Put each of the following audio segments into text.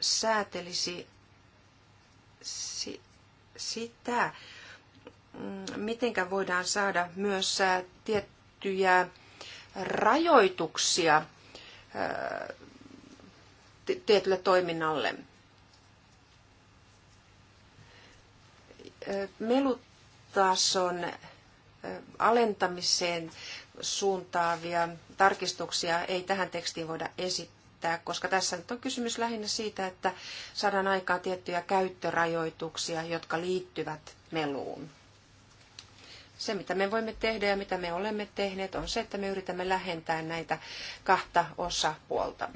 säätelisi sitä, mm, mitenkä voidaan saada myös tiettyjä rajoituksia tietylle toiminnalle. Melutason alentamiseen suuntaavia tarkistuksia ei tähän tekstiin voida esittää päättää, koska tässä nyt on kysymys lähinnä siitä, että saadaan aikaa tiettyjä käyttörajoituksia, jotka liittyvät meluun. Se, mitä me voimme tehdä ja mitä me olemme tehneet, on se, että me yritämme lähentää näitä kahta osapuolta.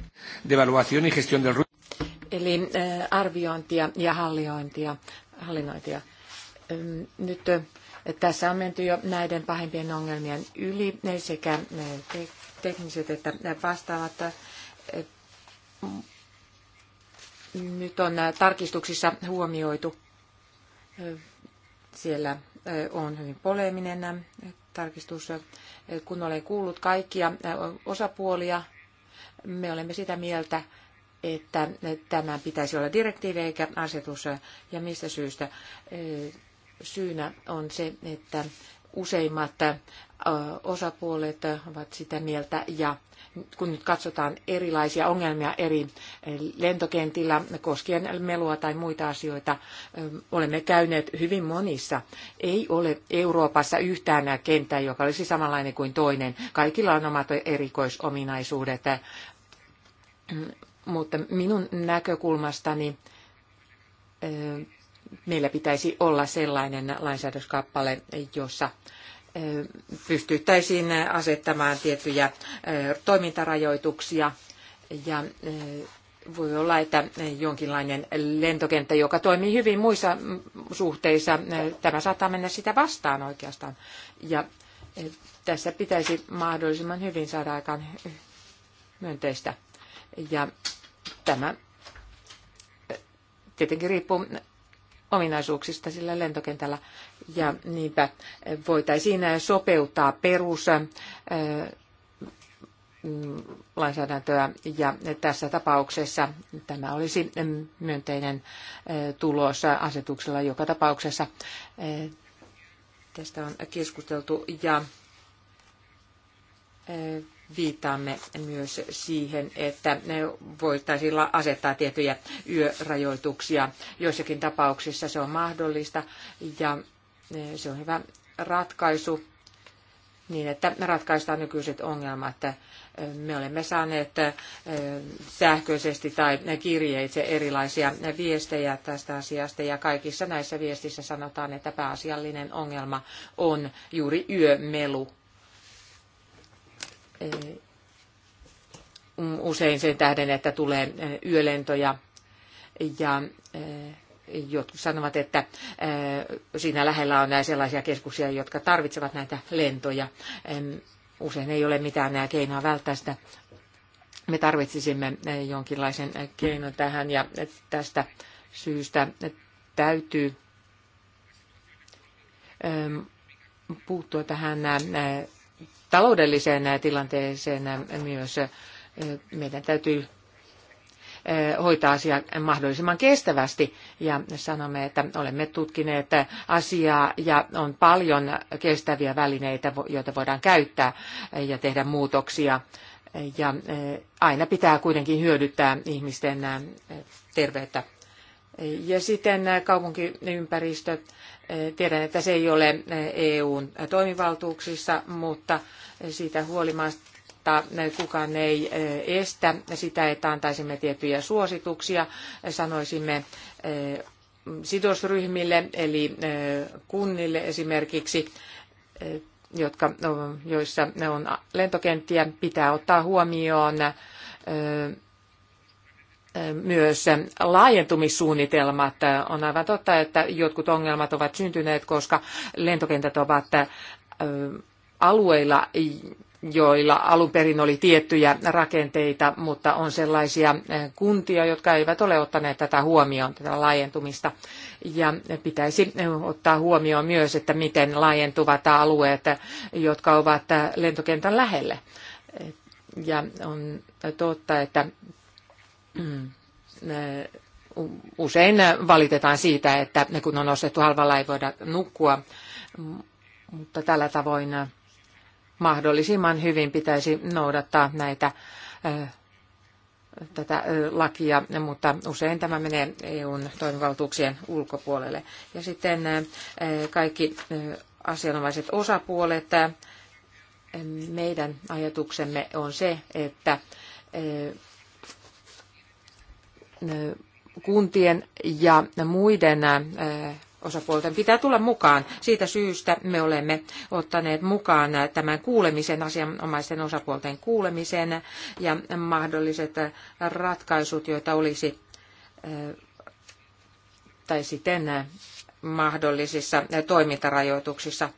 Eli eh, arviointia ja halliointia, hallinnointia. Nyt eh, tässä on menty jo näiden pahimpien ongelmien yli sekä eh, tekniset että vastaavat nyt on tarkistuksissa huomioitu. Siellä on hyvin poleminen tarkistus. Kun olen kuullut kaikkia osapuolia, me olemme sitä mieltä, että tämä pitäisi olla direktiivi eikä asetus. Ja mistä syystä? Syynä on se, että useimmat osapuolet ovat sitä mieltä ja kun nyt katsotaan erilaisia ongelmia eri eh, lentokentillä koskien melua tai muita asioita, eh, olemme käyneet hyvin monissa. Ei ole Euroopassa yhtään kenttää, joka olisi samanlainen kuin toinen. Kaikilla on omat erikoisominaisuudet, mutta minun näkökulmastani eh, meillä pitäisi olla sellainen lainsäädöskappale, jossa pystyttäisiin asettamaan tiettyjä toimintarajoituksia ja voi olla, että jonkinlainen lentokenttä, joka toimii hyvin muissa suhteissa, tämä saattaa mennä sitä vastaan oikeastaan. Ja tässä pitäisi mahdollisimman hyvin saada aikaan myönteistä. Ja tämä tietenkin riippuu ominaisuuksista sillä lentokentällä. Ja niinpä voitaisiin sopeuttaa perus äh, mm, lainsäädäntöä ja tässä tapauksessa tämä olisi myönteinen äh, tulos asetuksella joka tapauksessa. Äh, tästä on keskusteltu ja viittaamme myös siihen, että voitaisiin asettaa tiettyjä yörajoituksia. Joissakin tapauksissa se on mahdollista ja e, se on hyvä ratkaisu niin, että me ratkaistaan nykyiset ongelmat. E, me olemme saaneet e, sähköisesti tai kirjeitse erilaisia viestejä tästä asiasta ja kaikissa näissä viestissä sanotaan, että pääasiallinen ongelma on juuri yömelu Eh, usein sen tähden, että tulee eh, yölentoja ja eh, jotkut sanovat, että siinä lähellä on näitä sellaisia keskuksia, jotka tarvitsevat näitä lentoja. Usein ei ole mitään keinoa välttää sitä. Me tarvitsisimme jonkinlaisen keinon tähän ja tästä syystä täytyy puuttua tähän taloudelliseen tilanteeseen myös meidän täytyy hoitaa asia mahdollisimman kestävästi. Ja sanomme, että olemme tutkineet asiaa ja on paljon kestäviä välineitä, joita voidaan käyttää ja tehdä muutoksia. Ja aina pitää kuitenkin hyödyttää ihmisten terveyttä ja sitten kaupunkiympäristö. Tiedän, että se ei ole EUn toimivaltuuksissa, mutta siitä huolimatta kukaan ei estä sitä, että antaisimme tiettyjä suosituksia, sanoisimme sidosryhmille, eli kunnille esimerkiksi, jotka, joissa ne on lentokenttiä, pitää ottaa huomioon myös laajentumissuunnitelmat. Äh, on aivan totta, että jotkut ongelmat ovat syntyneet, koska lentokentät ovat äh, alueilla, joilla alun perin oli tiettyjä rakenteita, mutta on sellaisia äh, kuntia, jotka eivät ole ottaneet tätä huomioon, tätä laajentumista. Ja pitäisi ottaa huomioon myös, että miten laajentuvat alueet, jotka ovat lentokentän lähelle. Ja on totta, että usein valitetaan siitä, että kun on ostettu halvalla ei voida nukkua, mutta tällä tavoin mahdollisimman hyvin pitäisi noudattaa näitä tätä lakia, mutta usein tämä menee EUn toimivaltuuksien ulkopuolelle. Ja sitten kaikki asianomaiset osapuolet. Meidän ajatuksemme on se, että kuntien ja muiden osapuolten pitää tulla mukaan. Siitä syystä me olemme ottaneet mukaan tämän kuulemisen, asianomaisten osapuolten kuulemisen ja mahdolliset ratkaisut, joita olisi tai sitten mahdollisissa toimintarajoituksissa.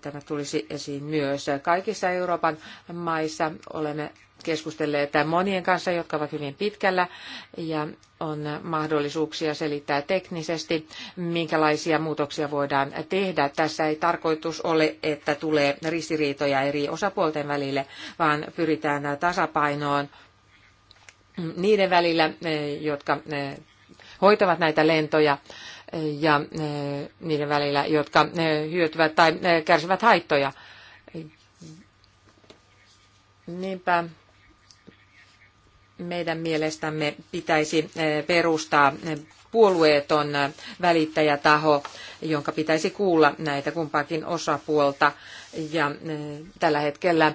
Tämä tulisi esiin myös kaikissa Euroopan maissa. Olemme keskustelleet monien kanssa, jotka ovat hyvin pitkällä ja on mahdollisuuksia selittää teknisesti, minkälaisia muutoksia voidaan tehdä. Tässä ei tarkoitus ole, että tulee ristiriitoja eri osapuolten välille, vaan pyritään tasapainoon niiden välillä, jotka hoitavat näitä lentoja ja niiden välillä, jotka hyötyvät tai kärsivät haittoja. Niinpä meidän mielestämme pitäisi eh, perustaa puolueeton välittäjätaho, jonka pitäisi kuulla näitä kumpaakin osapuolta. Ja eh, tällä hetkellä eh,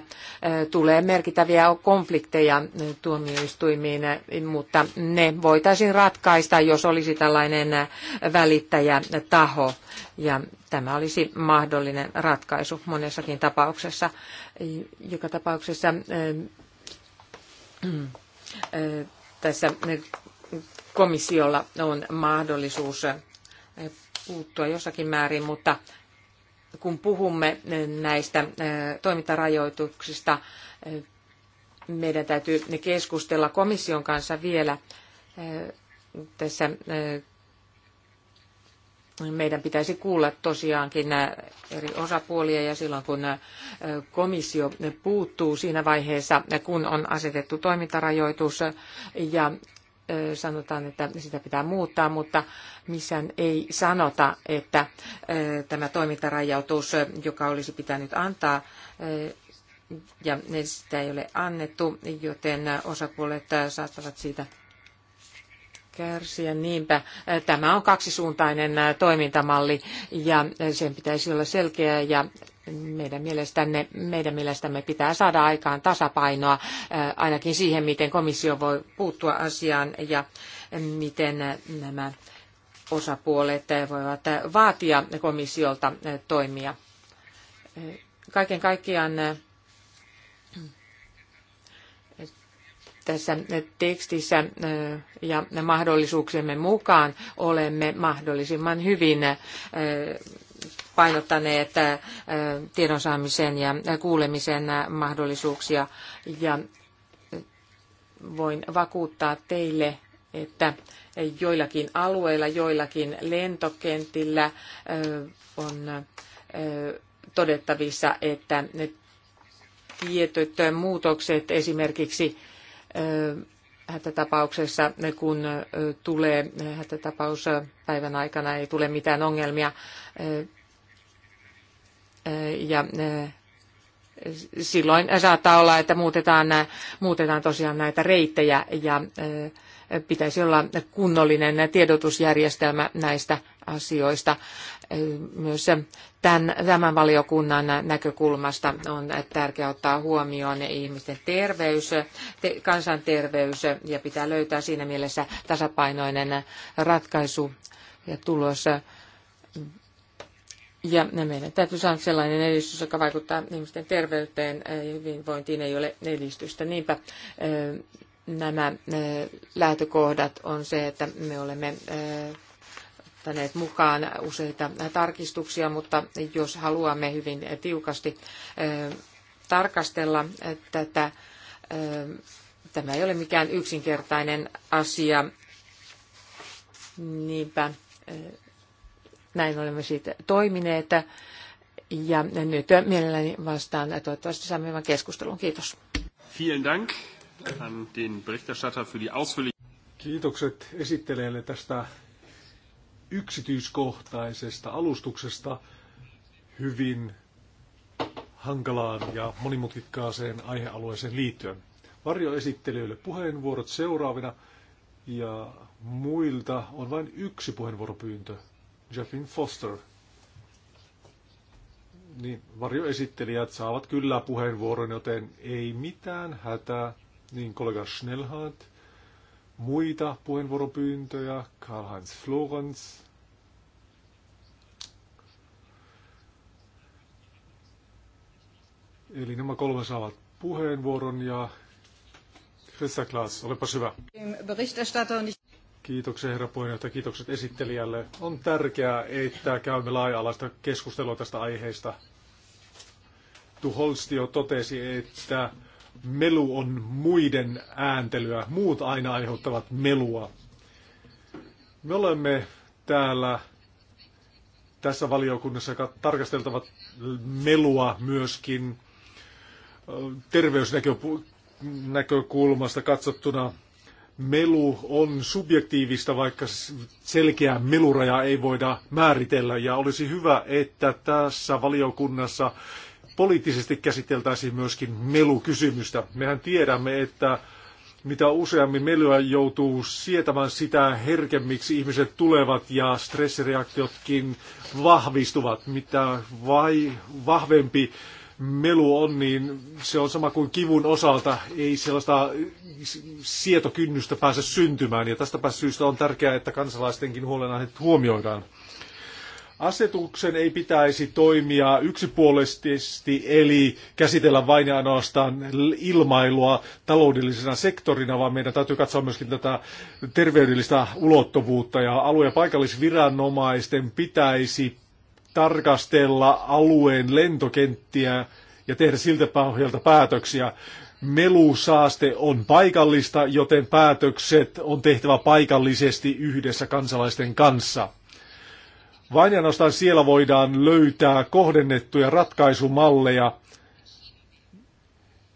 tulee merkittäviä konflikteja tuomioistuimiin, mutta ne voitaisiin ratkaista, jos olisi tällainen välittäjätaho. Ja tämä olisi mahdollinen ratkaisu monessakin tapauksessa. Joka tapauksessa tässä komissiolla on mahdollisuus puuttua jossakin määrin, mutta kun puhumme näistä toimintarajoituksista, meidän täytyy keskustella komission kanssa vielä tässä niin meidän pitäisi kuulla tosiaankin äh, eri osapuolia ja silloin kun äh, komissio puuttuu siinä vaiheessa, äh, kun on asetettu toimintarajoitus ja sanotaan, että sitä pitää muuttaa, mutta missään ei sanota, että tämä toimintarajoitus, joka olisi pitänyt antaa, ja sitä ei ole annettu, joten osapuolet saattavat siitä kärsiä. Niinpä äh, tämä on kaksisuuntainen äh, toimintamalli ja äh, sen pitäisi olla selkeä ja meidän, mielestämme, meidän mielestämme pitää saada aikaan tasapainoa ainakin siihen, miten komissio voi puuttua asiaan ja miten nämä osapuolet voivat vaatia komissiolta toimia. Kaiken kaikkiaan tässä tekstissä ja mahdollisuuksiemme mukaan olemme mahdollisimman hyvin painottaneet tiedonsaamisen ja kuulemisen mahdollisuuksia ja voin vakuuttaa teille, että joillakin alueilla, joillakin lentokentillä on todettavissa, että ne tietyt muutokset esimerkiksi hätätapauksessa, kun tulee hätätapaus päivän aikana, ei tule mitään ongelmia. Ja silloin saattaa olla, että muutetaan, muutetaan tosiaan näitä reittejä ja pitäisi olla kunnollinen tiedotusjärjestelmä näistä asioista. Myös tämän, tämän valiokunnan näkökulmasta on tärkeää ottaa huomioon ihmisten terveys, te, kansanterveys ja pitää löytää siinä mielessä tasapainoinen ratkaisu ja tulos. Ja meidän täytyy saada sellainen edistys, joka vaikuttaa ihmisten terveyteen ja hyvinvointiin, ei ole edistystä. Niinpä nämä äh, lähtökohdat on se, että me olemme äh, ottaneet mukaan useita tarkistuksia, mutta jos haluamme hyvin tiukasti äh, tarkastella tätä, tämä ei ole mikään yksinkertainen asia, niinpä näin olemme siitä toimineet. Ja nyt mielelläni vastaan. Toivottavasti saamme hyvän keskustelun. Kiitos. Vielen Dank an den Berichterstatter für die ausführliche... Kiitokset esittelijälle tästä yksityiskohtaisesta alustuksesta hyvin hankalaan ja monimutkikkaaseen aihealueeseen liittyen. Varjoesittelijöille puheenvuorot seuraavina ja muilta on vain yksi puheenvuoropyyntö. Jeffin Foster. Niin, varjoesittelijät saavat kyllä puheenvuoron, joten ei mitään hätää niin kollega Schnellhardt. Muita puheenvuoropyyntöjä, Karl-Heinz Florenz. Eli nämä kolme saavat puheenvuoron ja Christa Klaas, olepa hyvä. Kiitoksia herra puheenjohtaja, kiitokset esittelijälle. On tärkeää, että käymme laaja-alaista keskustelua tästä aiheesta. Tuholsti jo totesi, että melu on muiden ääntelyä. Muut aina aiheuttavat melua. Me olemme täällä tässä valiokunnassa tarkasteltavat melua myöskin terveysnäkökulmasta katsottuna. Melu on subjektiivista, vaikka selkeää meluraja ei voida määritellä. Ja olisi hyvä, että tässä valiokunnassa poliittisesti käsiteltäisiin myöskin melukysymystä. Mehän tiedämme, että mitä useammin melua joutuu sietämään, sitä herkemmiksi ihmiset tulevat ja stressireaktiotkin vahvistuvat. Mitä vai, vahvempi melu on, niin se on sama kuin kivun osalta. Ei sellaista sietokynnystä pääse syntymään ja tästä syystä on tärkeää, että kansalaistenkin huolenaiheet huomioidaan. Asetuksen ei pitäisi toimia yksipuolisesti, eli käsitellä vain ja ainoastaan ilmailua taloudellisena sektorina, vaan meidän täytyy katsoa myöskin tätä terveydellistä ulottuvuutta, ja alue- ja paikallisviranomaisten pitäisi tarkastella alueen lentokenttiä ja tehdä siltä pohjalta päätöksiä. Melusaaste on paikallista, joten päätökset on tehtävä paikallisesti yhdessä kansalaisten kanssa. Vain ja nostan siellä voidaan löytää kohdennettuja ratkaisumalleja,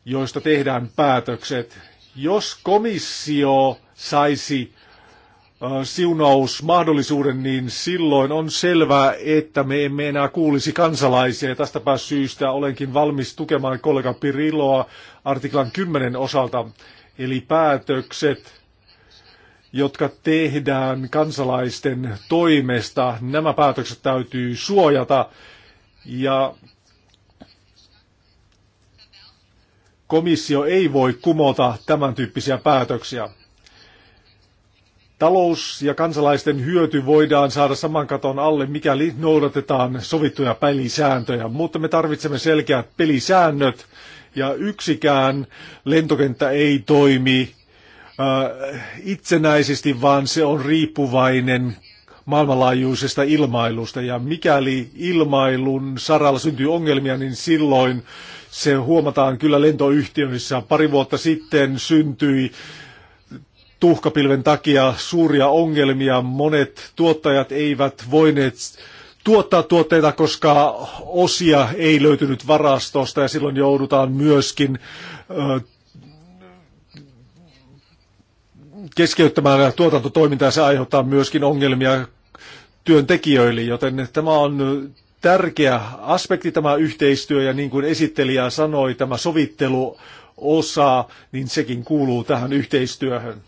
joista tehdään päätökset. Jos komissio saisi siunausmahdollisuuden, niin silloin on selvää, että me emme enää kuulisi kansalaisia. Ja tästä syystä olenkin valmis tukemaan kollega Piriloa artiklan 10 osalta. Eli päätökset jotka tehdään kansalaisten toimesta. Nämä päätökset täytyy suojata ja komissio ei voi kumota tämän tyyppisiä päätöksiä. Talous ja kansalaisten hyöty voidaan saada saman katon alle, mikäli noudatetaan sovittuja pelisääntöjä, mutta me tarvitsemme selkeät pelisäännöt ja yksikään lentokenttä ei toimi Äh, itsenäisesti, vaan se on riippuvainen maailmanlaajuisesta ilmailusta. Ja mikäli ilmailun saralla syntyy ongelmia, niin silloin se huomataan kyllä lentoyhtiöissä. Pari vuotta sitten syntyi tuhkapilven takia suuria ongelmia. Monet tuottajat eivät voineet tuottaa tuotteita, koska osia ei löytynyt varastosta ja silloin joudutaan myöskin ö, keskeyttämään tuotantotoimintaa se aiheuttaa myöskin ongelmia työntekijöille, joten tämä on tärkeä aspekti tämä yhteistyö ja niin kuin esittelijä sanoi, tämä sovittelu osaa niin sekin kuuluu tähän yhteistyöhön.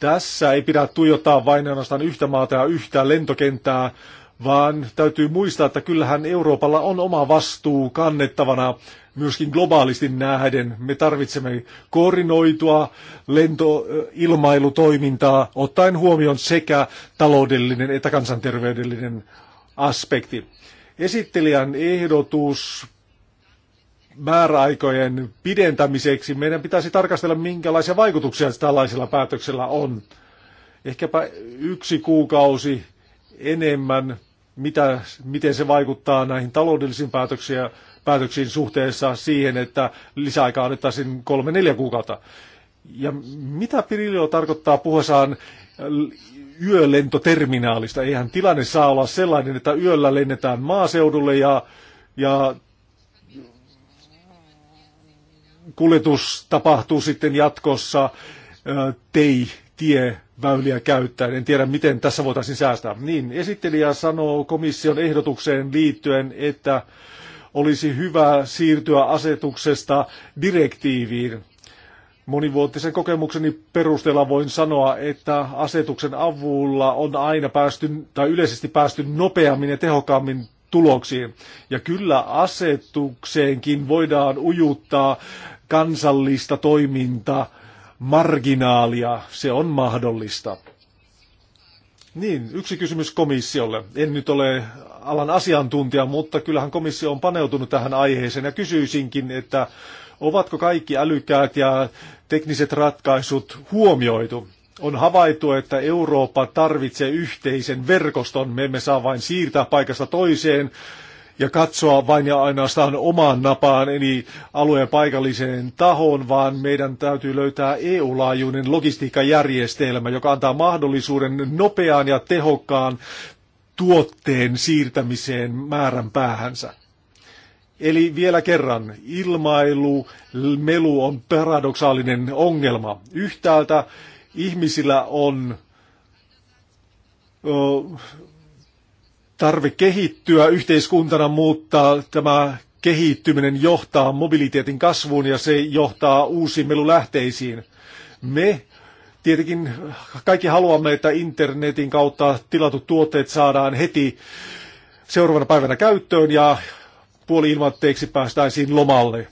Tässä ei pidä tuijottaa vain ainoastaan yhtä maata ja yhtä lentokenttää, vaan täytyy muistaa, että kyllähän Euroopalla on oma vastuu kannettavana myöskin globaalisti nähden. Me tarvitsemme koordinoitua lentoilmailutoimintaa, ottaen huomioon sekä taloudellinen että kansanterveydellinen aspekti. Esittelijän ehdotus määräaikojen pidentämiseksi meidän pitäisi tarkastella, minkälaisia vaikutuksia tällaisella päätöksellä on. Ehkäpä yksi kuukausi enemmän, mitä, miten se vaikuttaa näihin taloudellisiin päätöksiin päätöksiin suhteessa siihen, että lisäaikaa annettaisiin kolme-neljä kuukautta. Ja mitä Pirillo tarkoittaa puhuessaan yölentoterminaalista? Eihän tilanne saa olla sellainen, että yöllä lennetään maaseudulle ja, ja kuljetus tapahtuu sitten jatkossa tei, tie, väyliä käyttäen. En tiedä, miten tässä voitaisiin säästää. Niin, esittelijä sanoo komission ehdotukseen liittyen, että olisi hyvä siirtyä asetuksesta direktiiviin. Monivuotisen kokemukseni perusteella voin sanoa, että asetuksen avulla on aina päästy tai yleisesti päästy nopeammin ja tehokkaammin tuloksiin. Ja kyllä asetukseenkin voidaan ujuttaa kansallista toimintaa, marginaalia. Se on mahdollista. Niin, yksi kysymys komissiolle. En nyt ole alan asiantuntija, mutta kyllähän komissio on paneutunut tähän aiheeseen ja kysyisinkin, että ovatko kaikki älykkäät ja tekniset ratkaisut huomioitu? On havaittu, että Eurooppa tarvitsee yhteisen verkoston. Me emme saa vain siirtää paikasta toiseen ja katsoa vain ja ainoastaan omaan napaan, eli alueen paikalliseen tahoon, vaan meidän täytyy löytää EU-laajuinen logistiikkajärjestelmä, joka antaa mahdollisuuden nopeaan ja tehokkaan tuotteen siirtämiseen määrän päähänsä. Eli vielä kerran, ilmailu, melu on paradoksaalinen ongelma. Yhtäältä ihmisillä on tarve kehittyä yhteiskuntana, mutta tämä kehittyminen johtaa mobiliteetin kasvuun ja se johtaa uusiin melulähteisiin. Me Tietenkin kaikki haluamme, että internetin kautta tilatut tuotteet saadaan heti seuraavana päivänä käyttöön ja puoli ilmatteeksi päästäisiin lomalle.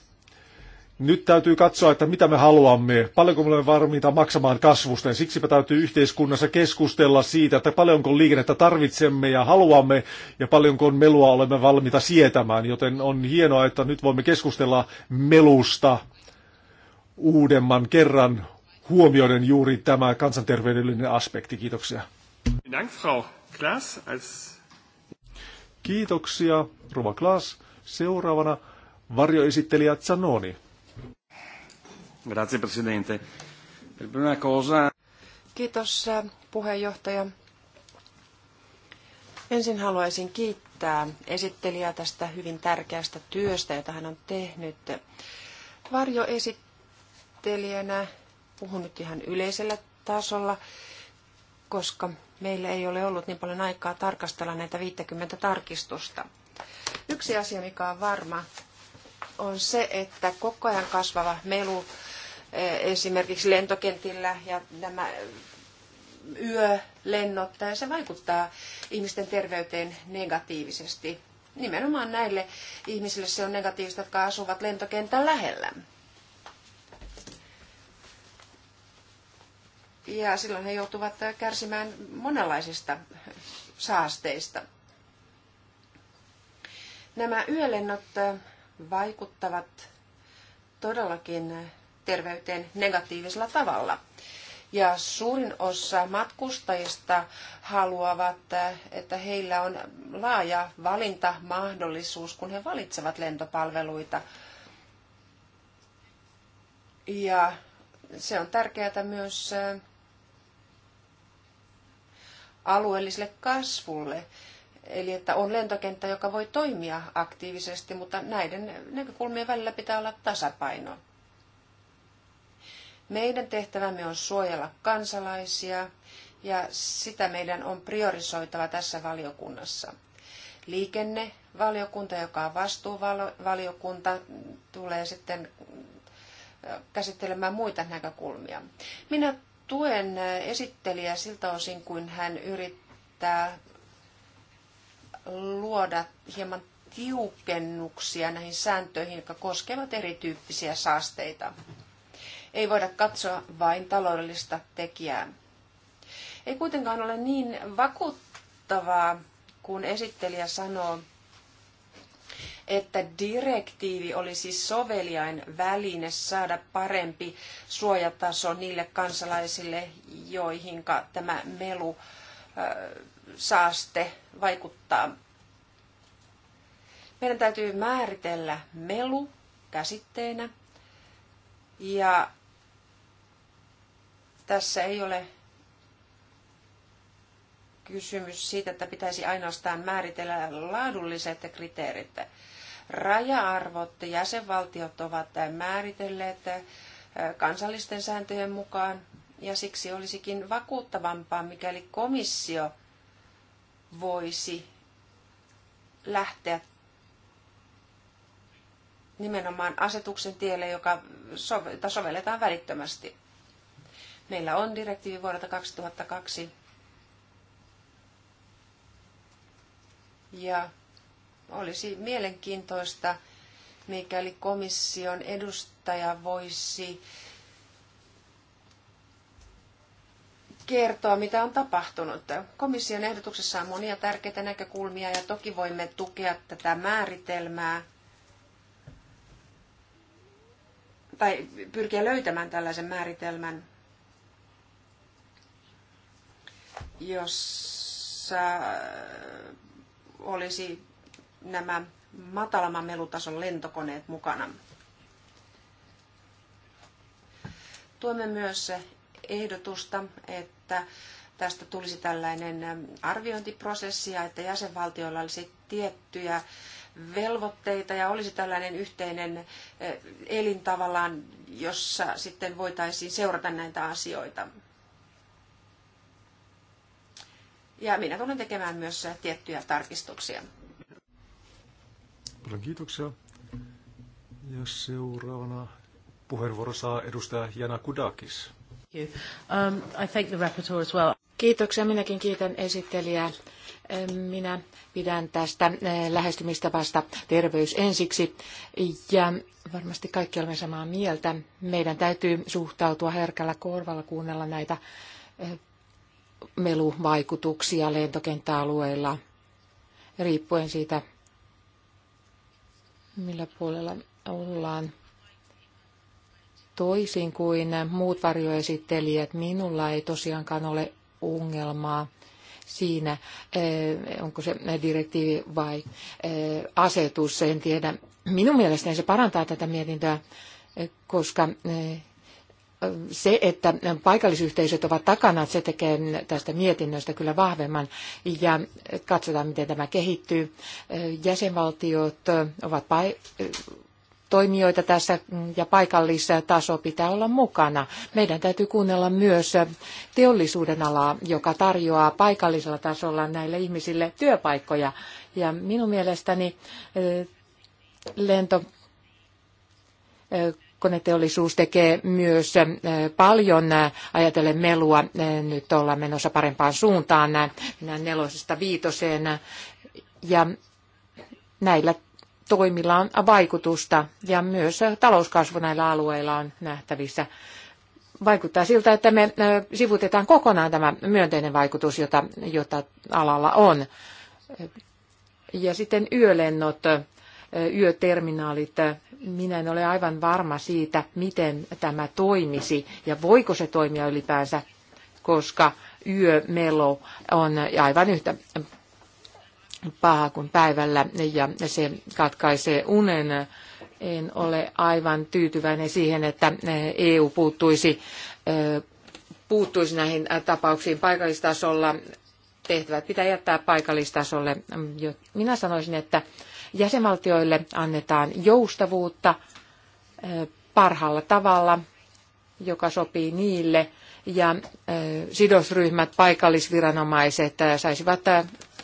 Nyt täytyy katsoa, että mitä me haluamme, paljonko me olemme varmiita maksamaan kasvusta, ja siksipä täytyy yhteiskunnassa keskustella siitä, että paljonko liikennettä tarvitsemme ja haluamme, ja paljonko melua olemme valmiita sietämään, joten on hienoa, että nyt voimme keskustella melusta uudemman kerran huomioiden juuri tämä kansanterveydellinen aspekti. Kiitoksia. Dank, Frau Klaas, als... Kiitoksia, Rova Klaas. Seuraavana varjoesittelijä Zanoni. Grazie, Presidente. Kiitos, äh, puheenjohtaja. Ensin haluaisin kiittää esittelijää tästä hyvin tärkeästä työstä, jota hän on tehnyt. Varjoesittelijänä puhun nyt ihan yleisellä tasolla, koska meillä ei ole ollut niin paljon aikaa tarkastella näitä 50 tarkistusta. Yksi asia, mikä on varma, on se, että koko ajan kasvava melu eh, esimerkiksi lentokentillä ja nämä eh, yölennot, se vaikuttaa ihmisten terveyteen negatiivisesti. Nimenomaan näille ihmisille se on negatiivista, jotka asuvat lentokentän lähellä. ja silloin he joutuvat kärsimään monenlaisista saasteista. Nämä yölennot vaikuttavat todellakin terveyteen negatiivisella tavalla. Ja suurin osa matkustajista haluavat, että heillä on laaja valintamahdollisuus, kun he valitsevat lentopalveluita. Ja se on tärkeää myös alueelliselle kasvulle. Eli että on lentokenttä, joka voi toimia aktiivisesti, mutta näiden näkökulmien välillä pitää olla tasapaino. Meidän tehtävämme on suojella kansalaisia ja sitä meidän on priorisoitava tässä valiokunnassa. Liikennevaliokunta, joka on vastuuvaliokunta, tulee sitten käsittelemään muita näkökulmia. Minä tuen esittelijä siltä osin, kuin hän yrittää luoda hieman tiukennuksia näihin sääntöihin, jotka koskevat erityyppisiä saasteita. Ei voida katsoa vain taloudellista tekijää. Ei kuitenkaan ole niin vakuuttavaa, kun esittelijä sanoo, että direktiivi olisi soveliain väline saada parempi suojataso niille kansalaisille, joihinka tämä melu saaste vaikuttaa. Meidän täytyy määritellä melu käsitteenä ja tässä ei ole kysymys siitä, että pitäisi ainoastaan määritellä laadulliset kriteerit. Raja-arvot jäsenvaltiot ovat määritelleet eh, kansallisten sääntöjen mukaan, ja siksi olisikin vakuuttavampaa, mikäli komissio voisi lähteä nimenomaan asetuksen tielle, joka sovelletaan välittömästi. Meillä on direktiivi vuodelta 2002. Ja olisi mielenkiintoista, mikäli komission edustaja voisi kertoa, mitä on tapahtunut. Komission ehdotuksessa on monia tärkeitä näkökulmia ja toki voimme tukea tätä määritelmää tai pyrkiä löytämään tällaisen määritelmän, jossa olisi nämä matalamman melutason lentokoneet mukana. Tuemme myös ehdotusta, että tästä tulisi tällainen arviointiprosessi ja että jäsenvaltioilla olisi tiettyjä velvoitteita ja olisi tällainen yhteinen eh, elin tavallaan, jossa sitten voitaisiin seurata näitä asioita. Ja minä tulen tekemään myös tiettyjä tarkistuksia. Paljon kiitoksia. Ja seuraavana puheenvuoro saa edustaja Jana Kudakis. Um, kiitoksia. Minäkin kiitän esittelijää. Minä pidän tästä eh, lähestymistavasta terveys ensiksi ja varmasti kaikki olemme samaa mieltä. Meidän täytyy suhtautua herkällä korvalla kuunnella näitä eh, meluvaikutuksia lentokenttäalueilla riippuen siitä, millä puolella ollaan toisin kuin muut varjoesittelijät, minulla ei tosiaankaan ole ongelmaa siinä, eh, onko se direktiivi vai eh, asetus, en tiedä. Minun mielestäni se parantaa tätä mietintöä, eh, koska se, että paikallisyhteisöt ovat takana, se tekee tästä mietinnöstä kyllä vahvemman ja katsotaan, miten tämä kehittyy. Jäsenvaltiot ovat toimijoita tässä ja paikallistaso pitää olla mukana. Meidän täytyy kuunnella myös teollisuuden alaa, joka tarjoaa paikallisella tasolla näille ihmisille työpaikkoja. Ja minun mielestäni eh, lento eh, Koneteollisuus tekee myös paljon ajatellen melua. Nyt ollaan menossa parempaan suuntaan nelosesta viitoseen. Ja näillä toimilla on vaikutusta ja myös talouskasvu näillä alueilla on nähtävissä. Vaikuttaa siltä, että me sivutetaan kokonaan tämä myönteinen vaikutus, jota, jota alalla on. Ja sitten yölennot, yöterminaalit, minä en ole aivan varma siitä, miten tämä toimisi ja voiko se toimia ylipäänsä, koska yömelo on aivan yhtä paha kuin päivällä ja se katkaisee unen. En ole aivan tyytyväinen siihen, että EU puuttuisi, puuttuisi näihin tapauksiin paikallistasolla. Tehtävät pitää jättää paikallistasolle. Minä sanoisin, että Jäsenvaltioille annetaan joustavuutta parhaalla tavalla, joka sopii niille, ja sidosryhmät, paikallisviranomaiset saisivat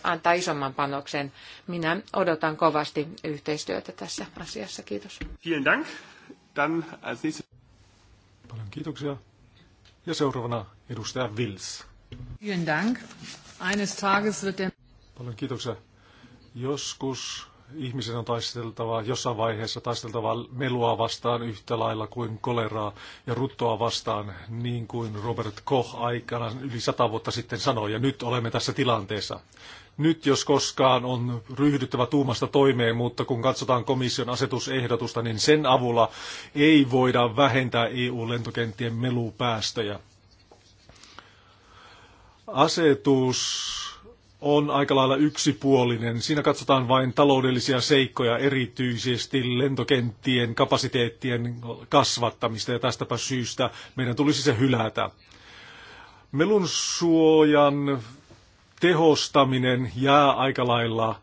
antaa isomman panoksen. Minä odotan kovasti yhteistyötä tässä asiassa. Kiitos. Vielen dank. Dann als äh, nächstes... Paljon kiitoksia. Ja seuraavana edustaja Vils. Vielen dank. Eines tages wird der... Paljon kiitoksia. Joskus ihmisen on taisteltava jossain vaiheessa taisteltava melua vastaan yhtä lailla kuin koleraa ja ruttoa vastaan, niin kuin Robert Koch aikana yli sata vuotta sitten sanoi, ja nyt olemme tässä tilanteessa. Nyt jos koskaan on ryhdyttävä tuumasta toimeen, mutta kun katsotaan komission asetusehdotusta, niin sen avulla ei voida vähentää EU-lentokenttien melupäästöjä. Asetus on aika lailla yksipuolinen. Siinä katsotaan vain taloudellisia seikkoja, erityisesti lentokenttien kapasiteettien kasvattamista, ja tästäpä syystä meidän tulisi se hylätä. Melun suojan tehostaminen jää aika lailla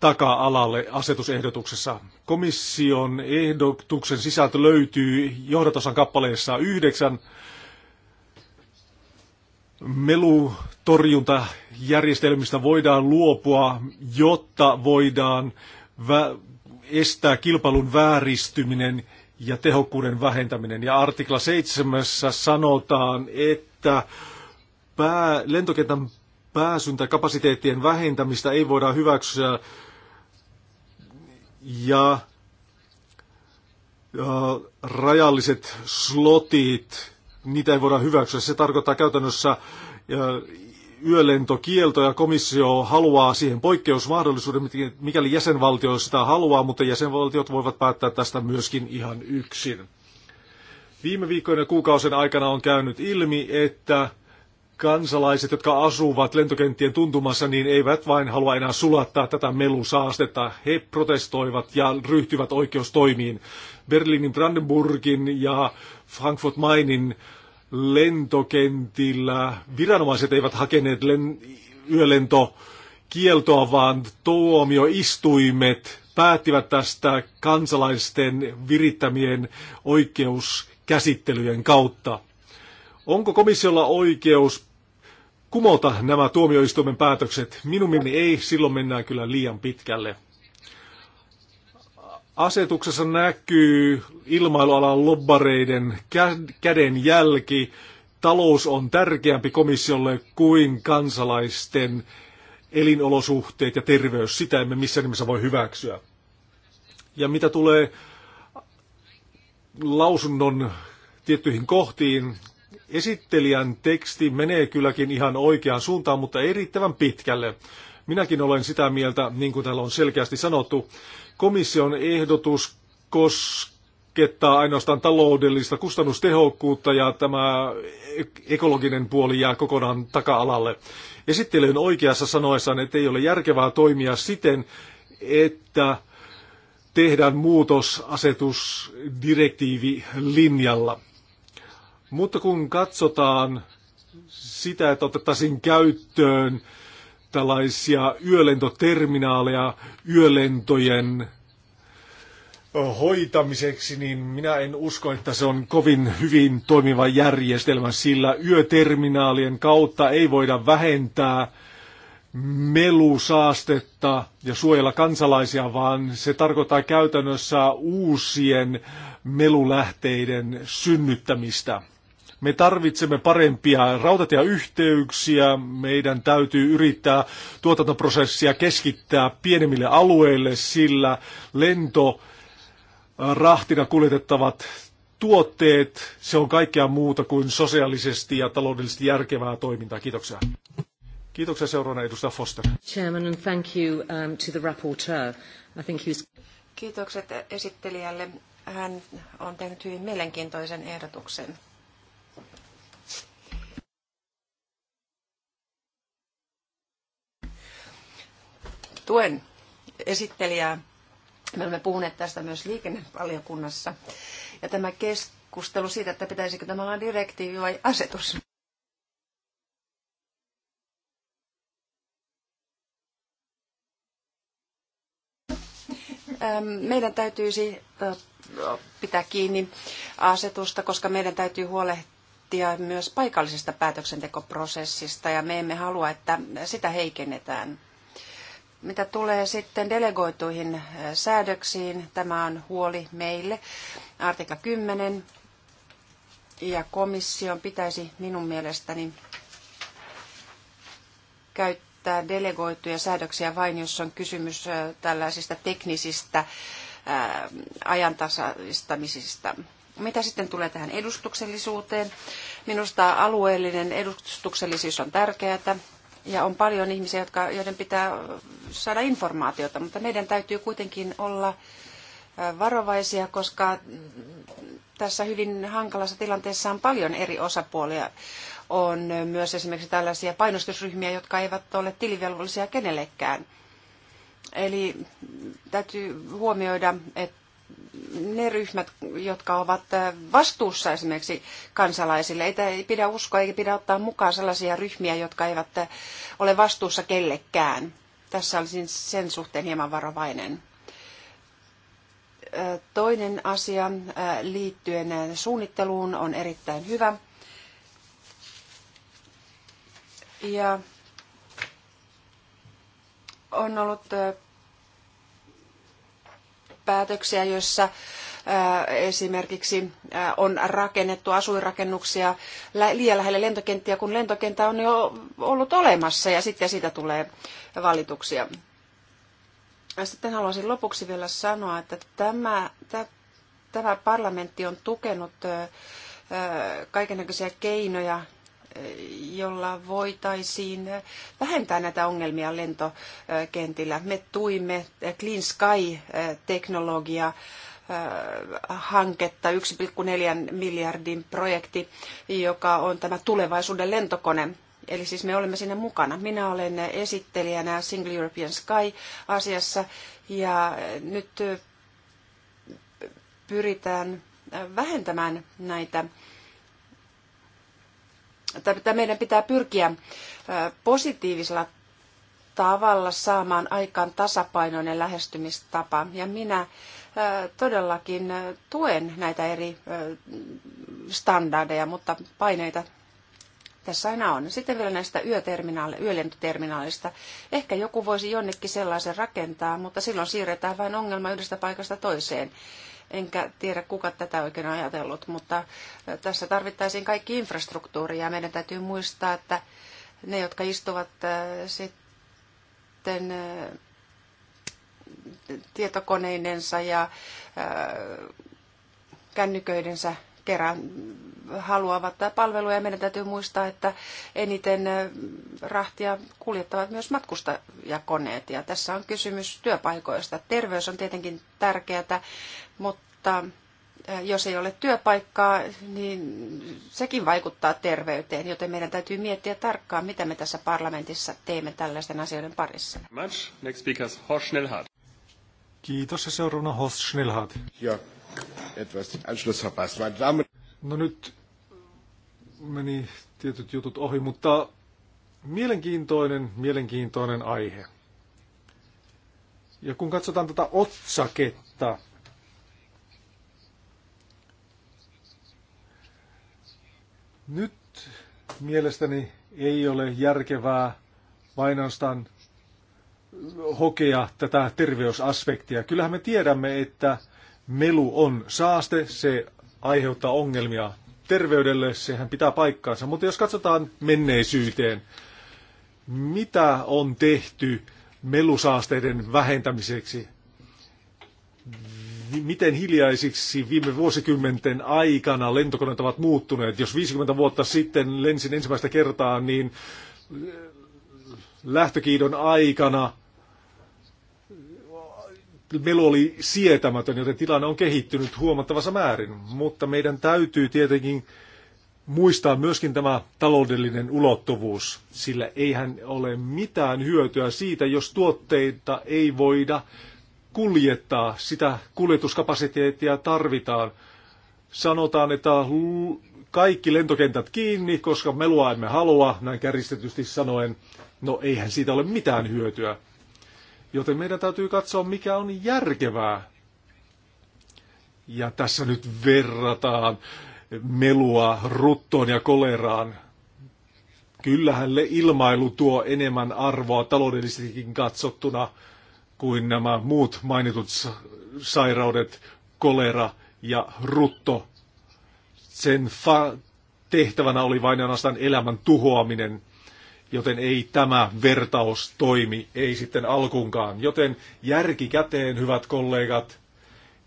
taka-alalle asetusehdotuksessa. Komission ehdotuksen sisältö löytyy johdatosan kappaleessa yhdeksän, melutorjuntajärjestelmistä voidaan luopua, jotta voidaan estää kilpailun vääristyminen ja tehokkuuden vähentäminen. Ja artikla 7 sanotaan, että pää, lentokentän pääsyn tai kapasiteettien vähentämistä ei voida hyväksyä ja, ja äh, rajalliset slotit niitä ei voida hyväksyä. Se tarkoittaa käytännössä yölentokielto ja komissio haluaa siihen poikkeusmahdollisuuden, mikäli jäsenvaltio sitä haluaa, mutta jäsenvaltiot voivat päättää tästä myöskin ihan yksin. Viime viikkojen ja kuukausien aikana on käynyt ilmi, että kansalaiset, jotka asuvat lentokenttien tuntumassa, niin eivät vain halua enää sulattaa tätä melusaastetta. He protestoivat ja ryhtyvät oikeustoimiin. Berliinin, Brandenburgin ja Frankfurt Mainin lentokentillä viranomaiset eivät hakeneet len, yölentokieltoa, vaan tuomioistuimet päättivät tästä kansalaisten virittämien oikeuskäsittelyjen kautta. Onko komissiolla oikeus kumota nämä tuomioistuimen päätökset? Minun mielestäni ei, silloin mennään kyllä liian pitkälle. Asetuksessa näkyy ilmailualan lobbareiden käden jälki. Talous on tärkeämpi komissiolle kuin kansalaisten elinolosuhteet ja terveys. Sitä emme missään nimessä voi hyväksyä. Ja mitä tulee lausunnon tiettyihin kohtiin, esittelijän teksti menee kylläkin ihan oikeaan suuntaan, mutta ei riittävän pitkälle. Minäkin olen sitä mieltä, niin kuin täällä on selkeästi sanottu, Komission ehdotus koskettaa ainoastaan taloudellista kustannustehokkuutta ja tämä ekologinen puoli jää kokonaan taka-alalle. Esittelijän oikeassa sanoessaan, että ei ole järkevää toimia siten, että tehdään muutos asetusdirektiivi linjalla. Mutta kun katsotaan sitä, että otettaisiin käyttöön tällaisia yölentoterminaaleja yölentojen hoitamiseksi, niin minä en usko, että se on kovin hyvin toimiva järjestelmä, sillä yöterminaalien kautta ei voida vähentää melusaastetta ja suojella kansalaisia, vaan se tarkoittaa käytännössä uusien melulähteiden synnyttämistä. Me tarvitsemme parempia rautatieyhteyksiä, meidän täytyy yrittää tuotantoprosessia keskittää pienemmille alueille, sillä lento äh, kuljetettavat tuotteet, se on kaikkea muuta kuin sosiaalisesti ja taloudellisesti järkevää toimintaa. Kiitoksia. Kiitoksia seuraavana edustaja Foster. Chairman and thank you um, to the rapporteur. I think he was... Kiitokset esittelijälle. Hän on tehnyt hyvin mielenkiintoisen ehdotuksen. tuen esittelijää. Me olemme puhuneet tästä myös liikennevaliokunnassa. Ja tämä keskustelu siitä, että pitäisikö tämä olla direktiivi vai asetus. Ähm, meidän täytyisi äh, pitää kiinni asetusta, koska meidän täytyy huolehtia myös paikallisesta päätöksentekoprosessista ja me emme halua, että sitä heikennetään. Mitä tulee sitten delegoituihin äh, säädöksiin, tämä on huoli meille. Artikla 10 ja komission pitäisi minun mielestäni käyttää delegoituja säädöksiä vain, jos on kysymys äh, tällaisista teknisistä äh, ajantasaistamisista. Mitä sitten tulee tähän edustuksellisuuteen? Minusta alueellinen edustuksellisuus on tärkeää ja on paljon ihmisiä, jotka, joiden pitää saada informaatiota, mutta meidän täytyy kuitenkin olla varovaisia, koska tässä hyvin hankalassa tilanteessa on paljon eri osapuolia. On myös esimerkiksi tällaisia painostusryhmiä, jotka eivät ole tilivelvollisia kenellekään. Eli täytyy huomioida, että ne ryhmät, jotka ovat äh, vastuussa esimerkiksi kansalaisille. Ei pidä uskoa eikä pidä ottaa mukaan sellaisia ryhmiä, jotka eivät äh, ole vastuussa kellekään. Tässä olisin sen suhteen hieman varovainen. Äh, toinen asia liittyen suunnitteluun on erittäin hyvä. Ja on ollut päätöksiä, joissa esimerkiksi on rakennettu asuinrakennuksia liian lähelle lentokenttiä, kun lentokenttä on jo ollut olemassa ja sitten siitä tulee valituksia. Sitten haluaisin lopuksi vielä sanoa, että tämä, tämä parlamentti on tukenut kaikenlaisia keinoja jolla voitaisiin vähentää näitä ongelmia lentokentillä. Me tuimme Clean Sky-teknologiaa äh, hanketta, 1,4 miljardin projekti, joka on tämä tulevaisuuden lentokone. Eli siis me olemme siinä mukana. Minä olen esittelijänä Single European Sky-asiassa ja nyt pyritään vähentämään näitä tai meidän pitää pyrkiä positiivisella tavalla saamaan aikaan tasapainoinen lähestymistapa. Ja minä todellakin tuen näitä eri standardeja, mutta paineita tässä aina on. Sitten vielä näistä yöterminaale, yölentoterminaalista. Ehkä joku voisi jonnekin sellaisen rakentaa, mutta silloin siirretään vain ongelma yhdestä paikasta toiseen enkä tiedä kuka tätä oikein on ajatellut, mutta tässä tarvittaisiin kaikki infrastruktuuri ja meidän täytyy muistaa, että ne, jotka istuvat sitten tietokoneidensa ja kännyköidensä kerran haluavat palveluja. Meidän täytyy muistaa, että eniten rahtia kuljettavat myös matkustajakoneet. Ja tässä on kysymys työpaikoista. Terveys on tietenkin tärkeää, mutta jos ei ole työpaikkaa, niin sekin vaikuttaa terveyteen, joten meidän täytyy miettiä tarkkaan, mitä me tässä parlamentissa teemme tällaisten asioiden parissa. Next Kiitos ja seuraavana Horst Schnellhardt. Ja etwas den Anschluss verpasst. No nyt meni tietyt jutut ohi, mutta mielenkiintoinen, mielenkiintoinen aihe. Ja kun katsotaan tätä otsaketta, nyt mielestäni ei ole järkevää vain hokea tätä terveysaspektia. Kyllähän me tiedämme, että melu on saaste, se aiheuttaa ongelmia terveydelle, sehän pitää paikkaansa. Mutta jos katsotaan menneisyyteen, mitä on tehty melusaasteiden vähentämiseksi? Miten hiljaisiksi viime vuosikymmenten aikana lentokoneet ovat muuttuneet? Jos 50 vuotta sitten lensin ensimmäistä kertaa, niin äh, lähtökiidon aikana melu oli sietämätön, joten tilanne on kehittynyt huomattavassa määrin. Mutta meidän täytyy tietenkin muistaa myöskin tämä taloudellinen ulottuvuus, sillä eihän ole mitään hyötyä siitä, jos tuotteita ei voida kuljettaa. Sitä kuljetuskapasiteettia tarvitaan. Sanotaan, että kaikki lentokentät kiinni, koska melua emme halua, näin käristetysti sanoen. No eihän siitä ole mitään hyötyä. Joten meidän täytyy katsoa, mikä on järkevää. Ja tässä nyt verrataan melua ruttoon ja koleraan. Kyllähän ilmailu tuo enemmän arvoa taloudellisestikin katsottuna kuin nämä muut mainitut sairaudet, kolera ja rutto. Sen fa- tehtävänä oli vain ja elämän tuhoaminen – joten ei tämä vertaus toimi, ei sitten alkuunkaan. Joten järki käteen, hyvät kollegat,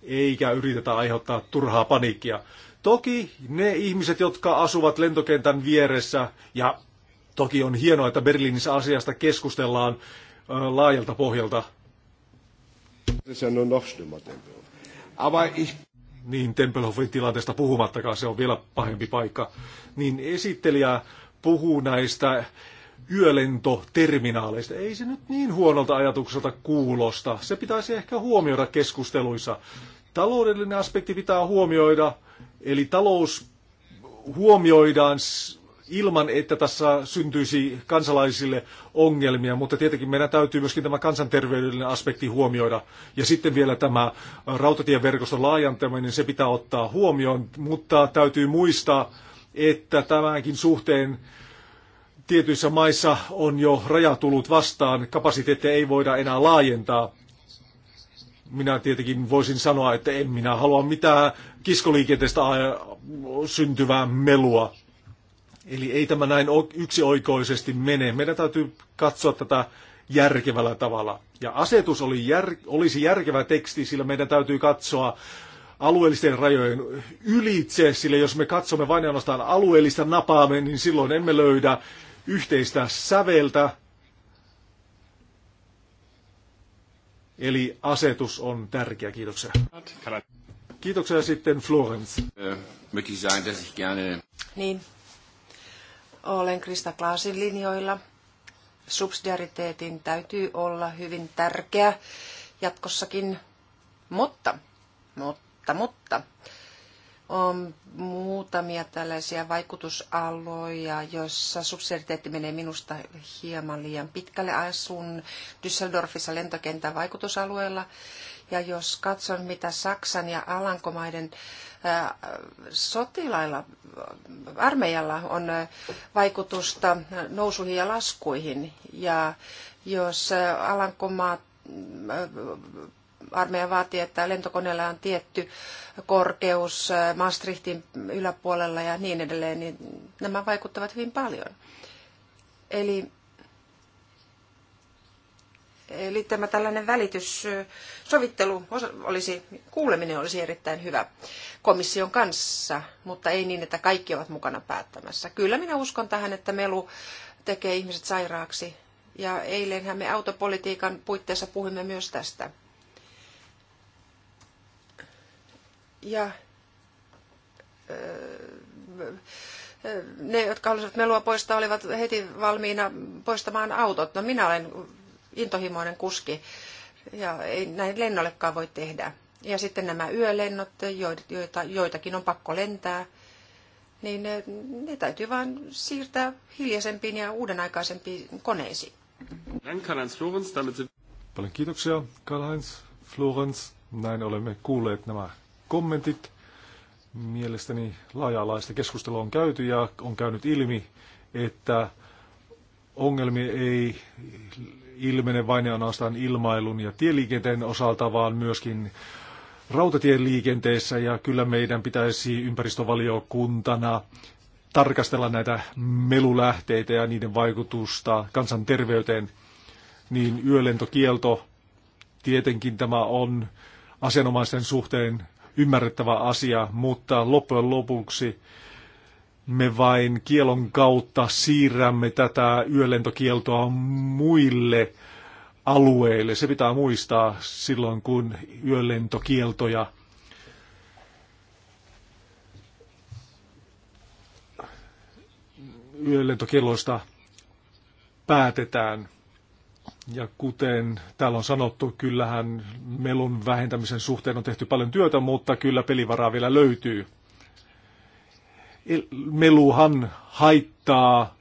eikä yritetä aiheuttaa turhaa paniikkia. Toki ne ihmiset, jotka asuvat lentokentän vieressä, ja toki on hienoa, että Berliinissä asiasta keskustellaan laajalta pohjalta. Niin, Tempelhofin tilanteesta puhumattakaan, se on vielä pahempi paikka. Niin esittelijä puhuu näistä yölentoterminaaleista. Ei se nyt niin huonolta ajatukselta kuulosta. Se pitäisi ehkä huomioida keskusteluissa. Taloudellinen aspekti pitää huomioida, eli talous huomioidaan ilman, että tässä syntyisi kansalaisille ongelmia, mutta tietenkin meidän täytyy myöskin tämä kansanterveydellinen aspekti huomioida. Ja sitten vielä tämä rautatieverkoston laajentaminen, se pitää ottaa huomioon, mutta täytyy muistaa, että tämänkin suhteen tietyissä maissa on jo tullut vastaan, kapasiteettia ei voida enää laajentaa. Minä tietenkin voisin sanoa, että en minä halua mitään kiskoliikenteestä syntyvää melua. Eli ei tämä näin yksioikoisesti mene. Meidän täytyy katsoa tätä järkevällä tavalla. Ja asetus oli jär, olisi järkevä teksti, sillä meidän täytyy katsoa alueellisten rajojen ylitse, sillä jos me katsomme vain ainoastaan alueellista napaamme, niin silloin emme löydä yhteistä säveltä. Eli asetus on tärkeä. Kiitoksia. Kiitoksia sitten Florence. Äh, niin. Olen Krista Klaasin linjoilla. Subsidiariteetin täytyy olla hyvin tärkeä jatkossakin, mutta, mutta, mutta on muutamia tällaisia vaikutusaloja, joissa subsidiariteetti menee minusta hieman liian pitkälle. Asun Düsseldorfissa lentokentän vaikutusalueella. Ja jos katson, mitä Saksan ja Alankomaiden sotilailla, armeijalla on vaikutusta nousuihin ja laskuihin. Ja jos Alankomaat armeija vaatii, että lentokoneella on tietty korkeus äh, Maastrichtin yläpuolella ja niin edelleen, niin nämä vaikuttavat hyvin paljon. Eli, eli tämä tällainen välitys, äh, sovittelu olisi, kuuleminen olisi erittäin hyvä komission kanssa, mutta ei niin, että kaikki ovat mukana päättämässä. Kyllä minä uskon tähän, että melu tekee ihmiset sairaaksi. Ja eilenhän me autopolitiikan puitteissa puhuimme myös tästä. ja ne, jotka halusivat melua poistaa, olivat heti valmiina poistamaan autot. No minä olen intohimoinen kuski ja ei näin lennollekaan voi tehdä. Ja sitten nämä yölennot, joita, joitakin on pakko lentää, niin ne, ne täytyy vain siirtää hiljaisempiin ja uudenaikaisempiin koneisiin. Paljon kiitoksia, Karl-Heinz, Florence. Näin olemme kuulleet nämä kommentit. Mielestäni laaja-alaista keskustelua on käyty ja on käynyt ilmi, että ongelmia ei ilmene vain ja ainoastaan ilmailun ja tieliikenteen osalta, vaan myöskin rautatien liikenteessä ja kyllä meidän pitäisi ympäristövaliokuntana tarkastella näitä melulähteitä ja niiden vaikutusta kansanterveyteen, niin yölentokielto, tietenkin tämä on asianomaisten suhteen ymmärrettävä asia, mutta loppujen lopuksi me vain kielon kautta siirrämme tätä yölentokieltoa muille alueille. Se pitää muistaa silloin, kun yölentokieltoja yölentokieloista päätetään. Ja kuten täällä on sanottu, kyllähän melun vähentämisen suhteen on tehty paljon työtä, mutta kyllä pelivaraa vielä löytyy. Meluhan haittaa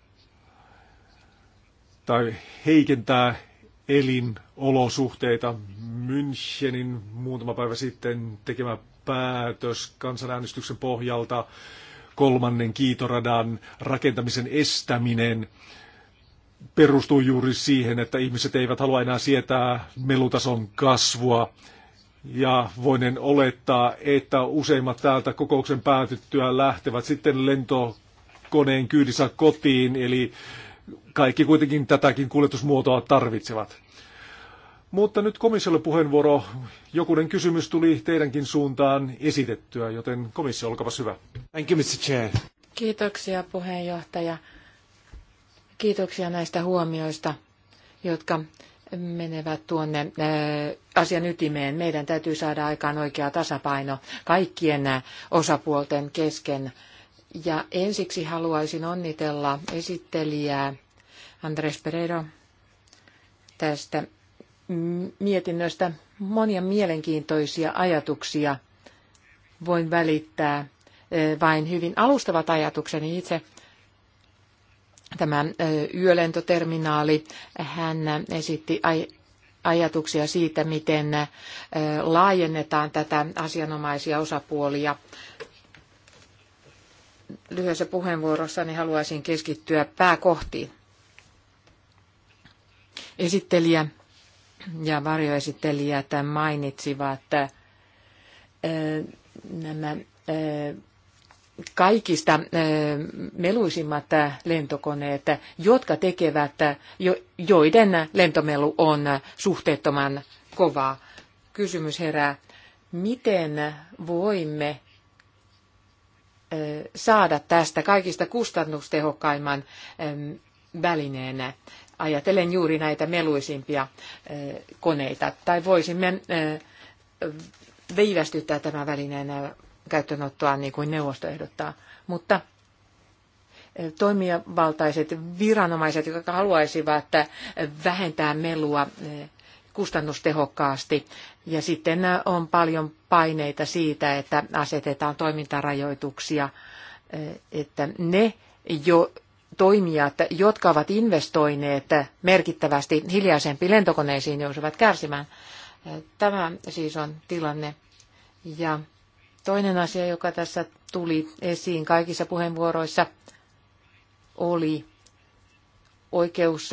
tai heikentää elinolosuhteita. Münchenin muutama päivä sitten tekemä päätös kansanäänestyksen pohjalta kolmannen kiitoradan rakentamisen estäminen – perustuu juuri siihen, että ihmiset eivät halua enää sietää melutason kasvua. Ja voinen olettaa, että useimmat täältä kokouksen päätyttyä lähtevät sitten lentokoneen kyydissä kotiin, eli kaikki kuitenkin tätäkin kuljetusmuotoa tarvitsevat. Mutta nyt komissiolle puheenvuoro. Jokunen kysymys tuli teidänkin suuntaan esitettyä, joten komissio, olkapas hyvä. Thank you, Mr. Chair. Kiitoksia puheenjohtaja. Kiitoksia näistä huomioista, jotka menevät tuonne äh, asian ytimeen. Meidän täytyy saada aikaan oikea tasapaino kaikkien äh, osapuolten kesken. Ja ensiksi haluaisin onnitella esittelijää Andres Peredo tästä mietinnöstä. Monia mielenkiintoisia ajatuksia voin välittää äh, vain hyvin alustavat ajatukseni itse tämä yölentoterminaali, hän esitti ajatuksia siitä, miten laajennetaan tätä asianomaisia osapuolia. Lyhyessä puheenvuorossani haluaisin keskittyä pääkohtiin. Esittelijä ja varjoesittelijät mainitsivat nämä kaikista eh, meluisimmat eh, lentokoneet, jotka tekevät, eh, joiden lentomelu on suhteettoman kova, Kysymys herää, miten voimme saada tästä kaikista kustannustehokkaimman välineenä ajatellen juuri näitä meluisimpia koneita, tai voisimme viivästyttää tämän välineen käyttöönottoa niin kuin neuvosto ehdottaa. Mutta e, toimivaltaiset viranomaiset, jotka haluaisivat vähentää melua e, kustannustehokkaasti. Ja sitten on paljon paineita siitä, että asetetaan toimintarajoituksia, e, että ne jo toimijat, jotka ovat investoineet merkittävästi hiljaisempiin lentokoneisiin, joutuvat kärsimään. Tämä siis on tilanne. Ja Toinen asia, joka tässä tuli esiin kaikissa puheenvuoroissa, oli oikeus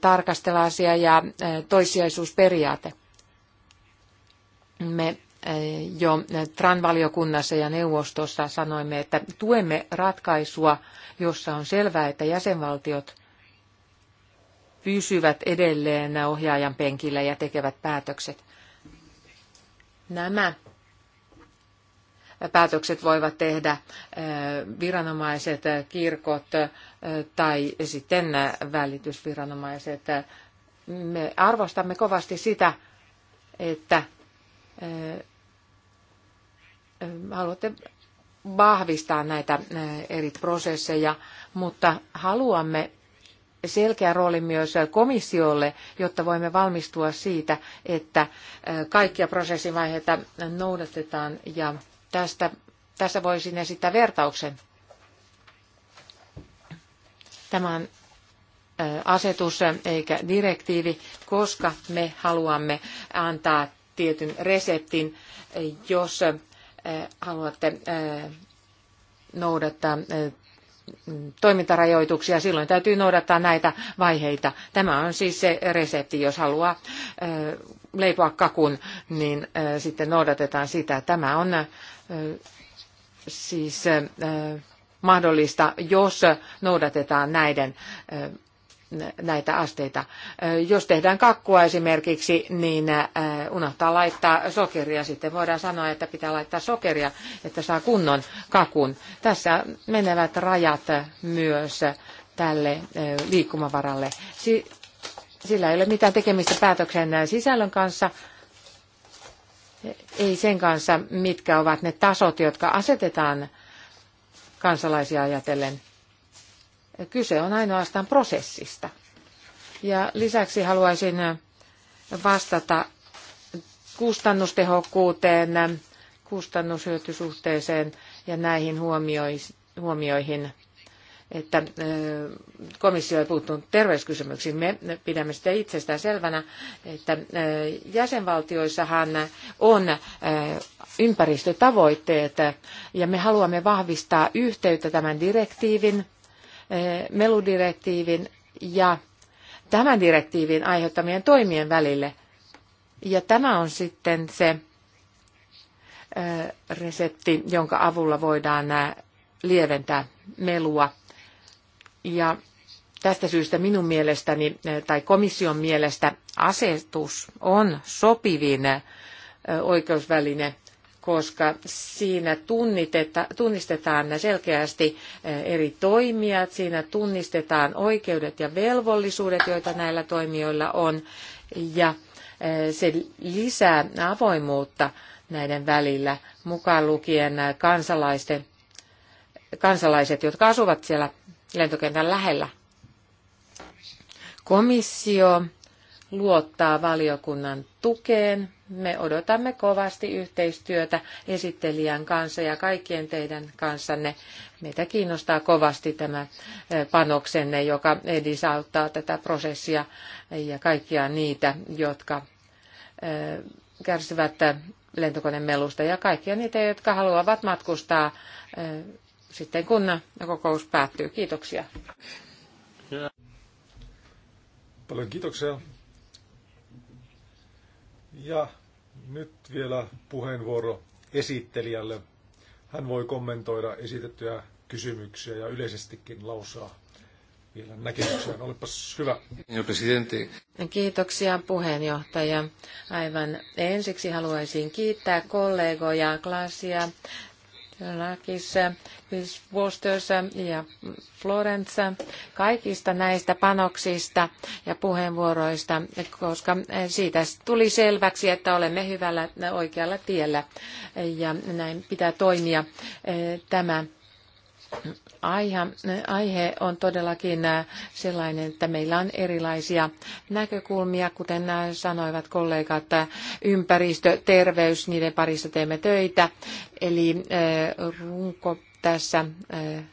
tarkastella asiaa ja toissijaisuusperiaate. Me jo TRAN-valiokunnassa ja neuvostossa sanoimme, että tuemme ratkaisua, jossa on selvää, että jäsenvaltiot pysyvät edelleen ohjaajan penkillä ja tekevät päätökset. Nämä päätökset voivat tehdä viranomaiset, kirkot tai sitten välitysviranomaiset. Me arvostamme kovasti sitä, että haluatte vahvistaa näitä eri prosesseja, mutta haluamme selkeä rooli myös komissiolle, jotta voimme valmistua siitä, että kaikkia prosessin vaiheita noudatetaan ja Tästä, tässä voisin esittää vertauksen. Tämä on asetus eikä direktiivi, koska me haluamme antaa tietyn reseptin, jos haluatte noudattaa toimintarajoituksia, silloin täytyy noudattaa näitä vaiheita. Tämä on siis se resepti, jos haluaa leipoa kakun, niin sitten noudatetaan sitä. Tämä on siis mahdollista, jos noudatetaan näiden näitä asteita. Jos tehdään kakkua esimerkiksi, niin unohtaa laittaa sokeria. Sitten voidaan sanoa, että pitää laittaa sokeria, että saa kunnon kakun. Tässä menevät rajat myös tälle liikkumavaralle. Sillä ei ole mitään tekemistä päätöksen sisällön kanssa, ei sen kanssa, mitkä ovat ne tasot, jotka asetetaan kansalaisia ajatellen. Kyse on ainoastaan prosessista. Ja lisäksi haluaisin vastata kustannustehokkuuteen, kustannushyötysuhteeseen ja näihin huomioihin, että komissio ei puuttunut terveyskysymyksiin. Me pidämme sitä itsestään selvänä, että jäsenvaltioissahan on ympäristötavoitteet ja me haluamme vahvistaa yhteyttä tämän direktiivin meludirektiivin ja tämän direktiivin aiheuttamien toimien välille. Ja tämä on sitten se resepti, jonka avulla voidaan lieventää melua. Ja tästä syystä minun mielestäni tai komission mielestä asetus on sopivin oikeusväline koska siinä tunnistetaan selkeästi eh, eri toimijat, siinä tunnistetaan oikeudet ja velvollisuudet, joita näillä toimijoilla on, ja eh, se lisää avoimuutta näiden välillä, mukaan lukien eh, kansalaisten, kansalaiset, jotka asuvat siellä lentokentän lähellä. Komissio luottaa valiokunnan tukeen. Me odotamme kovasti yhteistyötä esittelijän kanssa ja kaikkien teidän kanssanne. Meitä kiinnostaa kovasti tämä eh, panoksenne, joka edisauttaa tätä prosessia ja kaikkia niitä, jotka eh, kärsivät lentokoneen melusta ja kaikkia niitä, jotka haluavat matkustaa eh, sitten kun kokous päättyy. Kiitoksia. Paljon kiitoksia. Ja nyt vielä puheenvuoro esittelijälle. Hän voi kommentoida esitettyjä kysymyksiä ja yleisestikin lausaa vielä näkemyksiä. Olipas hyvä. Kiitoksia puheenjohtaja. Aivan ensiksi haluaisin kiittää kollegoja Klaasia, Lakissa, Wosters ja Florence kaikista näistä panoksista ja puheenvuoroista, koska siitä tuli selväksi, että olemme hyvällä oikealla tiellä ja näin pitää toimia. Tämä aihe on todellakin sellainen, että meillä on erilaisia näkökulmia, kuten sanoivat kollegat, ympäristö, terveys, niiden parissa teemme töitä. Eli eh, runko tässä eh,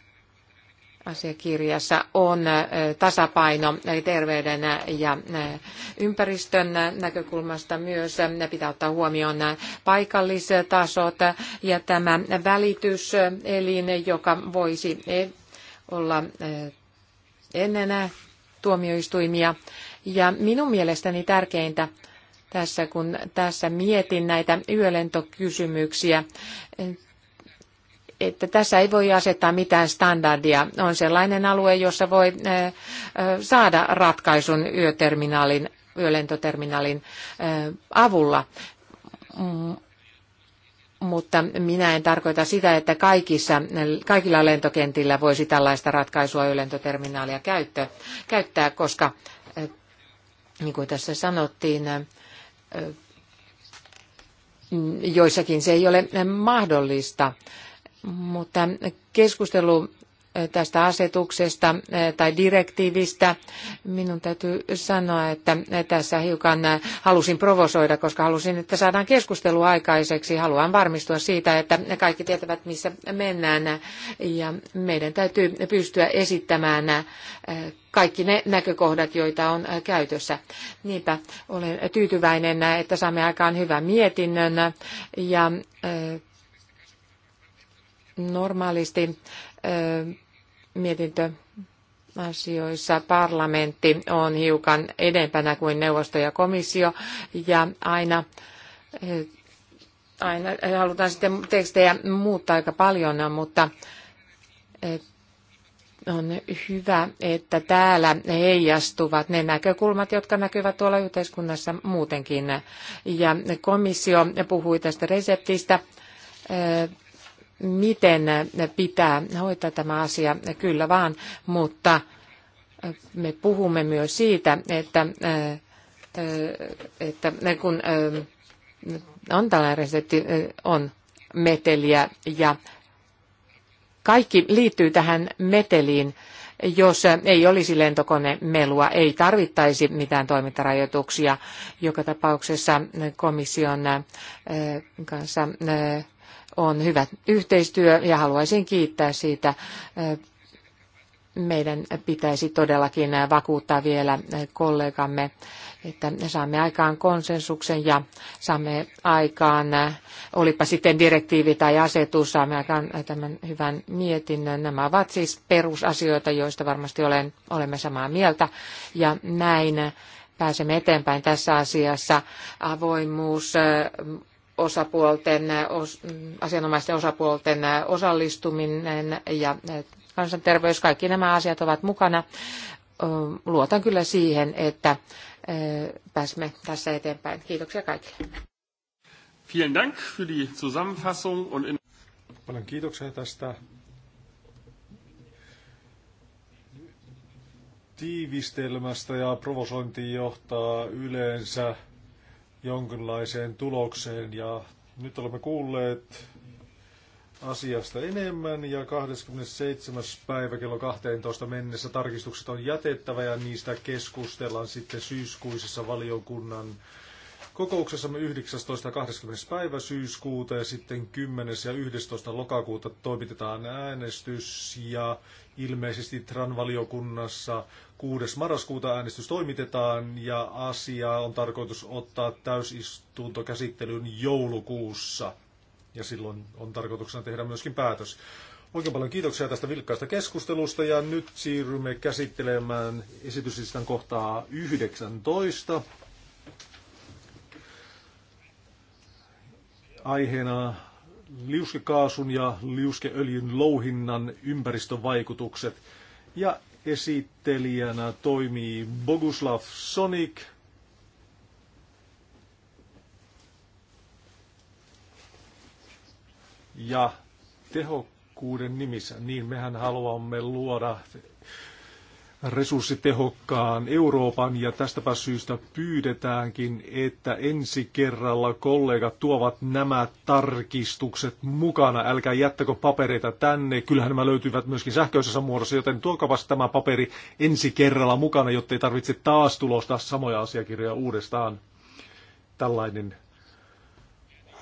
asiakirjassa on tasapaino terveyden ja ympäristön näkökulmasta myös. Ne pitää ottaa huomioon paikallistasot ja tämä välityselin, joka voisi e, olla ennen tuomioistuimia. Ja minun mielestäni tärkeintä tässä, kun tässä mietin näitä yölentokysymyksiä, että tässä ei voi asettaa mitään standardia. On sellainen alue, jossa voi eh, eh, saada ratkaisun yöterminaalin, yölentoterminaalin eh, avulla. Mutta minä en tarkoita sitä, että kaikissa, kaikilla lentokentillä voisi tällaista ratkaisua yölentoterminaalia käyttö, käyttää, koska niin kuin tässä sanottiin, joissakin se ei ole mahdollista mutta keskustelu tästä asetuksesta tai direktiivistä. Minun täytyy sanoa, että tässä hiukan halusin provosoida, koska halusin, että saadaan keskustelu aikaiseksi. Haluan varmistua siitä, että kaikki tietävät, missä mennään. Ja meidän täytyy pystyä esittämään kaikki ne näkökohdat, joita on käytössä. Niinpä olen tyytyväinen, että saamme aikaan hyvän mietinnön ja Normaalisti mietintö asioissa parlamentti on hiukan edempänä kuin neuvosto ja komissio ja aina aina halutaan sitten tekstejä muuttaa aika paljon, mutta on hyvä, että täällä heijastuvat ne näkökulmat, jotka näkyvät tuolla yhteiskunnassa muutenkin. Ja komissio puhui tästä reseptistä miten pitää hoitaa tämä asia, kyllä vaan, mutta me puhumme myös siitä, että, äh, että kun on äh, tällainen resepti, äh, on meteliä ja kaikki liittyy tähän meteliin. Jos ei olisi lentokone melua, ei tarvittaisi mitään toimintarajoituksia. Joka tapauksessa komission kanssa on hyvä yhteistyö ja haluaisin kiittää siitä. Meidän pitäisi todellakin vakuuttaa vielä kollegamme, että saamme aikaan konsensuksen ja saamme aikaan, olipa sitten direktiivi tai asetus, saamme aikaan tämän hyvän mietinnön. Nämä ovat siis perusasioita, joista varmasti olen, olemme samaa mieltä ja näin pääsemme eteenpäin tässä asiassa. Avoimuus, osapuolten, asianomaisten osapuolten osallistuminen ja kansanterveys, kaikki nämä asiat ovat mukana. Luotan kyllä siihen, että pääsemme tässä eteenpäin. Kiitoksia kaikille. Vielen Dank für die Zusammenfassung und in Paljon kiitoksia tästä tiivistelmästä ja provosointiin johtaa yleensä jonkinlaiseen tulokseen. Ja nyt olemme kuulleet asiasta enemmän ja 27. päivä kello 12 mennessä tarkistukset on jätettävä ja niistä keskustellaan sitten syyskuisessa valiokunnan kokouksessamme 19. ja 20. päivä syyskuuta ja sitten 10. ja 11. lokakuuta toimitetaan äänestys ja Ilmeisesti TRAN-valiokunnassa 6. marraskuuta äänestys toimitetaan ja asia on tarkoitus ottaa täysistuntokäsittelyn joulukuussa. Ja silloin on tarkoituksena tehdä myöskin päätös. Oikein paljon kiitoksia tästä vilkkaasta keskustelusta ja nyt siirrymme käsittelemään esityslistan kohtaa 19. Aiheena liuskekaasun ja liuskeöljyn louhinnan ympäristövaikutukset. Ja esittelijänä toimii Boguslav Sonik. Ja tehokkuuden nimissä, niin mehän haluamme luoda resurssitehokkaan Euroopan ja tästäpä syystä pyydetäänkin, että ensi kerralla kollegat tuovat nämä tarkistukset mukana. Älkää jättäkö papereita tänne, kyllähän nämä löytyvät myöskin sähköisessä muodossa, joten tuokapas tämä paperi ensi kerralla mukana, jottei tarvitse taas tulostaa samoja asiakirjoja uudestaan. Tällainen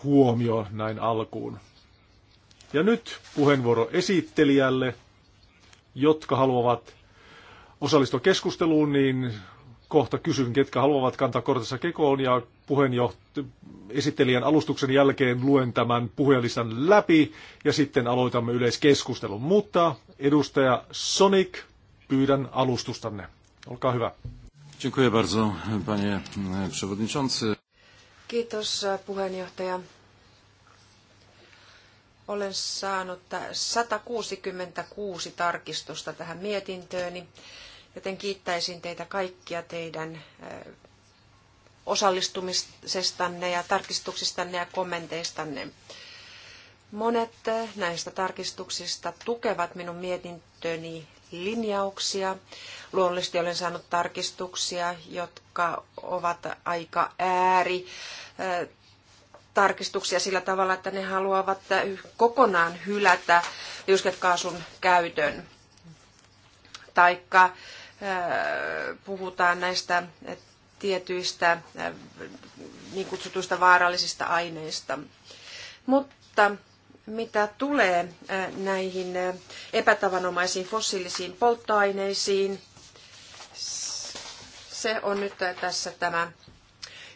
huomio näin alkuun. Ja nyt puheenvuoro esittelijälle, jotka haluavat osallistua keskusteluun, niin kohta kysyn, ketkä haluavat kantaa kortissa kekoon ja puheenjoht- esittelijän alustuksen jälkeen luen tämän puhelistan läpi ja sitten aloitamme yleiskeskustelun. Mutta edustaja Sonic, pyydän alustustanne. Olkaa hyvä. Dziękuję bardzo, panie przewodniczący. Kiitos puheenjohtaja. Olen saanut 166 tarkistusta tähän mietintööni. Joten kiittäisin teitä kaikkia teidän osallistumisestanne ja tarkistuksistanne ja kommenteistanne. Monet näistä tarkistuksista tukevat minun mietintöni linjauksia. Luonnollisesti olen saanut tarkistuksia, jotka ovat aika ääri tarkistuksia sillä tavalla, että ne haluavat kokonaan hylätä liuskekaasun käytön. Taikka puhutaan näistä tietyistä niin kutsutuista vaarallisista aineista. Mutta mitä tulee näihin epätavanomaisiin fossiilisiin polttoaineisiin, se on nyt tässä tämä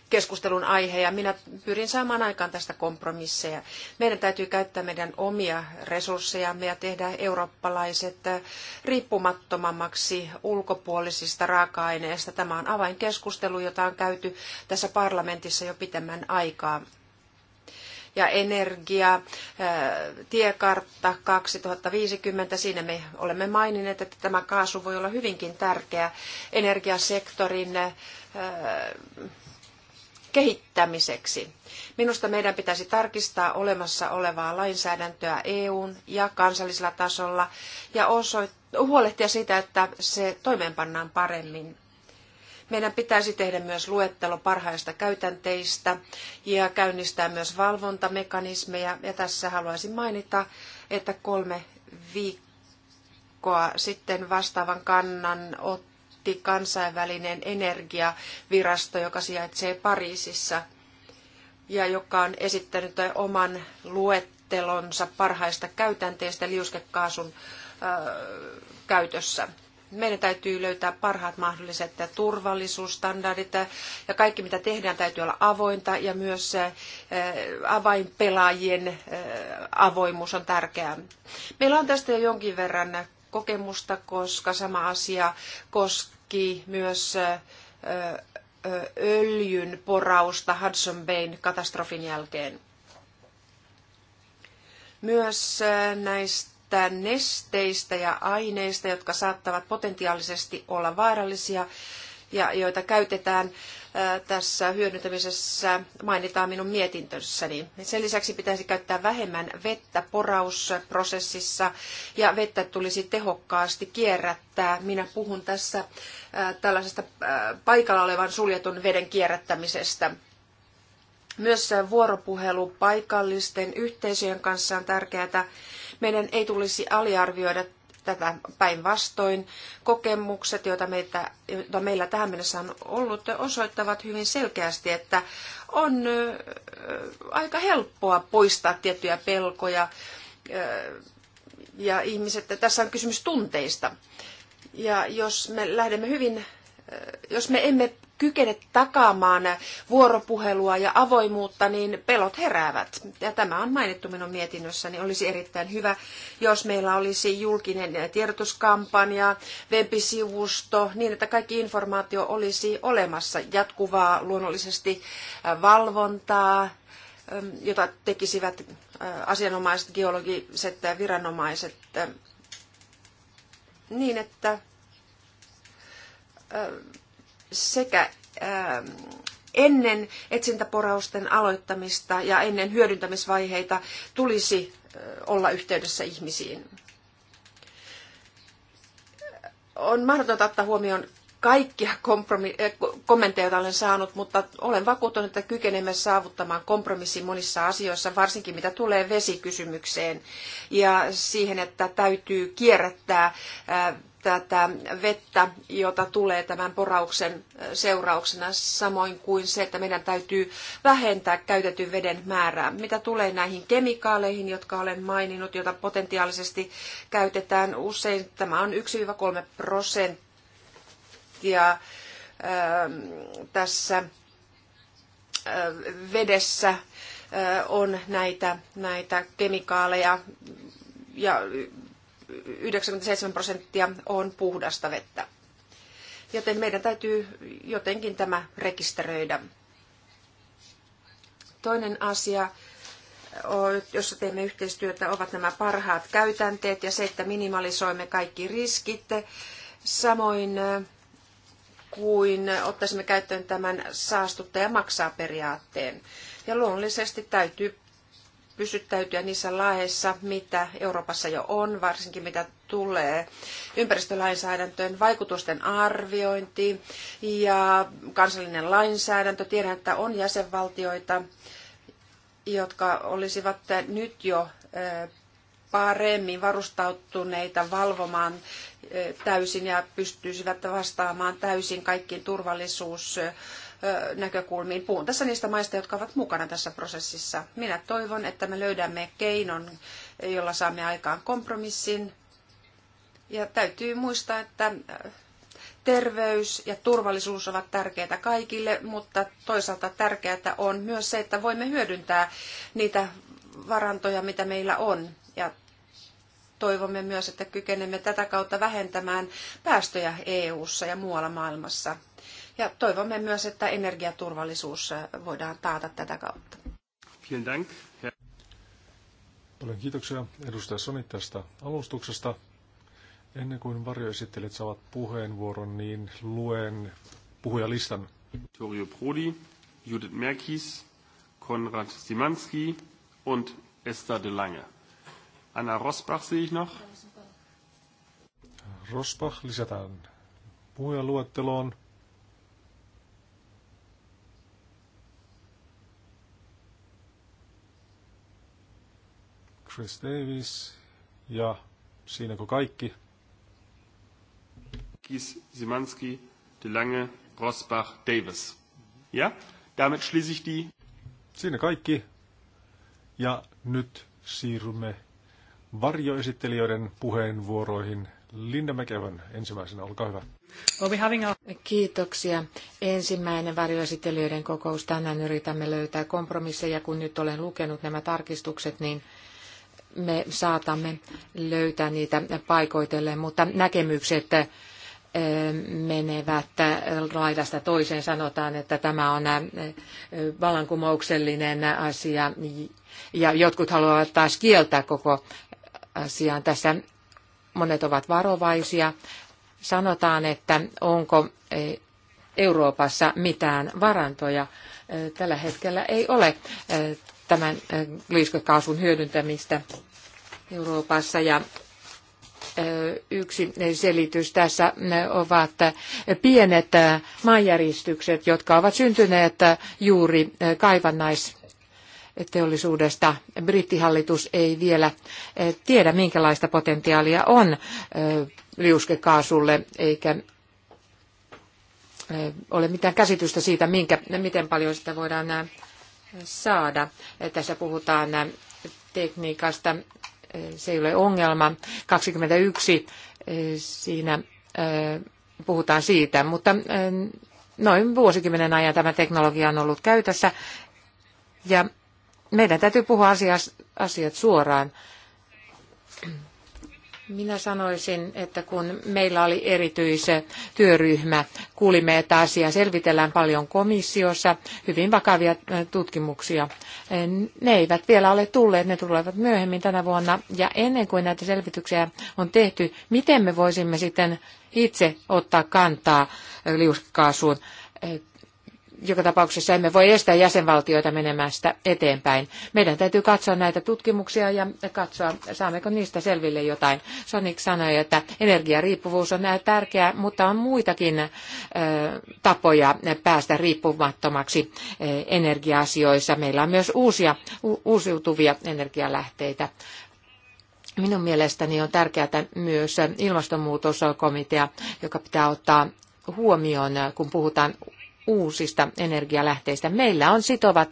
keskustelun aihe ja minä pyrin saamaan aikaan tästä kompromisseja. Meidän täytyy käyttää meidän omia resurssejamme ja tehdä eurooppalaiset äh, riippumattomammaksi ulkopuolisista raaka-aineista. Tämä on avainkeskustelu, jota on käyty tässä parlamentissa jo pitemmän aikaa ja energia, äh, tiekartta 2050. Siinä me olemme maininneet, että tämä kaasu voi olla hyvinkin tärkeä energiasektorin äh, kehittämiseksi. Minusta meidän pitäisi tarkistaa olemassa olevaa lainsäädäntöä EUn ja kansallisella tasolla ja osoit- huolehtia siitä, että se toimeenpannaan paremmin. Meidän pitäisi tehdä myös luettelo parhaista käytänteistä ja käynnistää myös valvontamekanismeja. Ja tässä haluaisin mainita, että kolme viikkoa sitten vastaavan kannan otti perusti kansainvälinen energiavirasto, joka sijaitsee Pariisissa ja joka on esittänyt oman luettelonsa parhaista käytänteistä liuskekaasun käytössä. Meidän täytyy löytää parhaat mahdolliset turvallisuusstandardit ja kaikki mitä tehdään täytyy olla avointa ja myös avainpelaajien avoimuus on tärkeää. Meillä on tästä jo jonkin verran kokemusta, koska sama asia koskee tutki myös öljyn porausta Hudson Bayn katastrofin jälkeen. Myös näistä nesteistä ja aineista, jotka saattavat potentiaalisesti olla vaarallisia ja joita käytetään tässä hyödyntämisessä mainitaan minun mietintössäni. Sen lisäksi pitäisi käyttää vähemmän vettä porausprosessissa ja vettä tulisi tehokkaasti kierrättää. Minä puhun tässä tällaisesta paikalla olevan suljetun veden kierrättämisestä. Myös vuoropuhelu paikallisten yhteisöjen kanssa on tärkeää. Meidän ei tulisi aliarvioida tätä päinvastoin. Kokemukset, joita, meitä, joita meillä tähän mennessä on ollut, osoittavat hyvin selkeästi, että on aika helppoa poistaa tiettyjä pelkoja ja ihmiset, tässä on kysymys tunteista. Ja jos me lähdemme hyvin, jos me emme kykene takaamaan vuoropuhelua ja avoimuutta, niin pelot heräävät. Ja tämä on mainittu minun mietinnössäni. Olisi erittäin hyvä, jos meillä olisi julkinen tiedotuskampanja, webisivusto, niin että kaikki informaatio olisi olemassa. Jatkuvaa luonnollisesti valvontaa, jota tekisivät asianomaiset geologiset viranomaiset niin, että sekä ähm, ennen etsintäporausten aloittamista ja ennen hyödyntämisvaiheita tulisi äh, olla yhteydessä ihmisiin. On mahdotonta ottaa huomioon kaikkia äh, kommentteja, joita olen saanut, mutta olen vakuuttunut, että kykenemme saavuttamaan kompromissin monissa asioissa, varsinkin mitä tulee vesikysymykseen ja siihen, että täytyy kierrättää äh, tätä vettä, jota tulee tämän porauksen seurauksena, samoin kuin se, että meidän täytyy vähentää käytetyn veden määrää. Mitä tulee näihin kemikaaleihin, jotka olen maininnut, joita potentiaalisesti käytetään usein, tämä on 1-3 prosenttia tässä vedessä on näitä, näitä kemikaaleja ja 97 prosenttia on puhdasta vettä. Joten meidän täytyy jotenkin tämä rekisteröidä. Toinen asia, jossa teemme yhteistyötä, ovat nämä parhaat käytänteet ja se, että minimalisoimme kaikki riskit. Samoin kuin ottaisimme käyttöön tämän saastuttaja maksaa periaatteen. Ja luonnollisesti täytyy pysyttäytyä niissä laeissa, mitä Euroopassa jo on, varsinkin mitä tulee ympäristölainsäädäntöön, vaikutusten arviointi ja kansallinen lainsäädäntö. Tiedän, että on jäsenvaltioita, jotka olisivat nyt jo paremmin varustautuneita valvomaan täysin ja pystyisivät vastaamaan täysin kaikkiin turvallisuus- näkökulmiin. Puhun tässä niistä maista, jotka ovat mukana tässä prosessissa. Minä toivon, että me löydämme keinon, jolla saamme aikaan kompromissin. Ja täytyy muistaa, että terveys ja turvallisuus ovat tärkeitä kaikille, mutta toisaalta tärkeää on myös se, että voimme hyödyntää niitä varantoja, mitä meillä on. Ja toivomme myös, että kykenemme tätä kautta vähentämään päästöjä EU:ssa ja muualla maailmassa. Ja toivomme myös, että energiaturvallisuus äh, voidaan taata tätä kautta. Paljon kiitoksia edustaja Soni tästä alustuksesta. Ennen kuin varjoesittelijät saavat puheenvuoron, niin luen puhujalistan. Torjo Prodi, Judith Merkis, Konrad Simanski und Esther de Lange. Anna Rosbach sehe ich noch. Rosbach lisätään puhujaluetteloon. Chris Davis ja siinäkö kaikki? Kies, Simanski, De Lange, Rosbach, Davis. Ja, damit schließe ich die. Siinä kaikki. Ja nyt siirrymme varjoesittelijöiden puheenvuoroihin. Linda McEwan ensimmäisenä, olkaa hyvä. Kiitoksia. Ensimmäinen varjoesittelijöiden kokous tänään yritämme löytää kompromisseja. Kun nyt olen lukenut nämä tarkistukset, niin me saatamme löytää niitä paikoitellen, mutta näkemykset eh, menevät laidasta toiseen. Sanotaan, että tämä on eh, vallankumouksellinen asia ja jotkut haluavat taas kieltää koko asian. Tässä monet ovat varovaisia. Sanotaan, että onko eh, Euroopassa mitään varantoja. Tällä hetkellä ei ole tämän liuskakaasun hyödyntämistä Euroopassa ja yksi selitys tässä ovat pienet maanjäristykset, jotka ovat syntyneet juuri kaivannaisteollisuudesta. Brittihallitus ei vielä tiedä, minkälaista potentiaalia on liuskekaasulle, eikä ole mitään käsitystä siitä, minkä, miten paljon sitä voidaan saada. Tässä puhutaan tekniikasta, se ei ole ongelma. 21 siinä puhutaan siitä, mutta noin vuosikymmenen ajan tämä teknologia on ollut käytössä ja meidän täytyy puhua asiat suoraan. Minä sanoisin, että kun meillä oli työryhmä kuulimme, että asiaa selvitellään paljon komissiossa, hyvin vakavia tutkimuksia. Ne eivät vielä ole tulleet, ne tulevat myöhemmin tänä vuonna. Ja ennen kuin näitä selvityksiä on tehty, miten me voisimme sitten itse ottaa kantaa liuskaasuun? joka tapauksessa emme voi estää jäsenvaltioita menemästä eteenpäin. Meidän täytyy katsoa näitä tutkimuksia ja katsoa, saammeko niistä selville jotain. Sonic sanoi, että energiariippuvuus on tärkeää, mutta on muitakin tapoja päästä riippumattomaksi energia-asioissa. Meillä on myös uusia, uusiutuvia energialähteitä. Minun mielestäni on tärkeää myös ilmastonmuutoskomitea, joka pitää ottaa huomioon, kun puhutaan uusista energialähteistä. Meillä on sitovat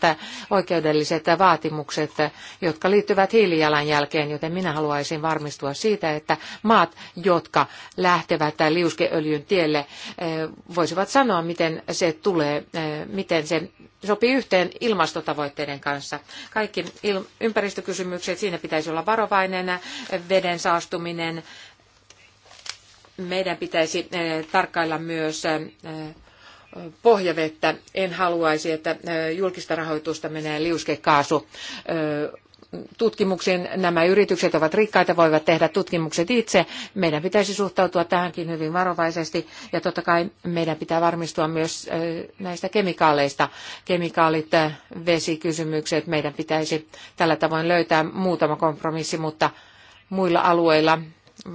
oikeudelliset vaatimukset, jotka liittyvät hiilijalanjälkeen, joten minä haluaisin varmistua siitä, että maat, jotka lähtevät liuskeöljyn tielle, eh, voisivat sanoa, miten se tulee, eh, miten se sopii yhteen ilmastotavoitteiden kanssa. Kaikki ympäristökysymykset, siinä pitäisi olla varovainen, veden saastuminen, meidän pitäisi eh, tarkkailla myös pohjavettä. En haluaisi, että julkista rahoitusta menee liuskekaasu tutkimuksiin. Nämä yritykset ovat rikkaita, voivat tehdä tutkimukset itse. Meidän pitäisi suhtautua tähänkin hyvin varovaisesti ja totta kai meidän pitää varmistua myös näistä kemikaaleista. Kemikaalit, vesikysymykset, meidän pitäisi tällä tavoin löytää muutama kompromissi, mutta muilla alueilla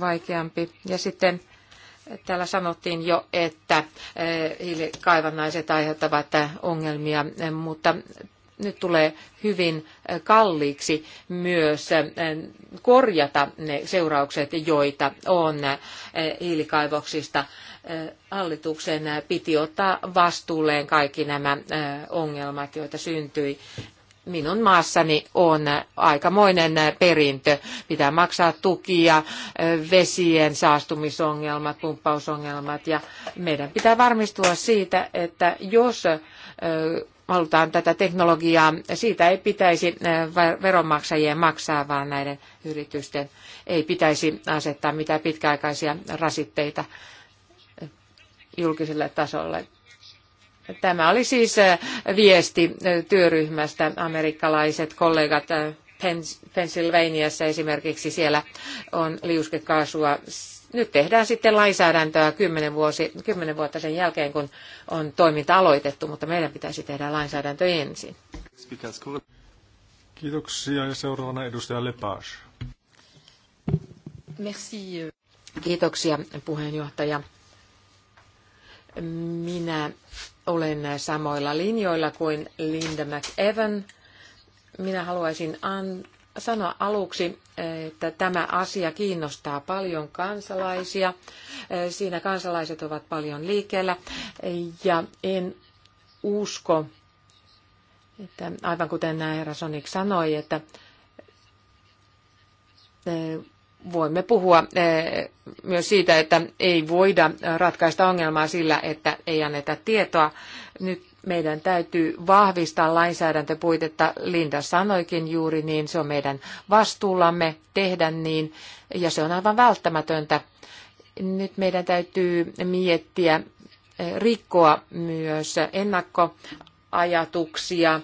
vaikeampi. Ja sitten Täällä sanottiin jo, että äh, hiilikaivannaiset aiheuttavat ongelmia, mutta nyt tulee hyvin äh, kalliiksi myös äh, korjata ne seuraukset, joita on hiilikaivoksista. Hallituksen piti ottaa vastuulleen kaikki nämä ongelmat, joita syntyi minun maassani on aikamoinen perintö. Pitää maksaa tukia, vesien saastumisongelmat, pumppausongelmat ja meidän pitää varmistua siitä, että jos halutaan tätä teknologiaa, siitä ei pitäisi veronmaksajien maksaa, vaan näiden yritysten ei pitäisi asettaa mitään pitkäaikaisia rasitteita julkiselle tasolle. Tämä oli siis äh, viesti äh, työryhmästä. Amerikkalaiset kollegat äh, Pennsylvaniassa esimerkiksi siellä on liuskekaasua. Nyt tehdään sitten lainsäädäntöä kymmenen, vuosi, kymmenen vuotta sen jälkeen, kun on toiminta aloitettu, mutta meidän pitäisi tehdä lainsäädäntö ensin. Kiitoksia ja seuraavana edustaja Lepage. Merci. Kiitoksia puheenjohtaja. Minä olen samoilla linjoilla kuin Linda McEvan. Minä haluaisin an- sanoa aluksi, että tämä asia kiinnostaa paljon kansalaisia. Siinä kansalaiset ovat paljon liikkeellä ja en usko, että aivan kuten herra Sonik sanoi, että voimme puhua eh, myös siitä, että ei voida ratkaista ongelmaa sillä, että ei anneta tietoa. Nyt meidän täytyy vahvistaa lainsäädäntöpuitetta. Linda sanoikin juuri niin, se on meidän vastuullamme tehdä niin, ja se on aivan välttämätöntä. Nyt meidän täytyy miettiä, eh, rikkoa myös ennakkoajatuksia eh,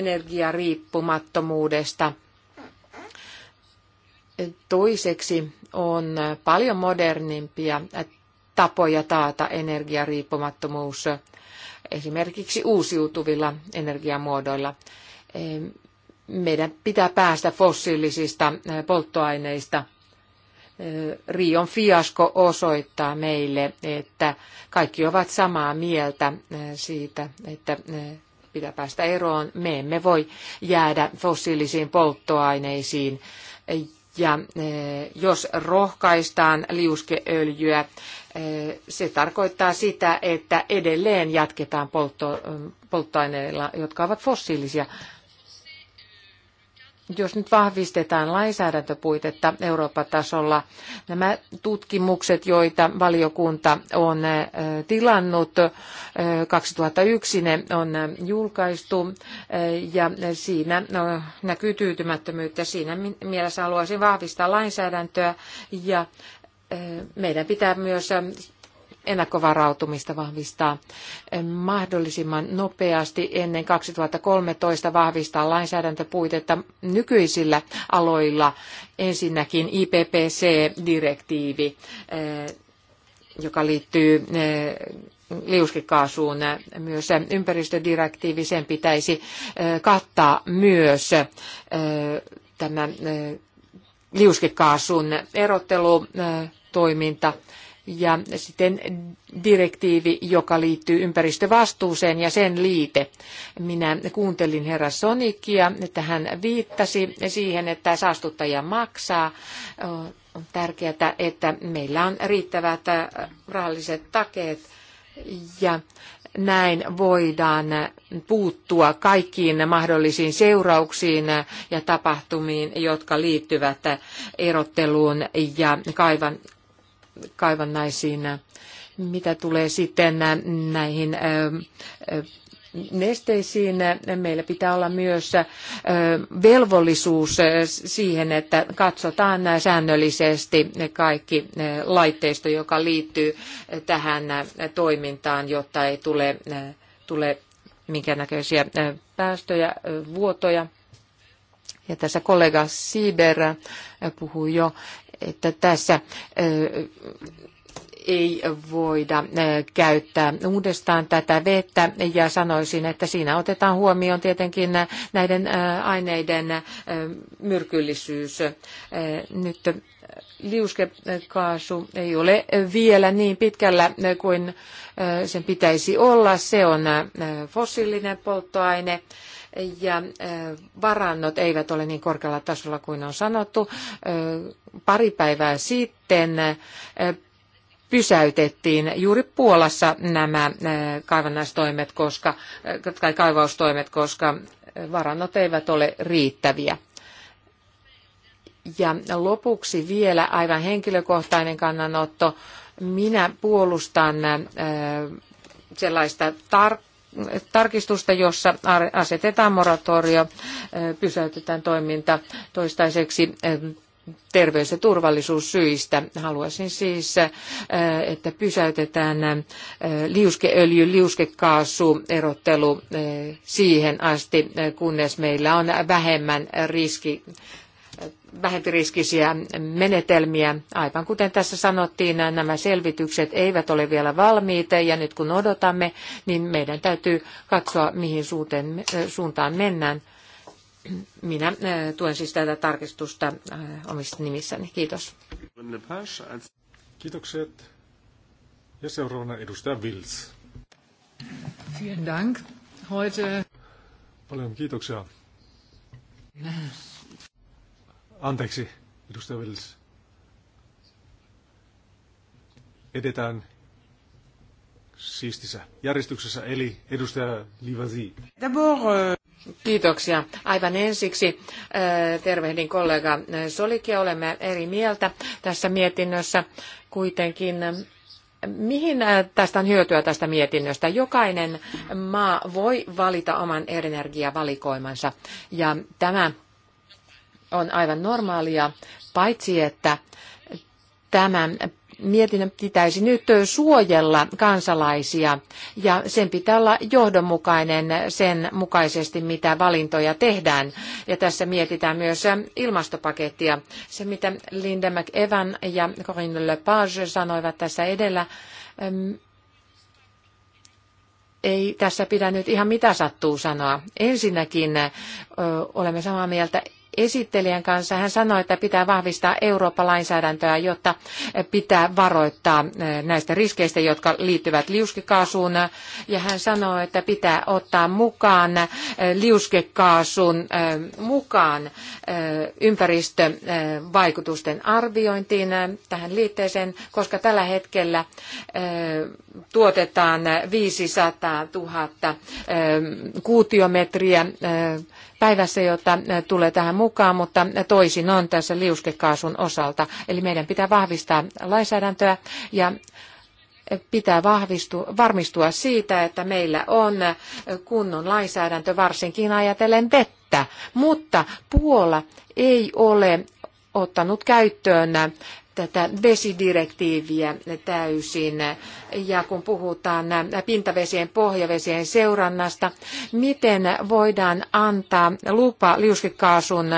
energiariippumattomuudesta – Toiseksi on paljon modernimpia tapoja taata energiariippumattomuus esimerkiksi uusiutuvilla energiamuodoilla. Meidän pitää päästä fossiilisista polttoaineista. Rion fiasko osoittaa meille, että kaikki ovat samaa mieltä siitä, että pitää päästä eroon. Me emme voi jäädä fossiilisiin polttoaineisiin ja eh, jos rohkaistaan liuskeöljyä, eh, se tarkoittaa sitä, että edelleen jatketaan poltto, eh, polttoaineilla, jotka ovat fossiilisia jos nyt vahvistetaan lainsäädäntöpuitetta Euroopan tasolla, nämä tutkimukset, joita valiokunta on eh, tilannut 2001, eh, ne on julkaistu eh, ja siinä no, näkyy tyytymättömyyttä. Siinä mielessä haluaisin vahvistaa lainsäädäntöä ja meidän pitää myös ennakkovarautumista vahvistaa mahdollisimman nopeasti ennen 2013 vahvistaa lainsäädäntöpuitetta nykyisillä aloilla. Ensinnäkin IPPC-direktiivi, eh, joka liittyy eh, liuskekaasuun myös ympäristödirektiivi, sen pitäisi eh, kattaa myös tämän liuskekaasun erottelutoiminta ja sitten direktiivi, joka liittyy ympäristövastuuseen ja sen liite. Minä kuuntelin herra Sonikia, että hän viittasi siihen, että saastuttaja maksaa. On tärkeää, että meillä on riittävät äh, rahalliset takeet ja näin voidaan puuttua kaikkiin mahdollisiin seurauksiin ja tapahtumiin, jotka liittyvät erotteluun ja kaivan kaivannaisiin. Mitä tulee sitten näihin nesteisiin, meillä pitää olla myös velvollisuus siihen, että katsotaan säännöllisesti kaikki laitteisto, joka liittyy tähän toimintaan, jotta ei tule, tule minkäännäköisiä päästöjä, vuotoja. Ja tässä kollega Siber puhui jo että tässä ei voida käyttää uudestaan tätä vettä ja sanoisin, että siinä otetaan huomioon tietenkin näiden aineiden myrkyllisyys. Nyt liuskekaasu ei ole vielä niin pitkällä kuin sen pitäisi olla. Se on fossiilinen polttoaine ja varannot eivät ole niin korkealla tasolla kuin on sanottu. Pari päivää sitten pysäytettiin juuri Puolassa nämä kaivannaistoimet, koska, tai kaivaustoimet, koska varannot eivät ole riittäviä. Ja lopuksi vielä aivan henkilökohtainen kannanotto. Minä puolustan sellaista tar- tarkistusta, jossa asetetaan moratorio, pysäytetään toiminta toistaiseksi terveys- ja turvallisuussyistä. Haluaisin siis, että pysäytetään liuskeöljy, liuskekaasu erottelu siihen asti, kunnes meillä on vähemmän riski vähempiriskisiä menetelmiä. Aivan kuten tässä sanottiin, nämä selvitykset eivät ole vielä valmiita ja nyt kun odotamme, niin meidän täytyy katsoa, mihin äh, suuntaan mennään. Minä äh, tuen siis tätä tarkistusta äh, omista nimissäni. Kiitos. Kiitokset. Ja seuraavana edustaja Vils. Vielen Dank. Heute... Paljon kiitoksia. Anteeksi, edustaja Edetään siistissä järjestyksessä, eli edustaja Livasi. Euh, Kiitoksia. Aivan ensiksi äh, tervehdin kollega äh, Solikia. Olemme eri mieltä tässä mietinnössä. Kuitenkin äh, Mihin tästä on hyötyä tästä mietinnöstä? Jokainen maa voi valita oman energiavalikoimansa ja tämä on aivan normaalia, paitsi että tämä mietinnön pitäisi nyt suojella kansalaisia ja sen pitää olla johdonmukainen sen mukaisesti, mitä valintoja tehdään. Ja tässä mietitään myös ilmastopakettia. Se, mitä Linda McEvan ja Corinne Lepage sanoivat tässä edellä, ei tässä pidä nyt ihan mitä sattuu sanoa. Ensinnäkin olemme samaa mieltä esittelijän kanssa. Hän sanoi, että pitää vahvistaa Eurooppa-lainsäädäntöä, jotta pitää varoittaa eh, näistä riskeistä, jotka liittyvät liuskekaasuun. Ja hän sanoi, että pitää ottaa mukaan eh, liuskekaasun eh, mukaan ympäristövaikutusten arviointiin tähän liitteeseen, koska tällä hetkellä tuotetaan 500 000 kuutiometriä päivässä, jota tulee tähän mukaan, mutta toisin on tässä liuskekaasun osalta. Eli meidän pitää vahvistaa lainsäädäntöä ja pitää varmistua siitä, että meillä on kunnon lainsäädäntö, varsinkin ajatellen vettä. Mutta Puola ei ole ottanut käyttöön tätä vesidirektiiviä täysin. Ja kun puhutaan pintavesien pohjavesien seurannasta, miten voidaan antaa lupa liuskekaasun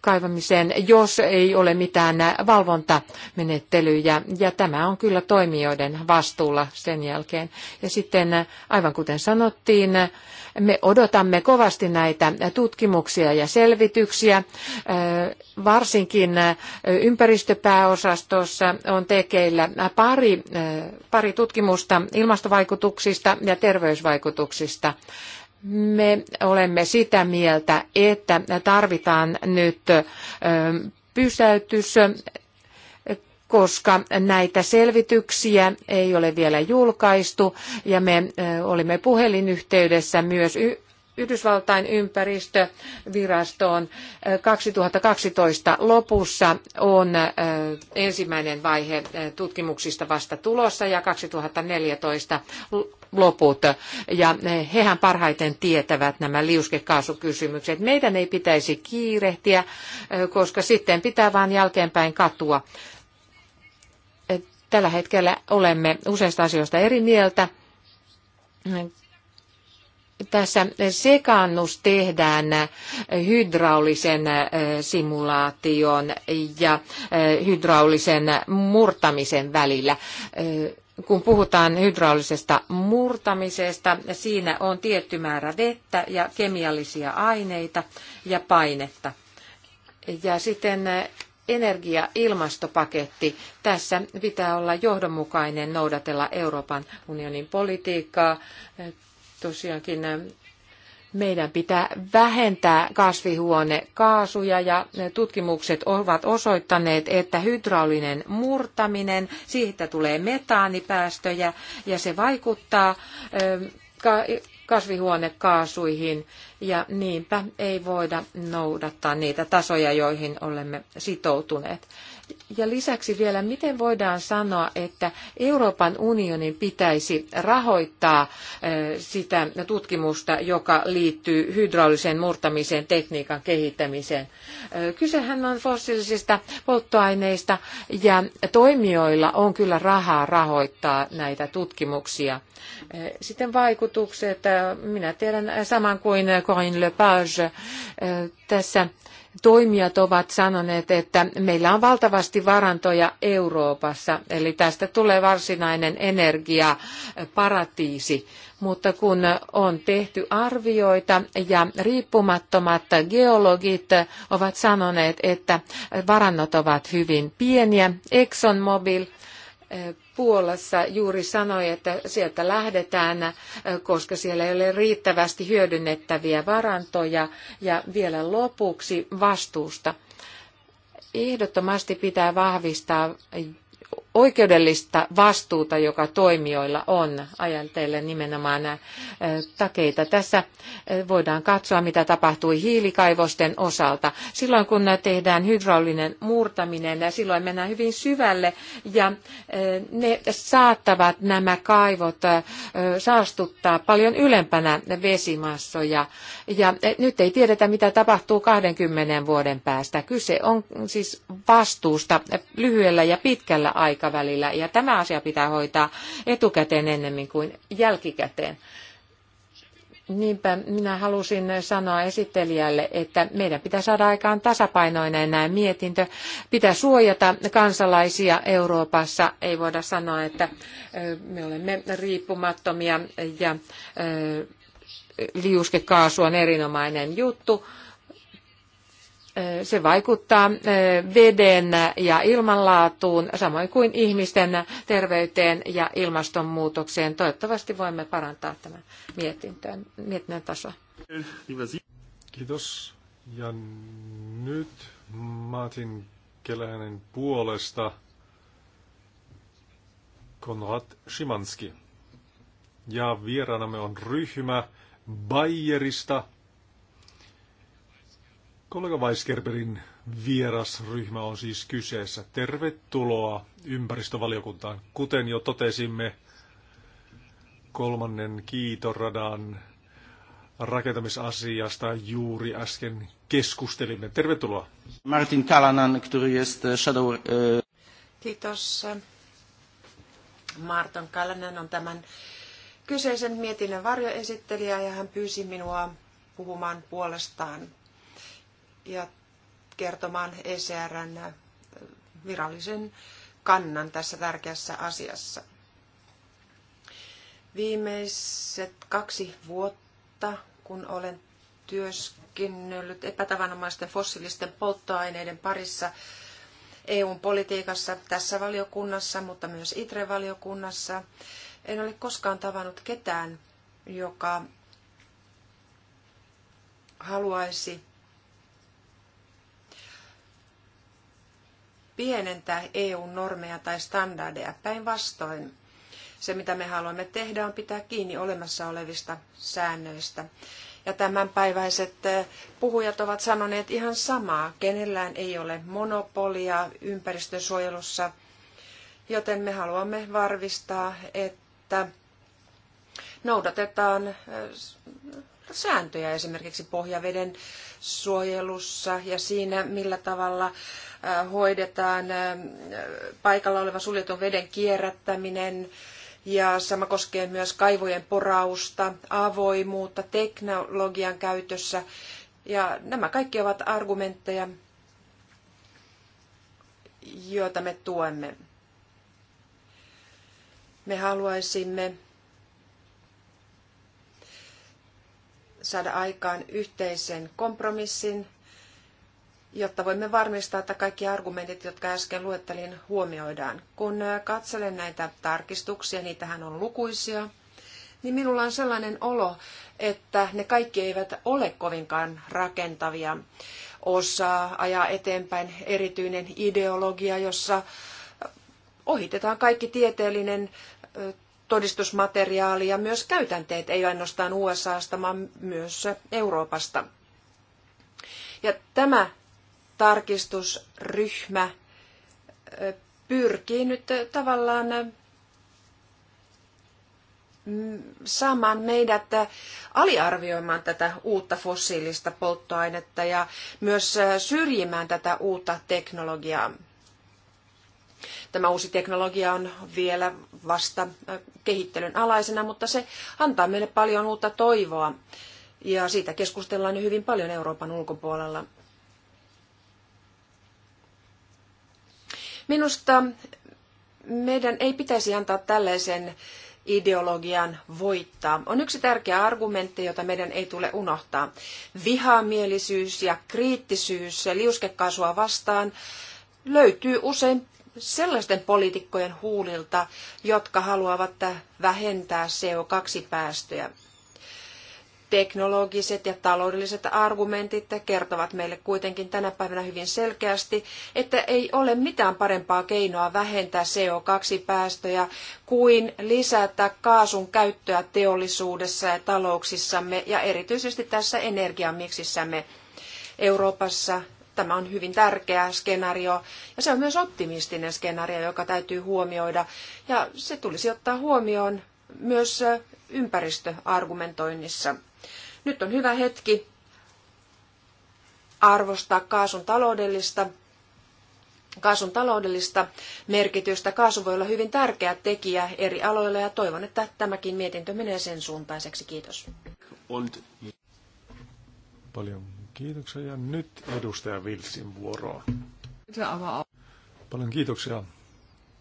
kaivamiseen, jos ei ole mitään valvontamenettelyjä. Ja tämä on kyllä toimijoiden vastuulla sen jälkeen. Ja sitten aivan kuten sanottiin, me odotamme kovasti näitä tutkimuksia ja selvityksiä. Varsinkin ympäristöpääosastossa on tekeillä pari, pari tutkimusta ilmastovaikutuksista ja terveysvaikutuksista. Me olemme sitä mieltä, että tarvitaan nyt pysäytys koska näitä selvityksiä ei ole vielä julkaistu ja me olimme puhelinyhteydessä myös Yhdysvaltain ympäristövirastoon 2012 lopussa on ensimmäinen vaihe tutkimuksista vasta tulossa ja 2014 loput. Ja hehän parhaiten tietävät nämä liuskekaasukysymykset. Meidän ei pitäisi kiirehtiä, koska sitten pitää vain jälkeenpäin katua Tällä hetkellä olemme useista asioista eri mieltä. Tässä sekannus tehdään hydraulisen äh, simulaation ja äh, hydraulisen murtamisen välillä äh, kun puhutaan hydraulisesta murtamisesta, siinä on tietty määrä vettä ja kemiallisia aineita ja painetta. Ja sitten energia- ilmastopaketti. Tässä pitää olla johdonmukainen noudatella Euroopan unionin politiikkaa. Tosiaankin äh, meidän pitää vähentää kasvihuonekaasuja ja tutkimukset ovat osoittaneet, että hydraulinen murtaminen, siitä tulee metaanipäästöjä ja se vaikuttaa äh, kasvihuonekaasuihin ja niinpä ei voida noudattaa niitä tasoja, joihin olemme sitoutuneet. Ja lisäksi vielä, miten voidaan sanoa, että Euroopan unionin pitäisi rahoittaa sitä tutkimusta, joka liittyy hydrauliseen murtamiseen, tekniikan kehittämiseen. Kysehän on fossiilisista polttoaineista ja toimijoilla on kyllä rahaa rahoittaa näitä tutkimuksia. Sitten vaikutukset, minä tiedän saman kuin Corinne Lepage tässä toimijat ovat sanoneet, että meillä on valtavasti varantoja Euroopassa, eli tästä tulee varsinainen energiaparatiisi. Mutta kun on tehty arvioita ja riippumattomat geologit ovat sanoneet, että varannot ovat hyvin pieniä, ExxonMobil Puolassa juuri sanoi, että sieltä lähdetään, äh, koska siellä ei ole riittävästi hyödynnettäviä varantoja. Ja vielä lopuksi vastuusta. Ehdottomasti pitää vahvistaa oikeudellista vastuuta, joka toimijoilla on, ajatellen nimenomaan äh, takeita. Tässä äh, voidaan katsoa, mitä tapahtui hiilikaivosten osalta. Silloin kun tehdään hydraulinen murtaminen, silloin mennään hyvin syvälle ja äh, ne saattavat nämä kaivot saastuttaa paljon ylempänä vesimassoja. Ja nyt ei tiedetä, mitä tapahtuu 20 vuoden päästä. Kyse on siis vastuusta lyhyellä ja pitkällä aikavälillä aikavälillä. Ja tämä asia pitää hoitaa etukäteen ennemmin kuin jälkikäteen. Niinpä minä halusin sanoa esittelijälle, että meidän pitää saada aikaan tasapainoinen nämä mietintö. Pitää suojata kansalaisia Euroopassa. Ei voida sanoa, että me olemme riippumattomia ja liuskekaasu on erinomainen juttu se vaikuttaa veden ja ilmanlaatuun, samoin kuin ihmisten terveyteen ja ilmastonmuutokseen. Toivottavasti voimme parantaa tämän mietintön, mietinnön tasoa. Kiitos. Ja nyt Martin Kelänen puolesta Konrad Szymanski. Ja vieraanamme on ryhmä Bayerista – Kollega Weiskerberin vierasryhmä on siis kyseessä. Tervetuloa ympäristövaliokuntaan. Kuten jo totesimme, kolmannen kiitoradan rakentamisasiasta juuri äsken keskustelimme. Tervetuloa. Martin Kalanan, który jest e, shadow... E, Kiitos. Martin Kalanen on tämän kyseisen mietinnön varjoesittelijä ja hän pyysi minua puhumaan puolestaan ja kertomaan ECRn äh, virallisen kannan tässä tärkeässä asiassa. Viimeiset kaksi vuotta, kun olen työskennellyt epätavanomaisten fossiilisten polttoaineiden parissa EUn politiikassa tässä valiokunnassa, mutta myös ITRE-valiokunnassa, en ole koskaan tavannut ketään, joka haluaisi pienentää EU-normeja tai standardeja. Päinvastoin se, mitä me haluamme tehdä, on pitää kiinni olemassa olevista säännöistä. Ja tämänpäiväiset eh, puhujat ovat sanoneet ihan samaa. Kenellään ei ole monopolia ympäristönsuojelussa, joten me haluamme varmistaa, että noudatetaan eh, sääntöjä esimerkiksi pohjaveden suojelussa ja siinä, millä tavalla hoidetaan paikalla oleva suljetun veden kierrättäminen, ja sama koskee myös kaivojen porausta, avoimuutta, teknologian käytössä. Ja nämä kaikki ovat argumentteja, joita me tuemme. Me haluaisimme saada aikaan yhteisen kompromissin, jotta voimme varmistaa, että kaikki argumentit, jotka äsken luettelin, huomioidaan. Kun katselen näitä tarkistuksia, niitähän on lukuisia, niin minulla on sellainen olo, että ne kaikki eivät ole kovinkaan rakentavia. Osa ajaa eteenpäin erityinen ideologia, jossa ohitetaan kaikki tieteellinen todistusmateriaali ja myös käytänteet, ei ainoastaan USAsta, vaan myös Euroopasta. Ja tämä tarkistusryhmä pyrkii nyt tavallaan saamaan meidät aliarvioimaan tätä uutta fossiilista polttoainetta ja myös syrjimään tätä uutta teknologiaa. Tämä uusi teknologia on vielä vasta kehittelyn alaisena, mutta se antaa meille paljon uutta toivoa. Ja siitä keskustellaan hyvin paljon Euroopan ulkopuolella. Minusta meidän ei pitäisi antaa tällaisen ideologian voittaa. On yksi tärkeä argumentti, jota meidän ei tule unohtaa. Vihamielisyys ja kriittisyys liuskekaasua vastaan löytyy usein sellaisten poliitikkojen huulilta, jotka haluavat vähentää CO2-päästöjä. Teknologiset ja taloudelliset argumentit kertovat meille kuitenkin tänä päivänä hyvin selkeästi, että ei ole mitään parempaa keinoa vähentää CO2-päästöjä kuin lisätä kaasun käyttöä teollisuudessa ja talouksissamme ja erityisesti tässä energiamiksissämme Euroopassa Tämä on hyvin tärkeä skenaario ja se on myös optimistinen skenaario, joka täytyy huomioida. Ja se tulisi ottaa huomioon myös ympäristöargumentoinnissa. Nyt on hyvä hetki arvostaa kaasun taloudellista Kaasun taloudellista merkitystä. Kaasu voi olla hyvin tärkeä tekijä eri aloilla ja toivon, että tämäkin mietintö menee sen suuntaiseksi. Kiitos. Paljon Kiitoksia ja nyt edustaja Vilsin vuoroa. Paljon kiitoksia.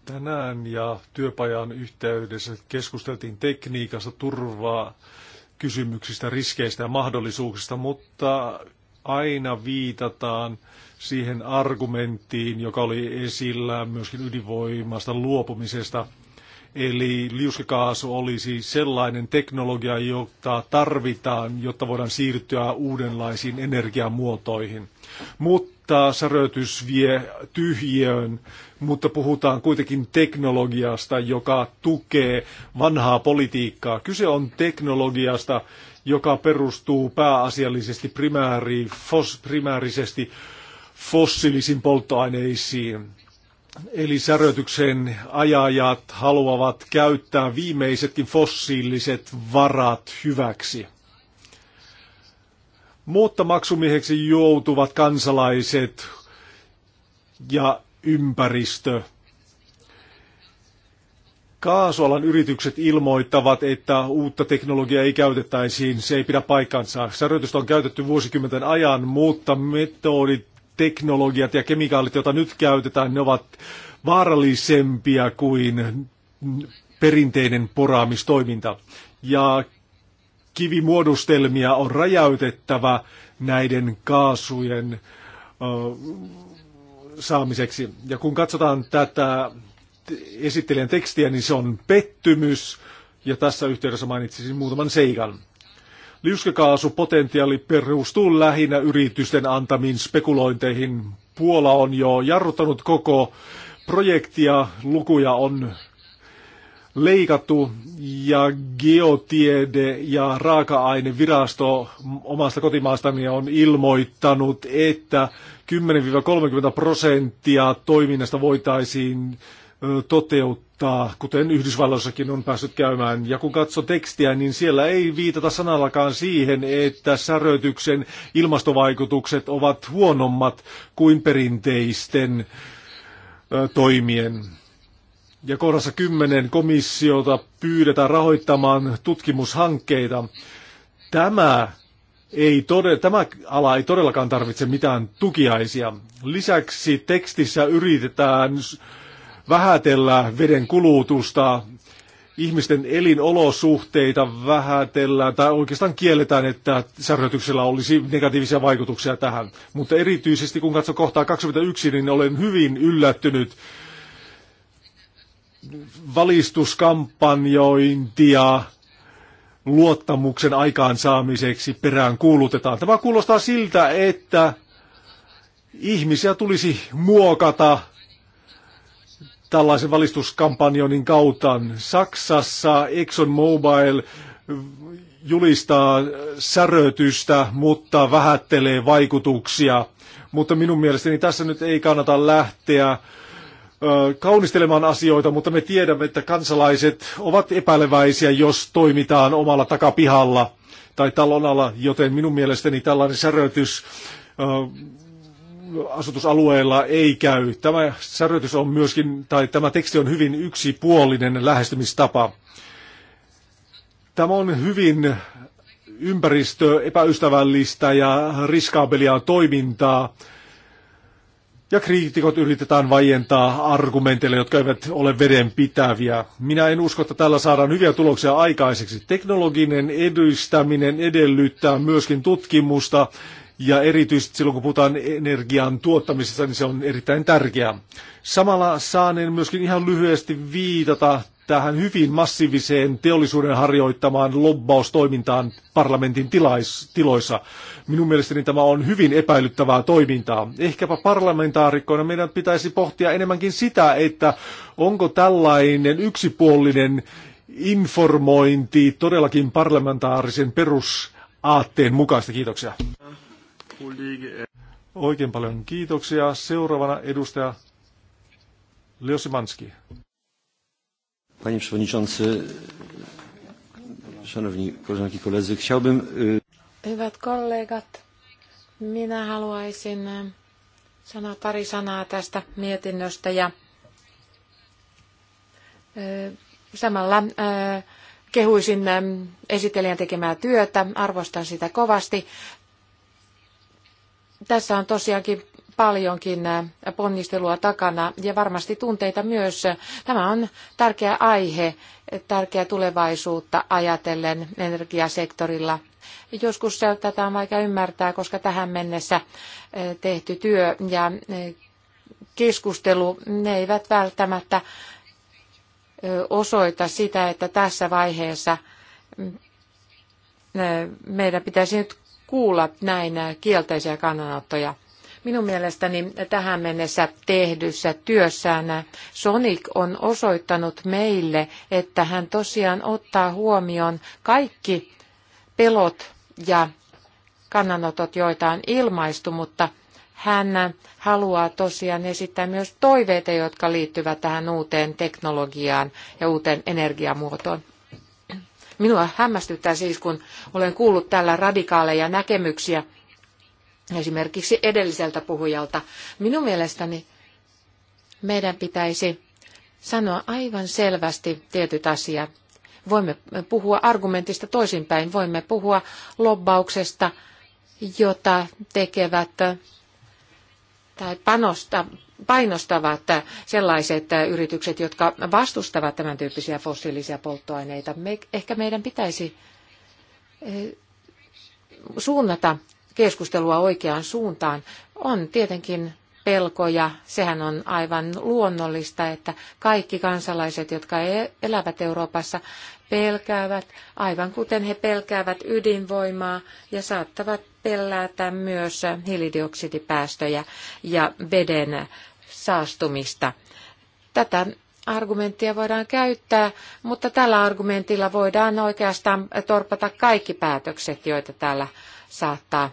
Tänään ja työpajan yhteydessä keskusteltiin tekniikasta, turvaa, kysymyksistä, riskeistä ja mahdollisuuksista, mutta aina viitataan siihen argumenttiin, joka oli esillä myöskin ydinvoimasta luopumisesta – Eli liuskakaasu olisi sellainen teknologia, jota tarvitaan, jotta voidaan siirtyä uudenlaisiin energiamuotoihin. Mutta säröitys vie tyhjiöön, mutta puhutaan kuitenkin teknologiasta, joka tukee vanhaa politiikkaa. Kyse on teknologiasta, joka perustuu pääasiallisesti primääri, fos, primäärisesti fossiilisiin polttoaineisiin. Eli särötyksen ajajat haluavat käyttää viimeisetkin fossiiliset varat hyväksi. Mutta maksumieheksi joutuvat kansalaiset ja ympäristö. Kaasualan yritykset ilmoittavat, että uutta teknologiaa ei käytettäisiin. Se ei pidä paikkansa. Säröitystä on käytetty vuosikymmenten ajan, mutta metodit teknologiat ja kemikaalit, joita nyt käytetään, ne ovat vaarallisempia kuin perinteinen poraamistoiminta. Ja kivimuodostelmia on räjäytettävä näiden kaasujen saamiseksi. Ja kun katsotaan tätä esittelijän tekstiä, niin se on pettymys. Ja tässä yhteydessä mainitsisin muutaman seikan. Liuskakaasupotentiaali perustuu lähinnä yritysten antamiin spekulointeihin. Puola on jo jarruttanut koko projektia, lukuja on leikattu ja geotiede- ja raaka-ainevirasto omasta kotimaastani on ilmoittanut, että 10-30 prosenttia toiminnasta voitaisiin toteuttaa, kuten Yhdysvalloissakin on päässyt käymään. Ja kun katsoo tekstiä, niin siellä ei viitata sanallakaan siihen, että säröityksen ilmastovaikutukset ovat huonommat kuin perinteisten toimien. Ja kohdassa kymmenen komissiota pyydetään rahoittamaan tutkimushankkeita. Tämä ei tode, tämä ala ei todellakaan tarvitse mitään tukiaisia. Lisäksi tekstissä yritetään vähätellä veden kulutusta, ihmisten elinolosuhteita vähätellään tai oikeastaan kielletään, että särjötyksellä olisi negatiivisia vaikutuksia tähän. Mutta erityisesti kun katso kohtaa 21, niin olen hyvin yllättynyt valistuskampanjointia luottamuksen aikaansaamiseksi perään kuulutetaan. Tämä kuulostaa siltä, että ihmisiä tulisi muokata tällaisen valistuskampanjonin kautta. Saksassa ExxonMobil julistaa särötystä, mutta vähättelee vaikutuksia. Mutta minun mielestäni tässä nyt ei kannata lähteä kaunistelemaan asioita, mutta me tiedämme, että kansalaiset ovat epäileväisiä, jos toimitaan omalla takapihalla tai talon alla, joten minun mielestäni tällainen särötys asutusalueella ei käy. Tämä säröitys on myöskin, tai tämä teksti on hyvin yksipuolinen lähestymistapa. Tämä on hyvin ympäristö epäystävällistä ja riskaabelia toimintaa. Ja kriitikot yritetään vaientaa argumenteille, jotka eivät ole vedenpitäviä. Minä en usko, että tällä saadaan hyviä tuloksia aikaiseksi. Teknologinen edistäminen edellyttää myöskin tutkimusta ja erityisesti silloin, kun puhutaan energian tuottamisesta, niin se on erittäin tärkeää. Samalla saaneen myöskin ihan lyhyesti viitata tähän hyvin massiiviseen teollisuuden harjoittamaan lobbaustoimintaan parlamentin tilais, tiloissa. Minun mielestäni tämä on hyvin epäilyttävää toimintaa. Ehkäpä parlamentaarikkoina meidän pitäisi pohtia enemmänkin sitä, että onko tällainen yksipuolinen informointi todellakin parlamentaarisen perusaatteen mukaista. Kiitoksia. Eh, Oikein paljon kiitoksia. Seuraavana edustaja Leosimanski. Panie przewodniczący, szanowni koleżanki koledzy, chciałbym... Hyvät kollegat, minä haluaisin e, sanoa pari sanaa tästä mietinnöstä ja e, samalla e, kehuisin esittelijän tekemää työtä, arvostan sitä kovasti. Tässä on tosiaankin paljonkin ponnistelua takana ja varmasti tunteita myös. Tämä on tärkeä aihe, tärkeä tulevaisuutta ajatellen energiasektorilla. Joskus tätä on vaikea ymmärtää, koska tähän mennessä tehty työ ja keskustelu, ne eivät välttämättä osoita sitä, että tässä vaiheessa meidän pitäisi nyt kuulla näin kielteisiä kannanottoja. Minun mielestäni tähän mennessä tehdyssä työssään Sonic on osoittanut meille, että hän tosiaan ottaa huomioon kaikki pelot ja kannanotot, joita on ilmaistu, mutta hän haluaa tosiaan esittää myös toiveita, jotka liittyvät tähän uuteen teknologiaan ja uuteen energiamuotoon. Minua hämmästyttää siis, kun olen kuullut täällä radikaaleja näkemyksiä esimerkiksi edelliseltä puhujalta. Minun mielestäni meidän pitäisi sanoa aivan selvästi tietyt asiat. Voimme puhua argumentista toisinpäin, voimme puhua lobbauksesta, jota tekevät tai panosta että sellaiset yritykset, jotka vastustavat tämän tyyppisiä fossiilisia polttoaineita. Me, ehkä meidän pitäisi eh, suunnata keskustelua oikeaan suuntaan. On tietenkin pelkoja. Sehän on aivan luonnollista, että kaikki kansalaiset, jotka e, elävät Euroopassa, pelkäävät, aivan kuten he pelkäävät ydinvoimaa ja saattavat pelätä myös hiilidioksidipäästöjä ja veden saastumista. Tätä argumenttia voidaan käyttää, mutta tällä argumentilla voidaan oikeastaan torpata kaikki päätökset, joita täällä saattaa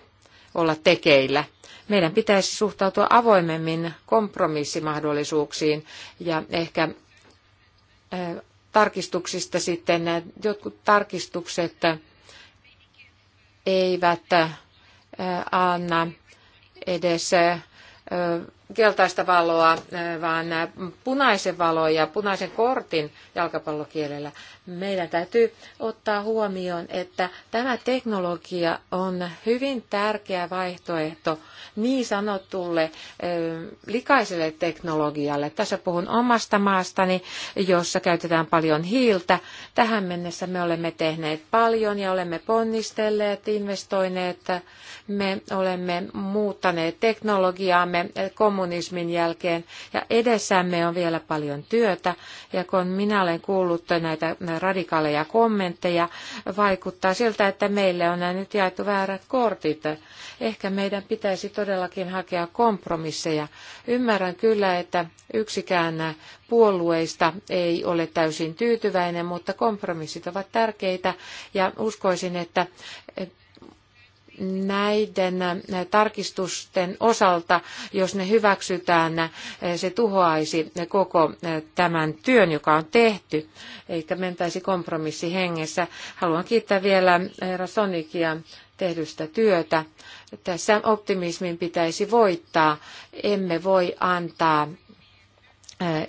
olla tekeillä. Meidän pitäisi suhtautua avoimemmin kompromissimahdollisuuksiin ja ehkä eh, tarkistuksista sitten eh, jotkut tarkistukset eivät eh, anna edes keltaista valoa, äh, vaan punaisen valon ja punaisen kortin jalkapallokielellä. Meidän täytyy ottaa huomioon, että tämä teknologia on hyvin tärkeä vaihtoehto niin sanotulle äh, likaiselle teknologialle. Tässä puhun omasta maastani, jossa käytetään paljon hiiltä. Tähän mennessä me olemme tehneet paljon ja olemme ponnistelleet, investoineet. Me olemme muuttaneet teknologiaamme, äh, kommunikaatioon kommunismin jälkeen ja edessämme on vielä paljon työtä ja kun minä olen kuullut näitä radikaaleja kommentteja, vaikuttaa siltä, että meille on nyt jaettu väärät kortit. Ehkä meidän pitäisi todellakin hakea kompromisseja. Ymmärrän kyllä, että yksikään puolueista ei ole täysin tyytyväinen, mutta kompromissit ovat tärkeitä ja uskoisin, että näiden tarkistusten osalta, jos ne hyväksytään, se tuhoaisi koko tämän työn, joka on tehty, eikä mentäisi kompromissihengessä. Haluan kiittää vielä Rasonikia tehdystä työtä. Tässä optimismin pitäisi voittaa. Emme voi antaa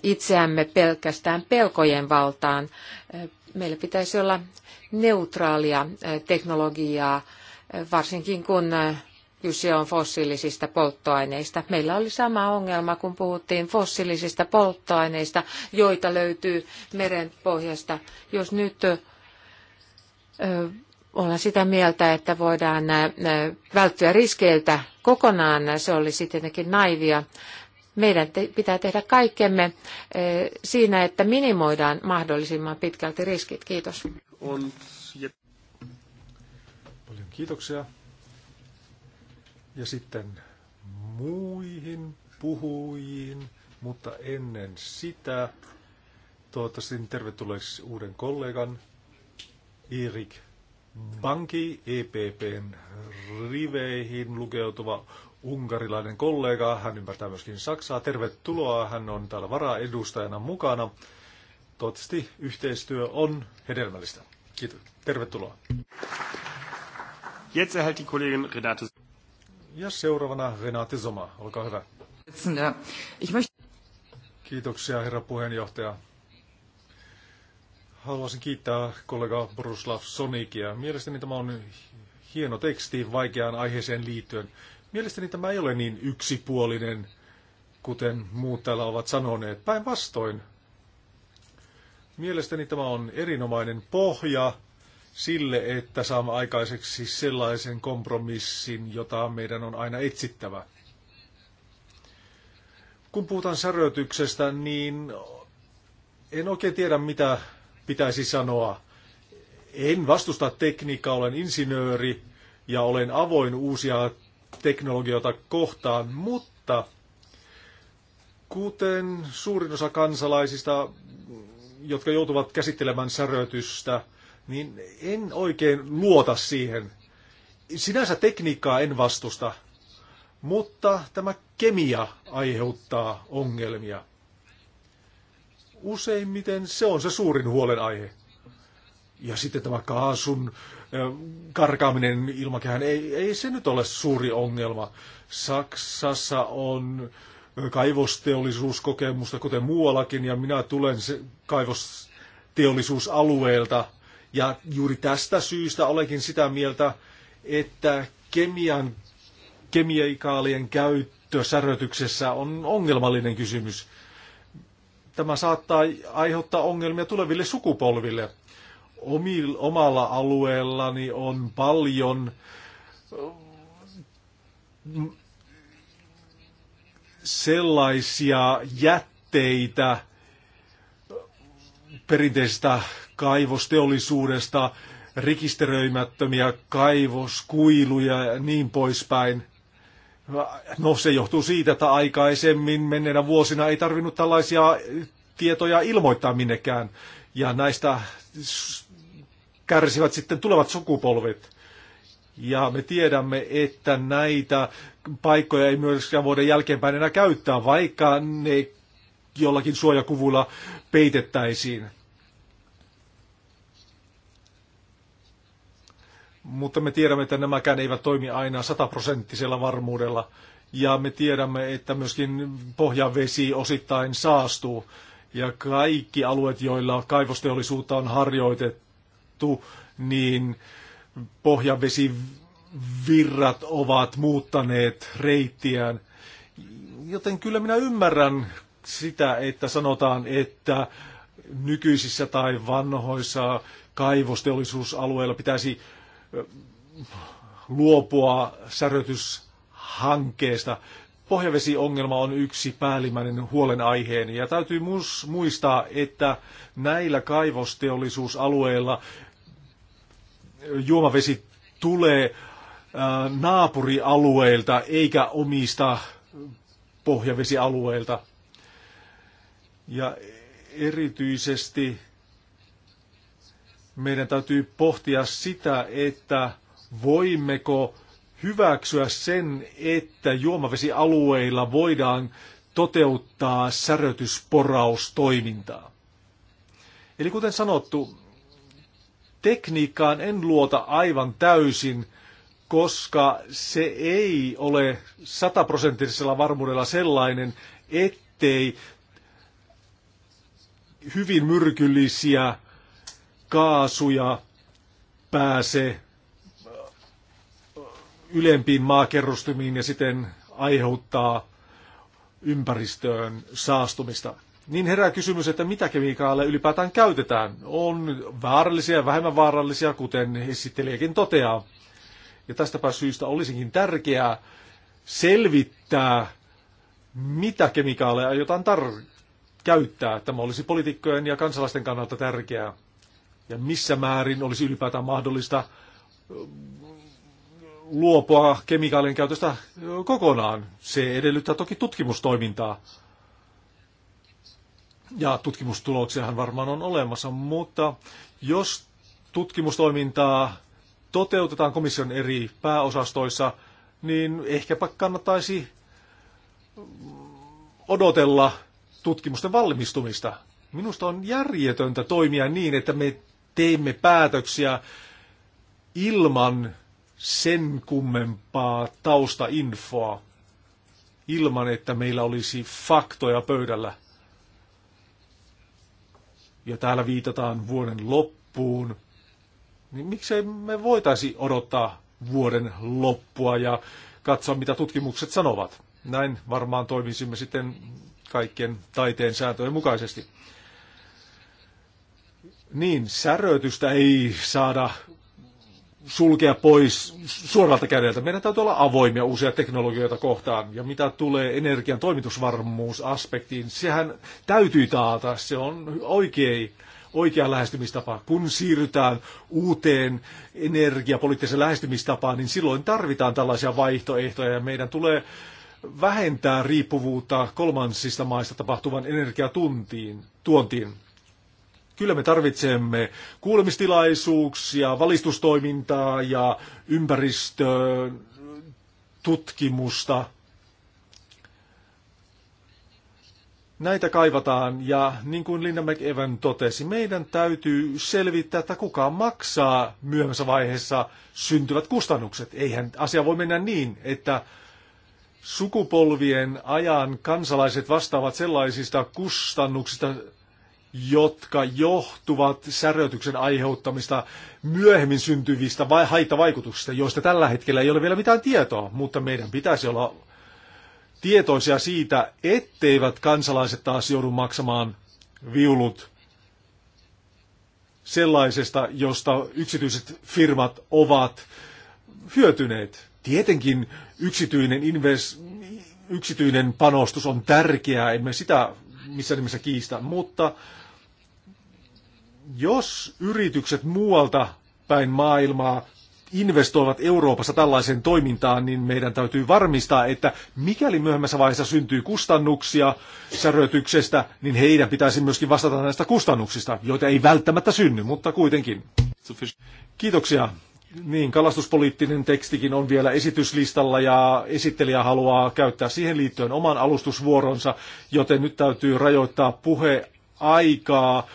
itseämme pelkästään pelkojen valtaan. Meillä pitäisi olla neutraalia teknologiaa varsinkin kun kyse on fossiilisista polttoaineista. Meillä oli sama ongelma, kun puhuttiin fossiilisista polttoaineista, joita löytyy merenpohjasta. Jos nyt ollaan sitä mieltä, että voidaan välttyä riskeiltä kokonaan, se olisi tietenkin naivia. Meidän pitää tehdä kaikkemme siinä, että minimoidaan mahdollisimman pitkälti riskit. Kiitos. Kiitoksia. Ja sitten muihin puhujiin, mutta ennen sitä toivottavasti tervetulleeksi uuden kollegan Erik Banki, EPPn riveihin lukeutuva unkarilainen kollega. Hän ymmärtää myöskin Saksaa. Tervetuloa. Hän on täällä varaedustajana mukana. Toivottavasti yhteistyö on hedelmällistä. Kiitos. Tervetuloa. Jetzt erhält die Kollegin Renate. Ja seuraavana Renate Sommer, olkaa hyvä. Kiitoksia herra puheenjohtaja. Haluaisin kiittää kollega Bruslav Sonikia. Mielestäni tämä on hieno teksti vaikeaan aiheeseen liittyen. Mielestäni tämä ei ole niin yksipuolinen, kuten muut täällä ovat sanoneet. Päinvastoin. Mielestäni tämä on erinomainen pohja sille, että saamme aikaiseksi sellaisen kompromissin, jota meidän on aina etsittävä. Kun puhutaan säröityksestä, niin en oikein tiedä, mitä pitäisi sanoa. En vastusta tekniikkaa, olen insinööri ja olen avoin uusia teknologioita kohtaan, mutta kuten suurin osa kansalaisista, jotka joutuvat käsittelemään säröitystä, niin en oikein luota siihen. Sinänsä tekniikkaa en vastusta, mutta tämä kemia aiheuttaa ongelmia. Useimmiten se on se suurin huolenaihe. Ja sitten tämä kaasun karkaaminen ilmakehän, ei, ei se nyt ole suuri ongelma. Saksassa on kaivosteollisuuskokemusta, kuten muuallakin, ja minä tulen se kaivosteollisuusalueelta. Ja juuri tästä syystä olenkin sitä mieltä, että kemian, kemiikaalien käyttö särötyksessä on ongelmallinen kysymys. Tämä saattaa aiheuttaa ongelmia tuleville sukupolville. Omil, omalla alueellani on paljon mm, sellaisia jätteitä mm, perinteisestä kaivosteollisuudesta, rekisteröimättömiä kaivoskuiluja ja niin poispäin. No se johtuu siitä, että aikaisemmin menneenä vuosina ei tarvinnut tällaisia tietoja ilmoittaa minnekään. Ja näistä kärsivät sitten tulevat sukupolvet. Ja me tiedämme, että näitä paikkoja ei myöskään voida jälkeenpäin enää käyttää, vaikka ne jollakin suojakuvulla peitettäisiin. Mutta me tiedämme, että nämäkään eivät toimi aina sataprosenttisella varmuudella. Ja me tiedämme, että myöskin pohjavesi osittain saastuu. Ja kaikki alueet, joilla kaivosteollisuutta on harjoitettu, niin pohjavesivirrat ovat muuttaneet reittiään. Joten kyllä minä ymmärrän sitä, että sanotaan, että nykyisissä tai vanhoissa kaivosteollisuusalueilla pitäisi luopua särötyshankkeesta. Pohjavesiongelma on yksi päällimmäinen huolenaiheeni ja täytyy muistaa, että näillä kaivosteollisuusalueilla juomavesi tulee äh, naapurialueilta eikä omista pohjavesialueilta. Ja erityisesti meidän täytyy pohtia sitä, että voimmeko hyväksyä sen, että juomavesialueilla voidaan toteuttaa särötysporaustoimintaa. Eli kuten sanottu, tekniikkaan en luota aivan täysin, koska se ei ole sataprosenttisella varmuudella sellainen, ettei hyvin myrkyllisiä kaasuja pääse ylempiin maakerrostumiin ja siten aiheuttaa ympäristöön saastumista. Niin herää kysymys, että mitä kemikaaleja ylipäätään käytetään. On vaarallisia ja vähemmän vaarallisia, kuten esittelijäkin toteaa. Ja tästäpä syystä olisikin tärkeää selvittää, mitä kemikaaleja aiotaan tar- käyttää. Tämä olisi poliitikkojen ja kansalaisten kannalta tärkeää ja missä määrin olisi ylipäätään mahdollista luopua kemikaalien käytöstä kokonaan. Se edellyttää toki tutkimustoimintaa. Ja tutkimustuloksiahan varmaan on olemassa, mutta jos tutkimustoimintaa toteutetaan komission eri pääosastoissa, niin ehkäpä kannattaisi odotella tutkimusten valmistumista. Minusta on järjetöntä toimia niin, että me teimme päätöksiä ilman sen kummempaa taustainfoa, ilman että meillä olisi faktoja pöydällä. Ja täällä viitataan vuoden loppuun. Niin miksei me voitaisi odottaa vuoden loppua ja katsoa, mitä tutkimukset sanovat. Näin varmaan toimisimme sitten kaikkien taiteen sääntöjen mukaisesti. Niin, säröitystä ei saada sulkea pois suoralta kädeltä. Meidän täytyy olla avoimia uusia teknologioita kohtaan. Ja mitä tulee energian toimitusvarmuusaspektiin, sehän täytyy taata. Se on oikein oikea lähestymistapa. Kun siirrytään uuteen energiapoliittiseen lähestymistapaan, niin silloin tarvitaan tällaisia vaihtoehtoja ja meidän tulee vähentää riippuvuutta kolmansista maista tapahtuvan energiatuntiin, tuontiin. Kyllä me tarvitsemme kuulemistilaisuuksia, valistustoimintaa ja ympäristötutkimusta. Näitä kaivataan ja niin kuin Linda McEvan totesi, meidän täytyy selvittää, että kuka maksaa myöhemmässä vaiheessa syntyvät kustannukset. Eihän asia voi mennä niin, että sukupolvien ajan kansalaiset vastaavat sellaisista kustannuksista, jotka johtuvat säröityksen aiheuttamista myöhemmin syntyvistä haittavaikutuksista, joista tällä hetkellä ei ole vielä mitään tietoa, mutta meidän pitäisi olla tietoisia siitä, etteivät kansalaiset taas joudu maksamaan viulut sellaisesta, josta yksityiset firmat ovat hyötyneet. Tietenkin yksityinen, invest, yksityinen panostus on tärkeää, emme sitä missä nimessä kiistä, mutta jos yritykset muualta päin maailmaa investoivat Euroopassa tällaiseen toimintaan, niin meidän täytyy varmistaa, että mikäli myöhemmässä vaiheessa syntyy kustannuksia säröityksestä, niin heidän pitäisi myöskin vastata näistä kustannuksista, joita ei välttämättä synny, mutta kuitenkin. Kiitoksia. Niin, kalastuspoliittinen tekstikin on vielä esityslistalla ja esittelijä haluaa käyttää siihen liittyen oman alustusvuoronsa, joten nyt täytyy rajoittaa puheaikaa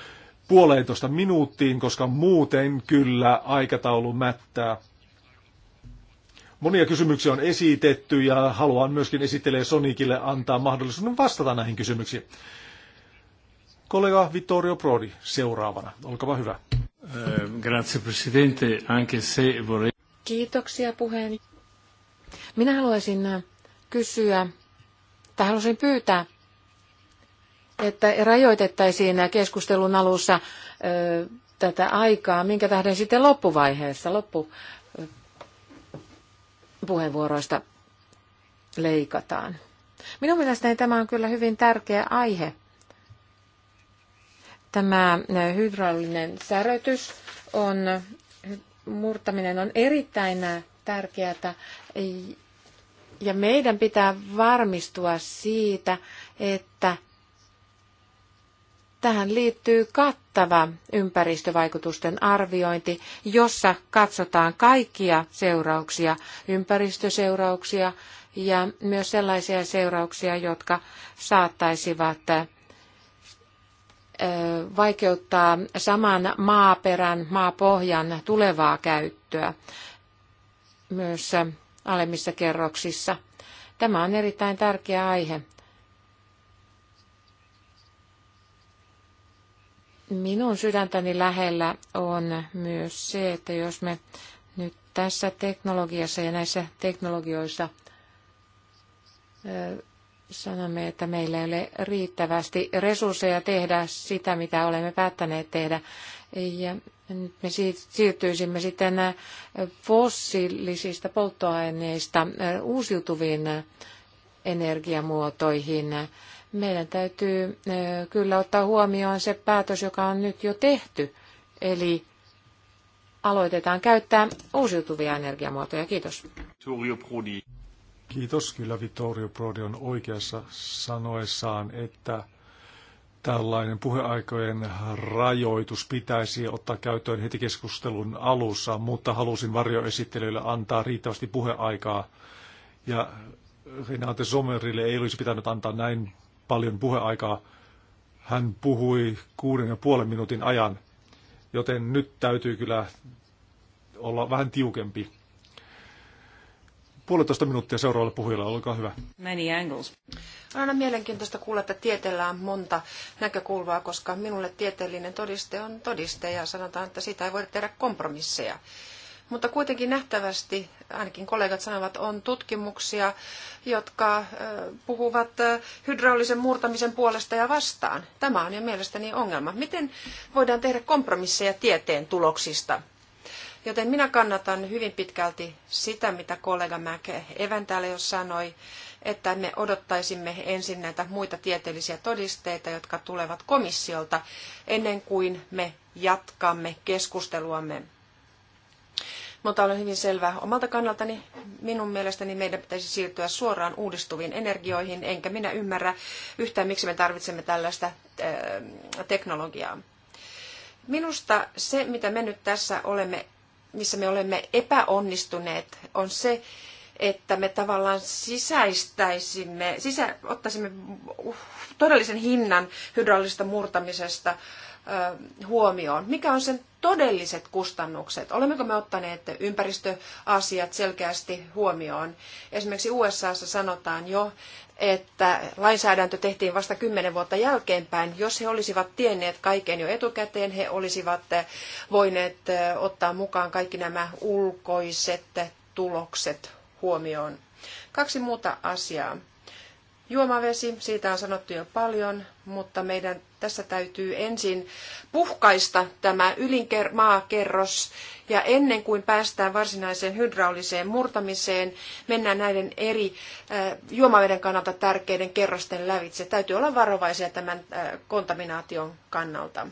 puoleentoista minuuttiin, koska muuten kyllä aikataulu mättää. Monia kysymyksiä on esitetty ja haluan myöskin esittelee Sonikille antaa mahdollisuuden vastata näihin kysymyksiin. Kollega Vittorio Prodi seuraavana. Olkaa hyvä. Eh, grazie Presidente, anche se vorrei... Kiitoksia puheen. Minä haluaisin eh, kysyä, tai haluaisin pyytää, että rajoitettaisiin eh, keskustelun alussa tätä aikaa, minkä tähden sitten loppuvaiheessa, loppupuheenvuoroista leikataan. Minun mielestäni tämä on kyllä hyvin tärkeä aihe. Tämä hydraulinen särötys on, murtaminen on erittäin tärkeää ja meidän pitää varmistua siitä, että tähän liittyy kattava ympäristövaikutusten arviointi, jossa katsotaan kaikkia seurauksia, ympäristöseurauksia ja myös sellaisia seurauksia, jotka saattaisivat vaikeuttaa saman maaperän, maapohjan tulevaa käyttöä myös alemmissa kerroksissa. Tämä on erittäin tärkeä aihe. Minun sydäntäni lähellä on myös se, että jos me nyt tässä teknologiassa ja näissä teknologioissa sanomme, että meillä ei ole riittävästi resursseja tehdä sitä, mitä olemme päättäneet tehdä. Ja nyt me siirtyisimme sitten fossiilisista polttoaineista uusiutuviin energiamuotoihin. Meidän täytyy kyllä ottaa huomioon se päätös, joka on nyt jo tehty. Eli aloitetaan käyttää uusiutuvia energiamuotoja. Kiitos. Turio Kiitos. Kyllä Vittorio Prodi on oikeassa sanoessaan, että tällainen puheaikojen rajoitus pitäisi ottaa käyttöön heti keskustelun alussa, mutta halusin varjoesittelyille antaa riittävästi puheaikaa. Ja Renate Sommerille ei olisi pitänyt antaa näin paljon puheaikaa. Hän puhui kuuden ja puolen minuutin ajan, joten nyt täytyy kyllä olla vähän tiukempi puolitoista minuuttia seuraavalle puhujalle, olkaa hyvä. Many angles. On aina mielenkiintoista kuulla, että tieteellä on monta näkökulmaa, koska minulle tieteellinen todiste on todiste ja sanotaan, että siitä ei voida tehdä kompromisseja. Mutta kuitenkin nähtävästi, ainakin kollegat sanovat, on tutkimuksia, jotka puhuvat hydraulisen murtamisen puolesta ja vastaan. Tämä on jo mielestäni ongelma. Miten voidaan tehdä kompromisseja tieteen tuloksista? Joten minä kannatan hyvin pitkälti sitä, mitä kollega Mäke Evän täällä jo sanoi, että me odottaisimme ensin näitä muita tieteellisiä todisteita, jotka tulevat komissiolta, ennen kuin me jatkamme keskusteluamme. Mutta on hyvin selvää omalta kannaltani. Minun mielestäni meidän pitäisi siirtyä suoraan uudistuviin energioihin, enkä minä ymmärrä yhtään, miksi me tarvitsemme tällaista eh, teknologiaa. Minusta se, mitä me nyt tässä olemme missä me olemme epäonnistuneet, on se, että me tavallaan sisäistäisimme, sisä, ottaisimme todellisen hinnan hydraulisesta murtamisesta huomioon. Mikä on sen todelliset kustannukset? Olemmeko me ottaneet ympäristöasiat selkeästi huomioon? Esimerkiksi USAssa sanotaan jo, että lainsäädäntö tehtiin vasta kymmenen vuotta jälkeenpäin. Jos he olisivat tienneet kaiken jo etukäteen, he olisivat eh, voineet eh, ottaa mukaan kaikki nämä ulkoiset tulokset huomioon. Kaksi muuta asiaa. Juomavesi, siitä on sanottu jo paljon, mutta meidän tässä täytyy ensin puhkaista tämä ylimaakerros ja ennen kuin päästään varsinaiseen hydrauliseen murtamiseen, mennään näiden eri juomaveden kannalta tärkeiden kerrosten lävitse. Täytyy olla varovaisia tämän kontaminaation kannalta.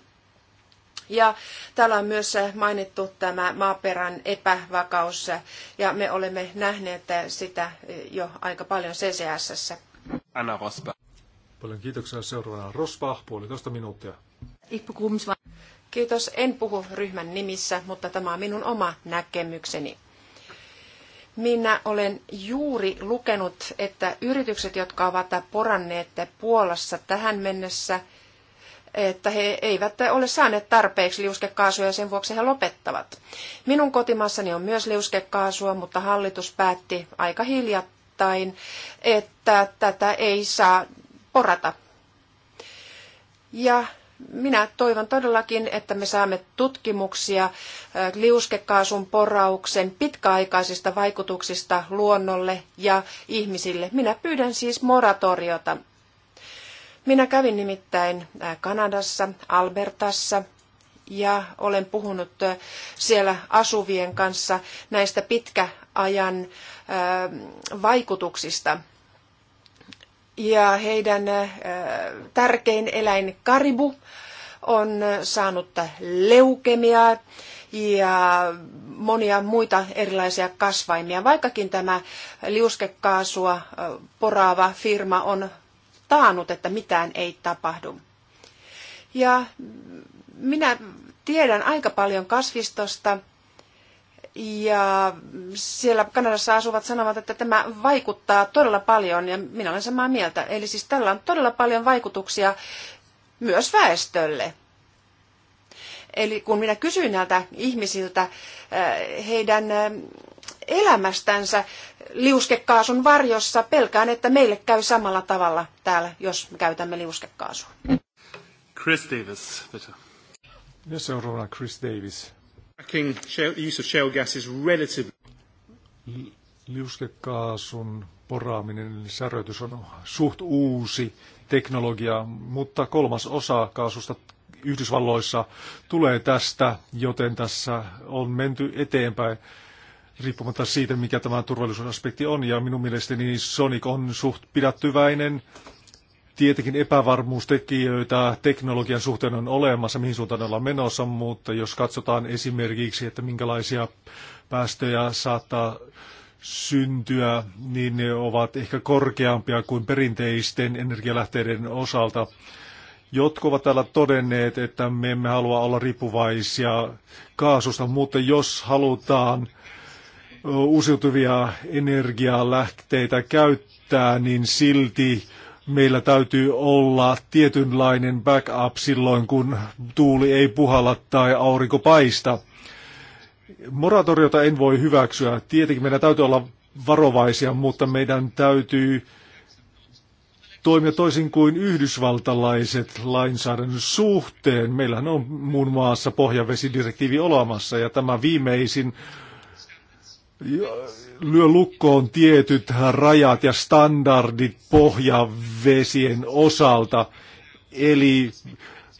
Ja täällä on myös mainittu tämä maaperän epävakaus, ja me olemme nähneet sitä jo aika paljon CCSssä. Anna Rosberg. Paljon kiitoksia. Seuraavana Rosva, puolitoista minuuttia. Kiitos. En puhu ryhmän nimissä, mutta tämä on minun oma näkemykseni. Minä olen juuri lukenut, että yritykset, jotka ovat poranneet Puolassa tähän mennessä, että he eivät ole saaneet tarpeeksi liuskekaasua ja sen vuoksi he lopettavat. Minun kotimassani on myös liuskekaasua, mutta hallitus päätti aika hiljattain, että tätä ei saa porata. Ja minä toivon todellakin, että me saamme tutkimuksia liuskekaasun porauksen pitkäaikaisista vaikutuksista luonnolle ja ihmisille. Minä pyydän siis moratoriota. Minä kävin nimittäin Kanadassa, Albertassa ja olen puhunut siellä asuvien kanssa näistä pitkäajan vaikutuksista – ja heidän äh, tärkein eläin karibu on saanut leukemiaa ja monia muita erilaisia kasvaimia, vaikkakin tämä liuskekaasua äh, poraava firma on taannut, että mitään ei tapahdu. Ja minä tiedän aika paljon kasvistosta ja siellä Kanadassa asuvat sanovat, että tämä vaikuttaa todella paljon ja minä olen samaa mieltä. Eli siis tällä on todella paljon vaikutuksia myös väestölle. Eli kun minä kysyin näiltä ihmisiltä eh, heidän eh, elämästänsä liuskekaasun varjossa, pelkään, että meille käy samalla tavalla täällä, jos me käytämme liuskekaasua. Chris Davis, bitte. Ja seuraavana Chris Davis. Tracking the use of shale gas is relatively... Liuskekaasun poraaminen eli säröitys on suht uusi teknologia, mutta kolmas osa kaasusta Yhdysvalloissa tulee tästä, joten tässä on menty eteenpäin riippumatta siitä, mikä tämä turvallisuusaspekti on. Ja minun mielestäni Sonic on suht pidättyväinen tietenkin epävarmuustekijöitä teknologian suhteen on olemassa, mihin suuntaan ollaan menossa, mutta jos katsotaan esimerkiksi, että minkälaisia päästöjä saattaa syntyä, niin ne ovat ehkä korkeampia kuin perinteisten energialähteiden osalta. Jotkut ovat täällä todenneet, että me emme halua olla riippuvaisia kaasusta, mutta jos halutaan uusiutuvia energialähteitä käyttää, niin silti meillä täytyy olla tietynlainen backup silloin, kun tuuli ei puhalla tai aurinko paista. Moratoriota en voi hyväksyä. Tietenkin meidän täytyy olla varovaisia, mutta meidän täytyy toimia toisin kuin yhdysvaltalaiset lainsäädännön suhteen. Meillähän on muun muassa pohjavesidirektiivi olemassa ja tämä viimeisin lyö lukkoon tietyt rajat ja standardit pohjavesien osalta. Eli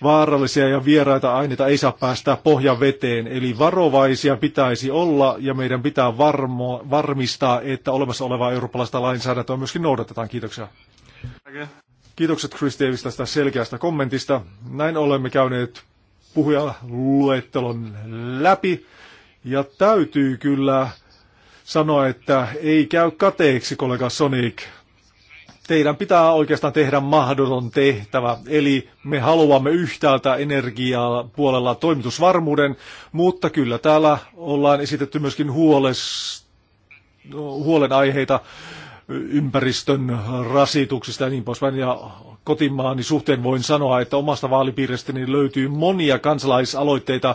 vaarallisia ja vieraita aineita ei saa päästää pohjaveteen, eli varovaisia pitäisi olla ja meidän pitää varmo, varmistaa, että olemassa olevaa eurooppalaista lainsäädäntöä myöskin noudatetaan. Kiitoksia. Kiitokset Chris Davis tästä selkeästä kommentista. Näin olemme käyneet puhujaluettelon läpi ja täytyy kyllä sanoa, että ei käy kateeksi kollega Sonic. Teidän pitää oikeastaan tehdä mahdoton tehtävä, eli me haluamme yhtäältä energiaa puolella toimitusvarmuuden, mutta kyllä täällä ollaan esitetty myöskin huoles, huolenaiheita ympäristön rasituksista ja niin poispäin. Ja kotimaani suhteen voin sanoa, että omasta vaalipiiristäni löytyy monia kansalaisaloitteita.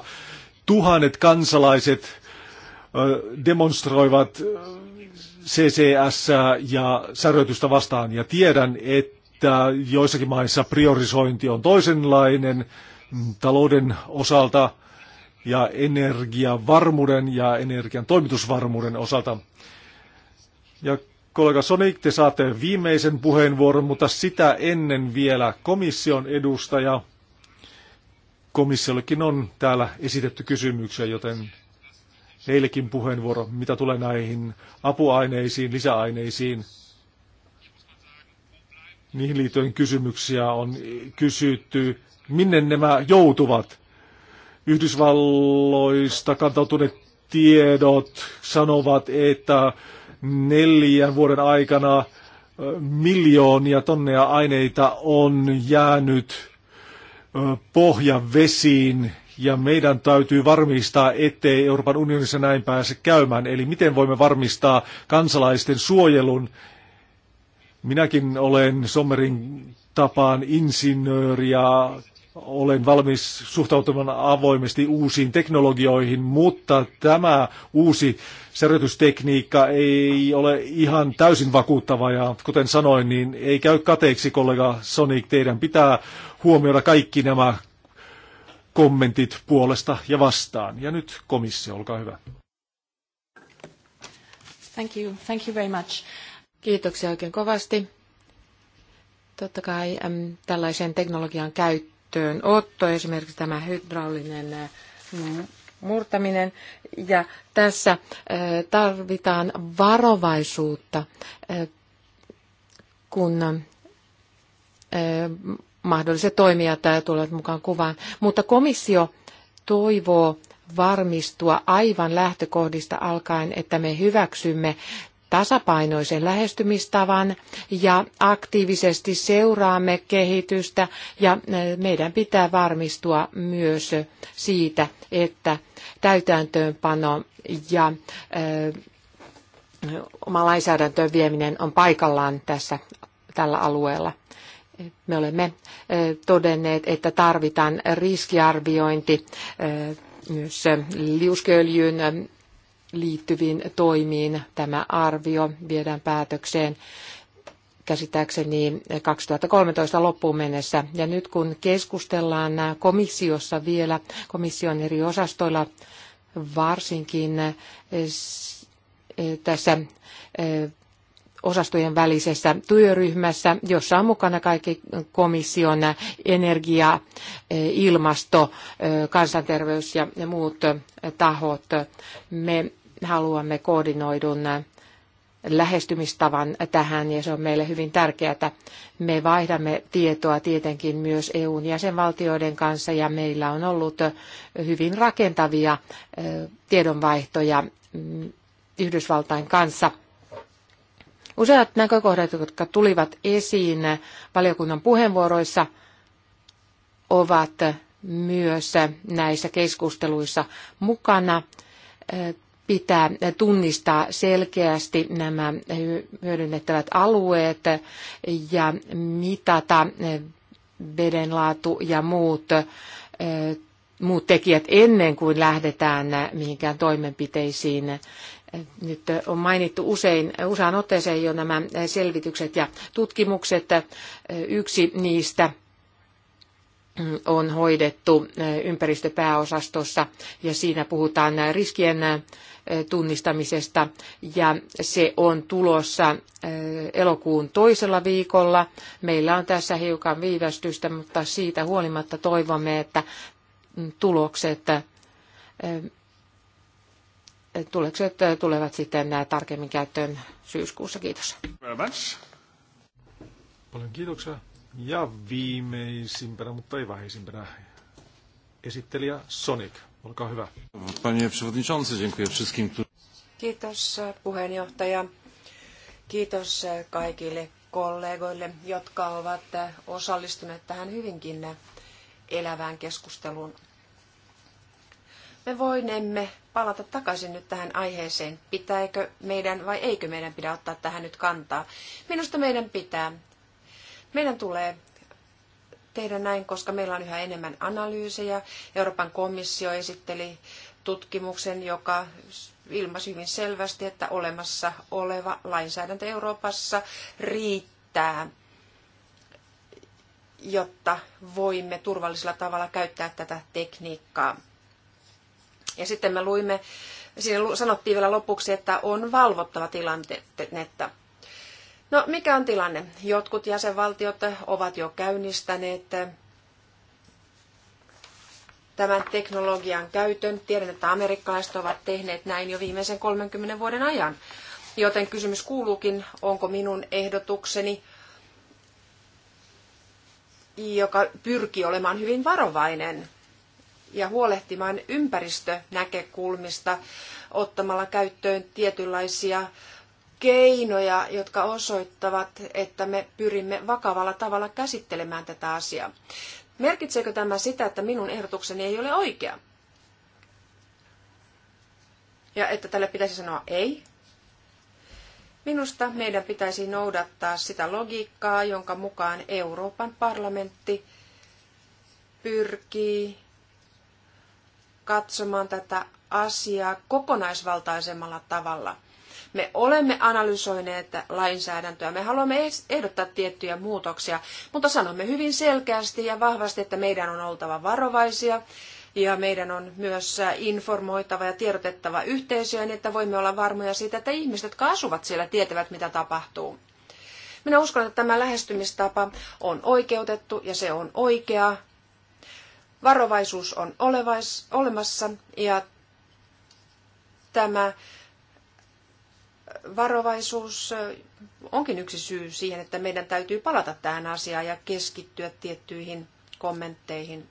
Tuhannet kansalaiset demonstroivat CCS ja säröitystä vastaan. Ja tiedän, että joissakin maissa priorisointi on toisenlainen talouden osalta ja energiavarmuuden ja energian toimitusvarmuuden osalta. Ja kollega Sonic, te saatte viimeisen puheenvuoron, mutta sitä ennen vielä komission edustaja. Komissiollekin on täällä esitetty kysymyksiä, joten heillekin puheenvuoro, mitä tulee näihin apuaineisiin, lisäaineisiin. Niihin liittyen kysymyksiä on kysytty. Minne nämä joutuvat? Yhdysvalloista kantautuneet tiedot sanovat, että neljän vuoden aikana miljoonia tonneja aineita on jäänyt pohjavesiin ja meidän täytyy varmistaa, ettei Euroopan unionissa näin pääse käymään. Eli miten voimme varmistaa kansalaisten suojelun? Minäkin olen Sommerin tapaan insinööri ja olen valmis suhtautumaan avoimesti uusiin teknologioihin, mutta tämä uusi särjytystekniikka ei ole ihan täysin vakuuttava ja kuten sanoin, niin ei käy kateeksi kollega Sonic, teidän pitää huomioida kaikki nämä kommentit puolesta ja vastaan. Ja nyt komissio, olkaa hyvä. Thank you. Thank you very much. Kiitoksia oikein kovasti. Totta kai äm, tällaisen teknologian käyttöön otto, esimerkiksi tämä hydraulinen ä, äh, murtaminen. Ja tässä ä, äh, tarvitaan varovaisuutta, ä, äh, kun mahdolliset toimijat äh, tulevat mukaan kuvaan. Mutta komissio toivoo varmistua aivan lähtökohdista alkaen, että me hyväksymme tasapainoisen lähestymistavan ja aktiivisesti seuraamme kehitystä ja äh, meidän pitää varmistua myös siitä, että täytäntöönpano ja äh, oma lainsäädäntöön vieminen on paikallaan tässä tällä alueella me olemme todenneet, että tarvitaan riskiarviointi myös liuskeöljyyn liittyviin toimiin. Tämä arvio viedään päätökseen käsittääkseni 2013 loppuun mennessä. Ja nyt kun keskustellaan komissiossa vielä, komission eri osastoilla varsinkin tässä osastojen välisessä työryhmässä, jossa on mukana kaikki komission energia, ilmasto, kansanterveys ja muut tahot. Me haluamme koordinoidun lähestymistavan tähän ja se on meille hyvin tärkeää. Me vaihdamme tietoa tietenkin myös EUn jäsenvaltioiden kanssa ja meillä on ollut hyvin rakentavia eh, tiedonvaihtoja mm, Yhdysvaltain kanssa – Useat näkökohdat, jotka tulivat esiin valiokunnan puheenvuoroissa, ovat myös näissä keskusteluissa mukana. Pitää tunnistaa selkeästi nämä hyödynnettävät alueet ja mitata vedenlaatu ja muut, muut tekijät ennen kuin lähdetään mihinkään toimenpiteisiin. Nyt on mainittu usein, useaan otteeseen jo nämä selvitykset ja tutkimukset. Yksi niistä on hoidettu ympäristöpääosastossa ja siinä puhutaan riskien tunnistamisesta ja se on tulossa elokuun toisella viikolla. Meillä on tässä hiukan viivästystä, mutta siitä huolimatta toivomme, että tulokset tulokset tulevat sitten tarkemmin käyttöön syyskuussa. Kiitos. Paljon kiitoksia. Ja viimeisimpänä, mutta ei vähäisimpänä, esittelijä Sonic. Olkaa hyvä. Panie przewodniczący, Kiitos puheenjohtaja. Kiitos kaikille kollegoille, jotka ovat osallistuneet tähän hyvinkin elävään keskusteluun me voinemme palata takaisin nyt tähän aiheeseen. Pitääkö meidän vai eikö meidän pidä ottaa tähän nyt kantaa? Minusta meidän pitää. Meidän tulee tehdä näin, koska meillä on yhä enemmän analyysejä. Euroopan komissio esitteli tutkimuksen, joka ilmaisi hyvin selvästi, että olemassa oleva lainsäädäntö Euroopassa riittää, jotta voimme turvallisella tavalla käyttää tätä tekniikkaa. Ja sitten me luimme, siinä sanottiin vielä lopuksi, että on valvottava tilannetta. No, mikä on tilanne? Jotkut jäsenvaltiot ovat jo käynnistäneet tämän teknologian käytön. Tiedän, että amerikkalaiset ovat tehneet näin jo viimeisen 30 vuoden ajan. Joten kysymys kuuluukin, onko minun ehdotukseni, joka pyrkii olemaan hyvin varovainen, ja huolehtimaan ympäristönäkökulmista ottamalla käyttöön tietynlaisia keinoja, jotka osoittavat, että me pyrimme vakavalla tavalla käsittelemään tätä asiaa. Merkitseekö tämä sitä, että minun ehdotukseni ei ole oikea? Ja että tälle pitäisi sanoa ei? Minusta meidän pitäisi noudattaa sitä logiikkaa, jonka mukaan Euroopan parlamentti pyrkii katsomaan tätä asiaa kokonaisvaltaisemmalla tavalla. Me olemme analysoineet lainsäädäntöä, me haluamme ehdottaa tiettyjä muutoksia, mutta sanomme hyvin selkeästi ja vahvasti, että meidän on oltava varovaisia ja meidän on myös informoitava ja tiedotettava niin että voimme olla varmoja siitä, että ihmiset, jotka asuvat siellä, tietävät, mitä tapahtuu. Minä uskon, että tämä lähestymistapa on oikeutettu ja se on oikea Varovaisuus on olevais, olemassa ja tämä varovaisuus onkin yksi syy siihen, että meidän täytyy palata tähän asiaan ja keskittyä tiettyihin kommentteihin.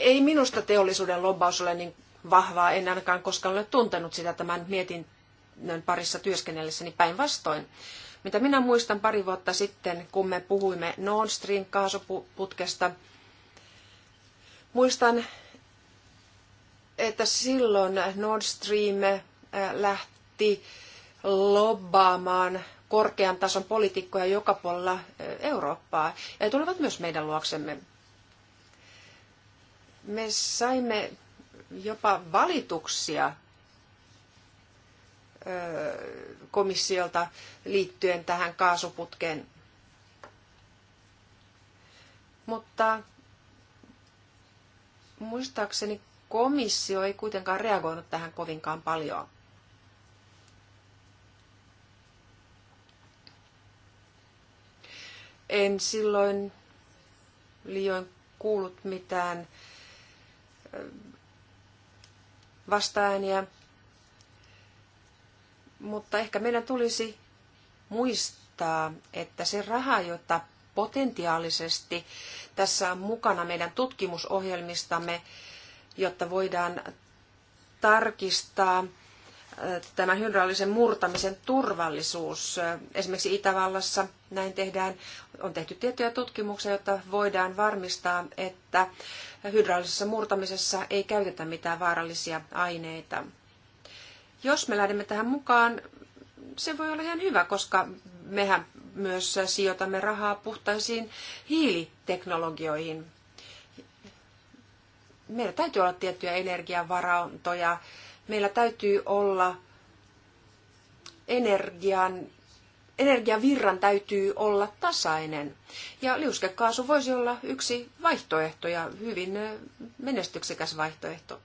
Ei minusta teollisuuden lobbaus ole niin vahvaa, en ainakaan koskaan ole tuntenut sitä tämän mietinnön parissa työskennellessäni päinvastoin. Mitä minä muistan pari vuotta sitten, kun me puhuimme Nord Stream kaasuputkesta, Muistan, että silloin Nord Stream äh, lähti lobbaamaan korkean tason poliitikkoja joka puolella äh, Eurooppaa. Ja he tulivat myös meidän luoksemme. Me saimme jopa valituksia äh, komissiolta liittyen tähän kaasuputkeen. Mutta Muistaakseni komissio ei kuitenkaan reagoinut tähän kovinkaan paljon. En silloin liioin kuullut mitään vastaääniä, mutta ehkä meidän tulisi muistaa, että se raha, jota potentiaalisesti tässä on mukana meidän tutkimusohjelmistamme, jotta voidaan tarkistaa tämän hydraulisen murtamisen turvallisuus. Esimerkiksi Itävallassa näin tehdään, on tehty tiettyjä tutkimuksia, jotta voidaan varmistaa, että hydraulisessa murtamisessa ei käytetä mitään vaarallisia aineita. Jos me lähdemme tähän mukaan, se voi olla ihan hyvä, koska mehän myös sijoitamme rahaa puhtaisiin hiiliteknologioihin. Meillä täytyy olla tiettyjä energiavarantoja. Meillä täytyy olla energian, energiavirran täytyy olla tasainen. Ja liuskekaasu voisi olla yksi vaihtoehto ja hyvin menestyksekäs vaihtoehto.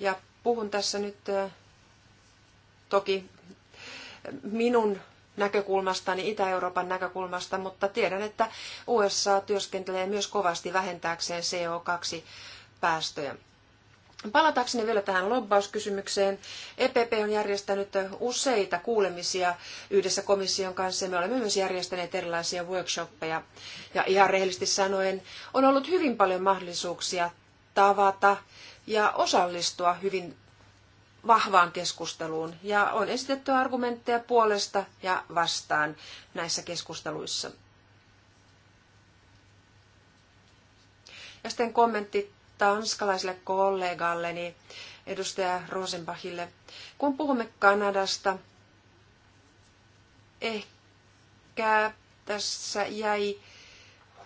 Ja puhun tässä nyt toki minun näkökulmasta, niin Itä-Euroopan näkökulmasta, mutta tiedän, että USA työskentelee myös kovasti vähentääkseen CO2-päästöjä. Palatakseni vielä tähän lobbauskysymykseen. EPP on järjestänyt useita kuulemisia yhdessä komission kanssa ja me olemme myös järjestäneet erilaisia workshoppeja. Ja ihan rehellisesti sanoen, on ollut hyvin paljon mahdollisuuksia tavata ja osallistua hyvin vahvaan keskusteluun ja on esitetty argumentteja puolesta ja vastaan näissä keskusteluissa. Ja sitten kommentti tanskalaiselle kollegalleni, niin edustaja Rosenbachille. Kun puhumme Kanadasta, ehkä tässä jäi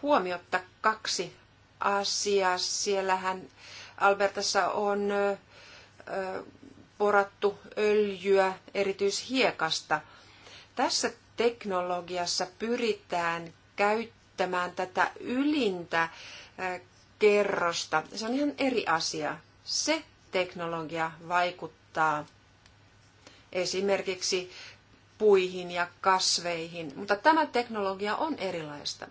huomiotta kaksi asiaa. Siellähän Albertassa on porattu öljyä erityishiekasta. Tässä teknologiassa pyritään käyttämään tätä ylintä kerrosta. Se on ihan eri asia. Se teknologia vaikuttaa esimerkiksi puihin ja kasveihin, mutta tämä teknologia on erilaista.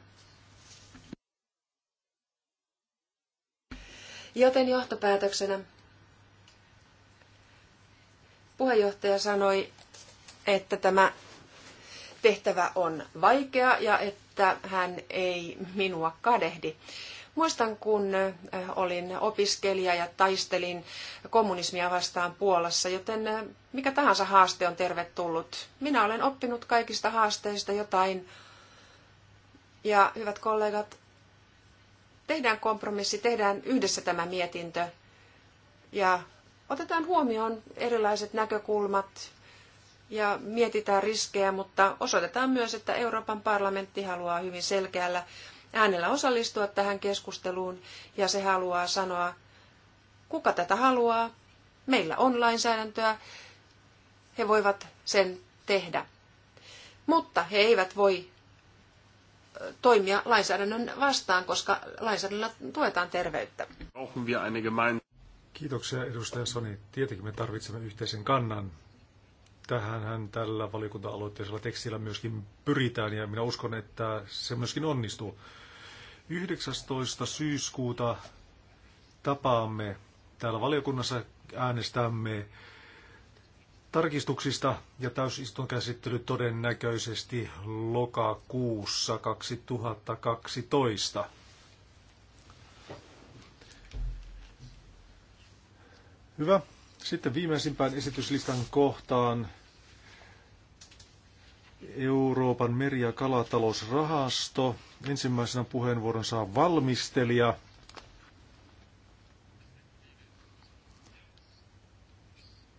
Joten johtopäätöksenä Puheenjohtaja sanoi, että tämä tehtävä on vaikea ja että hän ei minua kadehdi. Muistan, kun äh, olin opiskelija ja taistelin kommunismia vastaan Puolassa, joten äh, mikä tahansa haaste on tervetullut. Minä olen oppinut kaikista haasteista jotain. Ja hyvät kollegat, tehdään kompromissi, tehdään yhdessä tämä mietintö. Ja otetaan huomioon erilaiset näkökulmat ja mietitään riskejä, mutta osoitetaan myös, että Euroopan parlamentti haluaa hyvin selkeällä äänellä osallistua tähän keskusteluun ja se haluaa sanoa, kuka tätä haluaa. Meillä on lainsäädäntöä, he voivat sen tehdä. Mutta he eivät voi toimia lainsäädännön vastaan, koska lainsäädännöllä tuetaan terveyttä. Kiitoksia edustaja Soni. Tietenkin me tarvitsemme yhteisen kannan. Tähänhän tällä valiokunta-aloitteisella tekstillä myöskin pyritään ja minä uskon, että se myöskin onnistuu. 19. syyskuuta tapaamme täällä valiokunnassa, äänestämme tarkistuksista ja täysistun käsittely todennäköisesti lokakuussa 2012. Hyvä. Sitten viimeisimpään esityslistan kohtaan Euroopan meri- ja kalatalousrahasto. Ensimmäisenä puheenvuoron saa valmistelija.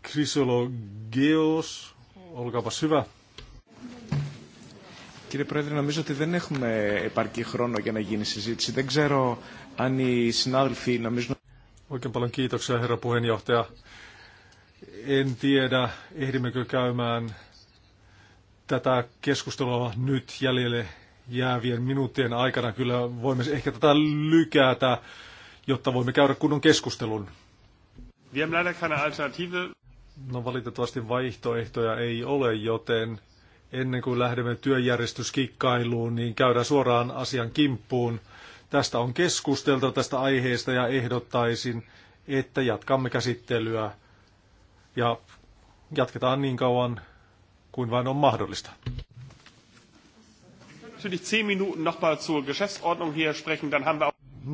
Chrysologeos, olkaapas hyvä. Κύριε Πρόεδρε, νομίζω ότι δεν έχουμε επαρκή χρόνο για να γίνει συζήτηση. Δεν ξέρω αν οι συνάδελφοι νομίζουν... Oikein paljon kiitoksia, herra puheenjohtaja. En tiedä, ehdimmekö käymään tätä keskustelua nyt jäljelle jäävien minuuttien aikana. Kyllä voimme ehkä tätä lykätä, jotta voimme käydä kunnon keskustelun. No valitettavasti vaihtoehtoja ei ole, joten ennen kuin lähdemme työjärjestyskikkailuun, niin käydään suoraan asian kimppuun. Tästä on keskusteltu tästä aiheesta ja ehdottaisin, että jatkamme käsittelyä ja jatketaan niin kauan kuin vain on mahdollista.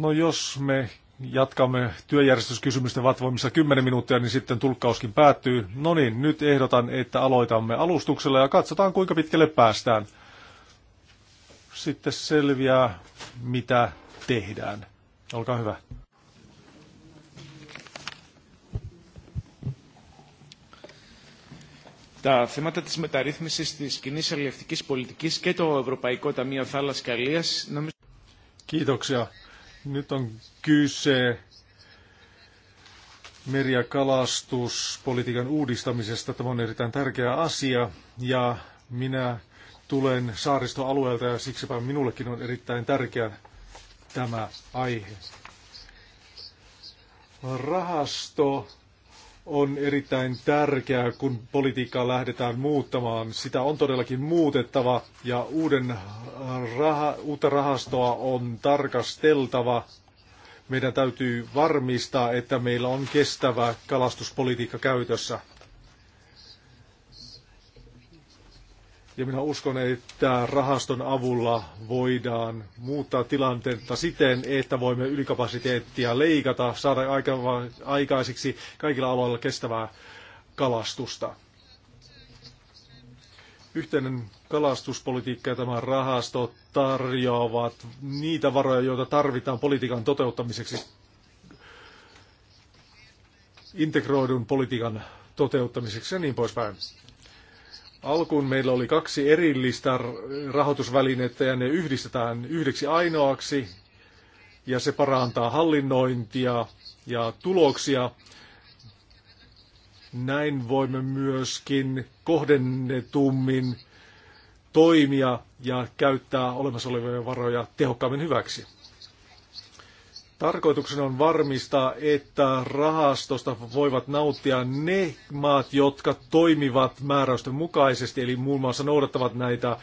No jos me jatkamme työjärjestyskysymysten vatvoimissa 10 minuuttia, niin sitten tulkkauskin päättyy. No niin, nyt ehdotan, että aloitamme alustuksella ja katsotaan kuinka pitkälle päästään. Sitten selviää, mitä tehdään. Olkaa hyvä. Τα θέματα της μεταρρύθμισης της κοινή αλληλευτικής πολιτικής και το Ευρωπαϊκό Ταμείο Θάλασσας και νομίζω... Kiitoksia. Nyt on kyse meri- uudistamisesta. Tämä on erittäin tärkeä asia ja minä tulen saaristoalueelta ja siksipä minullekin on erittäin tärkeä tämä aihe. Rahasto on erittäin tärkeää, kun politiikkaa lähdetään muuttamaan. Sitä on todellakin muutettava ja uuden raha, uutta rahastoa on tarkasteltava. Meidän täytyy varmistaa, että meillä on kestävä kalastuspolitiikka käytössä. Ja minä uskon, että rahaston avulla voidaan muuttaa tilannetta siten, että voimme ylikapasiteettia leikata, saada aikaisiksi kaikilla aloilla kestävää kalastusta. Yhteinen kalastuspolitiikka ja tämä rahasto tarjoavat niitä varoja, joita tarvitaan politiikan toteuttamiseksi, integroidun politiikan toteuttamiseksi ja niin poispäin. Alkuun meillä oli kaksi erillistä rahoitusvälinettä ja ne yhdistetään yhdeksi ainoaksi ja se parantaa hallinnointia ja tuloksia. Näin voimme myöskin kohdennetummin toimia ja käyttää olemassa olevia varoja tehokkaammin hyväksi. Tarkoituksena on varmistaa, että rahastosta voivat nauttia ne maat, jotka toimivat määräysten mukaisesti, eli muun muassa noudattavat näitä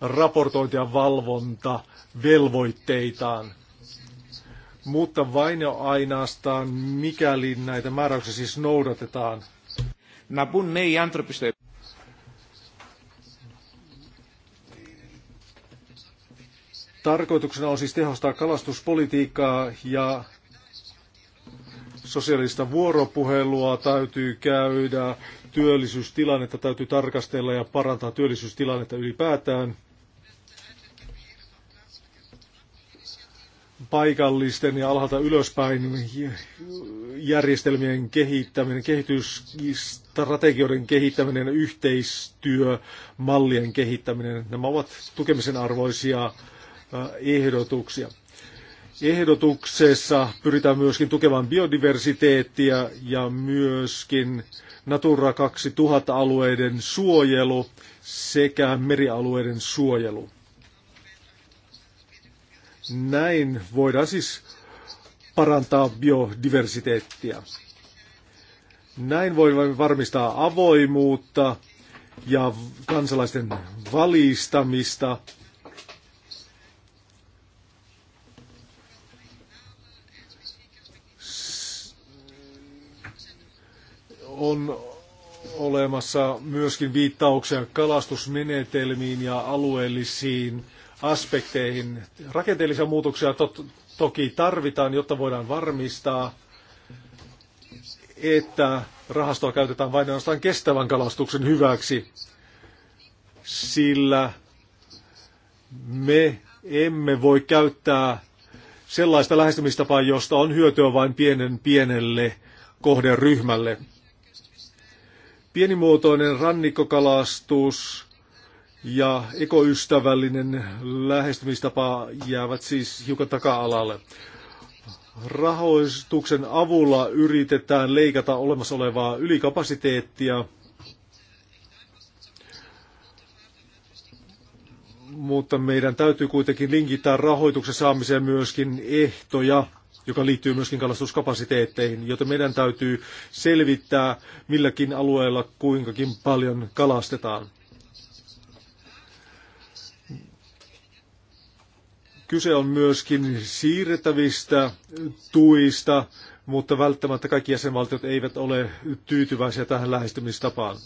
raportointi- ja valvontavelvoitteitaan. Mutta vain ja ainoastaan, mikäli näitä määräyksiä siis noudatetaan. Να μπουν νέοι Tarkoituksena on siis tehostaa kalastuspolitiikkaa ja sosiaalista vuoropuhelua täytyy käydä, työllisyystilannetta täytyy tarkastella ja parantaa työllisyystilannetta ylipäätään. paikallisten ja alhaalta ylöspäin järjestelmien kehittäminen, kehitysstrategioiden kehittäminen, yhteistyömallien kehittäminen, nämä ovat tukemisen arvoisia ehdotuksia. Ehdotuksessa pyritään myöskin tukemaan biodiversiteettiä ja myöskin Natura 2000-alueiden suojelu sekä merialueiden suojelu. Näin voidaan siis parantaa biodiversiteettiä. Näin voimme varmistaa avoimuutta ja kansalaisten valistamista on olemassa myöskin viittauksia kalastusmenetelmiin ja alueellisiin aspekteihin. Rakenteellisia muutoksia tot, toki tarvitaan, jotta voidaan varmistaa, että rahastoa käytetään vain ainoastaan kestävän kalastuksen hyväksi, sillä me emme voi käyttää sellaista lähestymistapaa, josta on hyötyä vain pienen pienelle kohderyhmälle. Pienimuotoinen rannikkokalastus ja ekoystävällinen lähestymistapa jäävät siis hiukan taka-alalle. Rahoituksen avulla yritetään leikata olemassa olevaa ylikapasiteettia, mutta meidän täytyy kuitenkin linkittää rahoituksen saamiseen myöskin ehtoja joka liittyy myöskin kalastuskapasiteetteihin, joten meidän täytyy selvittää milläkin alueella kuinkakin paljon kalastetaan. Kyse on myöskin siirrettävistä tuista, mutta välttämättä kaikki jäsenvaltiot eivät ole tyytyväisiä tähän lähestymistapaan.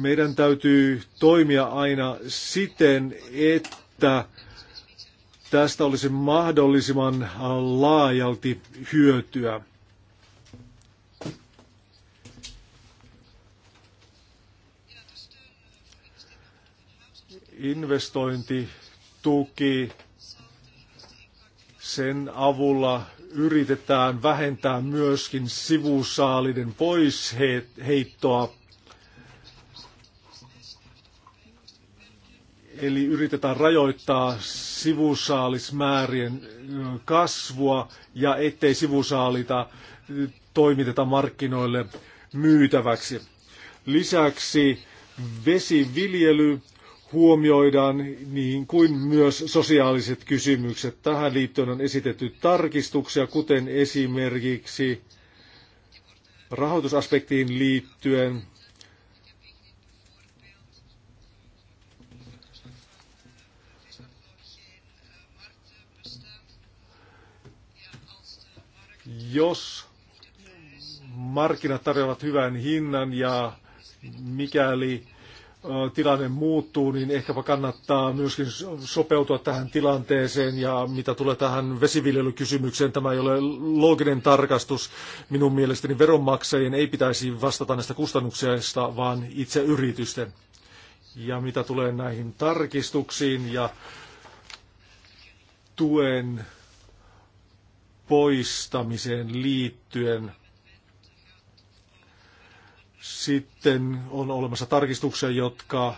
Meidän täytyy toimia aina siten, että tästä olisi mahdollisimman äh, laajalti hyötyä. Investointituki, sen avulla yritetään vähentää myöskin sivusaaliden poisheittoa Eli yritetään rajoittaa sivusaalismäärien kasvua ja ettei sivusaalita toimiteta markkinoille myytäväksi. Lisäksi vesiviljely huomioidaan niin kuin myös sosiaaliset kysymykset. Tähän liittyen on esitetty tarkistuksia, kuten esimerkiksi rahoitusaspektiin liittyen Jos markkinat tarjoavat hyvän hinnan ja mikäli tilanne muuttuu, niin ehkäpä kannattaa myöskin sopeutua tähän tilanteeseen. Ja mitä tulee tähän vesiviljelykysymykseen, tämä ei ole looginen tarkastus. Minun mielestäni veronmaksajien ei pitäisi vastata näistä kustannuksista, vaan itse yritysten. Ja mitä tulee näihin tarkistuksiin ja tuen poistamiseen liittyen. Sitten on olemassa tarkistuksia, jotka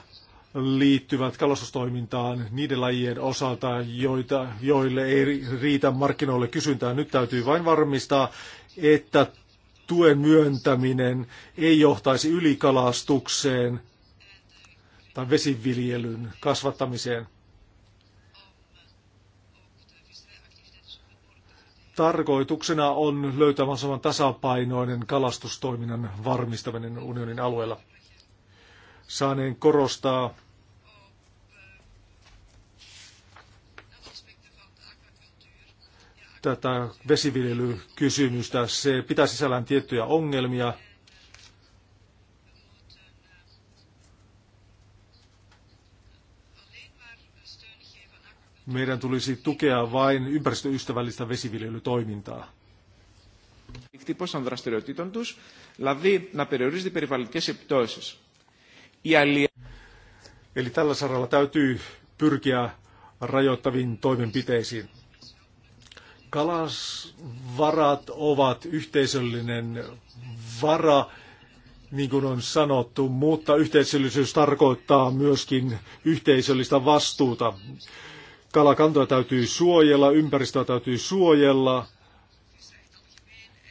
liittyvät kalastustoimintaan niiden lajien osalta, joita, joille ei riitä markkinoille kysyntää. Nyt täytyy vain varmistaa, että tuen myöntäminen ei johtaisi ylikalastukseen tai vesiviljelyn kasvattamiseen. Tarkoituksena on löytää mahdollisimman tasapainoinen kalastustoiminnan varmistaminen unionin alueella. Saaneen korostaa tätä vesiviljelykysymystä. Se pitää sisällään tiettyjä ongelmia – meidän tulisi tukea vain ympäristöystävällistä vesiviljelytoimintaa. Eli tällä saralla täytyy pyrkiä rajoittaviin toimenpiteisiin. Kalasvarat ovat yhteisöllinen vara, niin kuin on sanottu, mutta yhteisöllisyys tarkoittaa myöskin yhteisöllistä vastuuta kalakantoja täytyy suojella, ympäristöä täytyy suojella,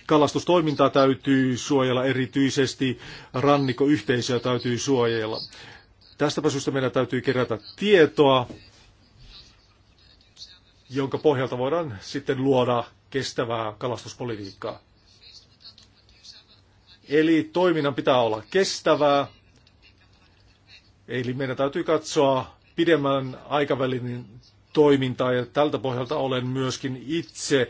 kalastustoimintaa täytyy suojella, erityisesti rannikkoyhteisöä täytyy suojella. Tästäpä syystä meidän täytyy kerätä tietoa, jonka pohjalta voidaan sitten luoda kestävää kalastuspolitiikkaa. Eli toiminnan pitää olla kestävää, eli meidän täytyy katsoa pidemmän aikavälin toimintaa ja tältä pohjalta olen myöskin itse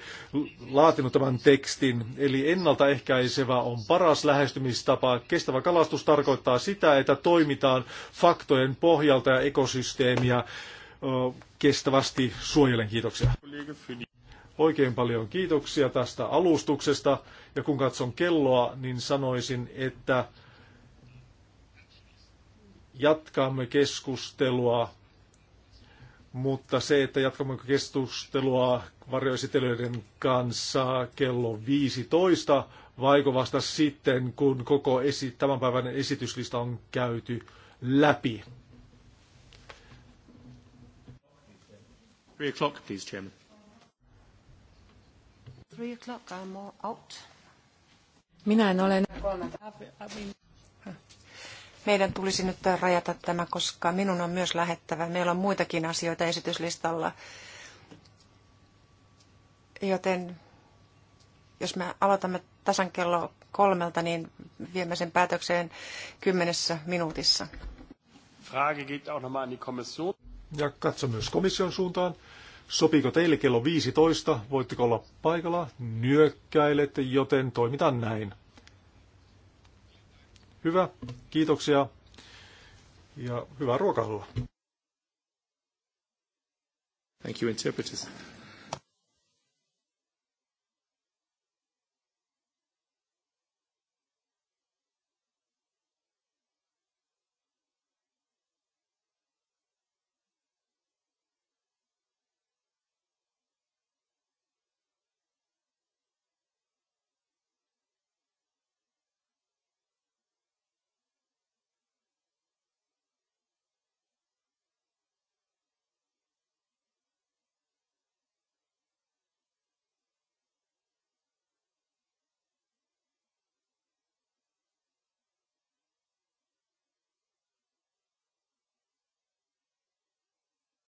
laatinut tämän tekstin. Eli ennaltaehkäisevä on paras lähestymistapa. Kestävä kalastus tarkoittaa sitä, että toimitaan faktojen pohjalta ja ekosysteemiä kestävästi suojelen. Kiitoksia. Oikein paljon kiitoksia tästä alustuksesta ja kun katson kelloa, niin sanoisin, että jatkamme keskustelua mutta se, että jatkammeko keskustelua varjoesitelyiden kanssa kello 15, vaiko vasta sitten, kun koko esi- tämän päivän esityslista on käyty läpi? Three o'clock, please, Chairman. Three o'clock, I'm out. Minä en ole meidän tulisi nyt rajata tämä, koska minun on myös lähettävä. Meillä on muitakin asioita esityslistalla. Joten jos me aloitamme tasan kello kolmelta, niin viemme sen päätökseen kymmenessä minuutissa. Frage geht auch nochmal an die Kommission. Ja katso myös komission suuntaan. Sopiiko teille kello 15? Voitteko olla paikalla? Nyökkäilette, joten toimitaan näin. Hyvä, kiitoksia ja hyvää ruokailua. Thank you, interpreters.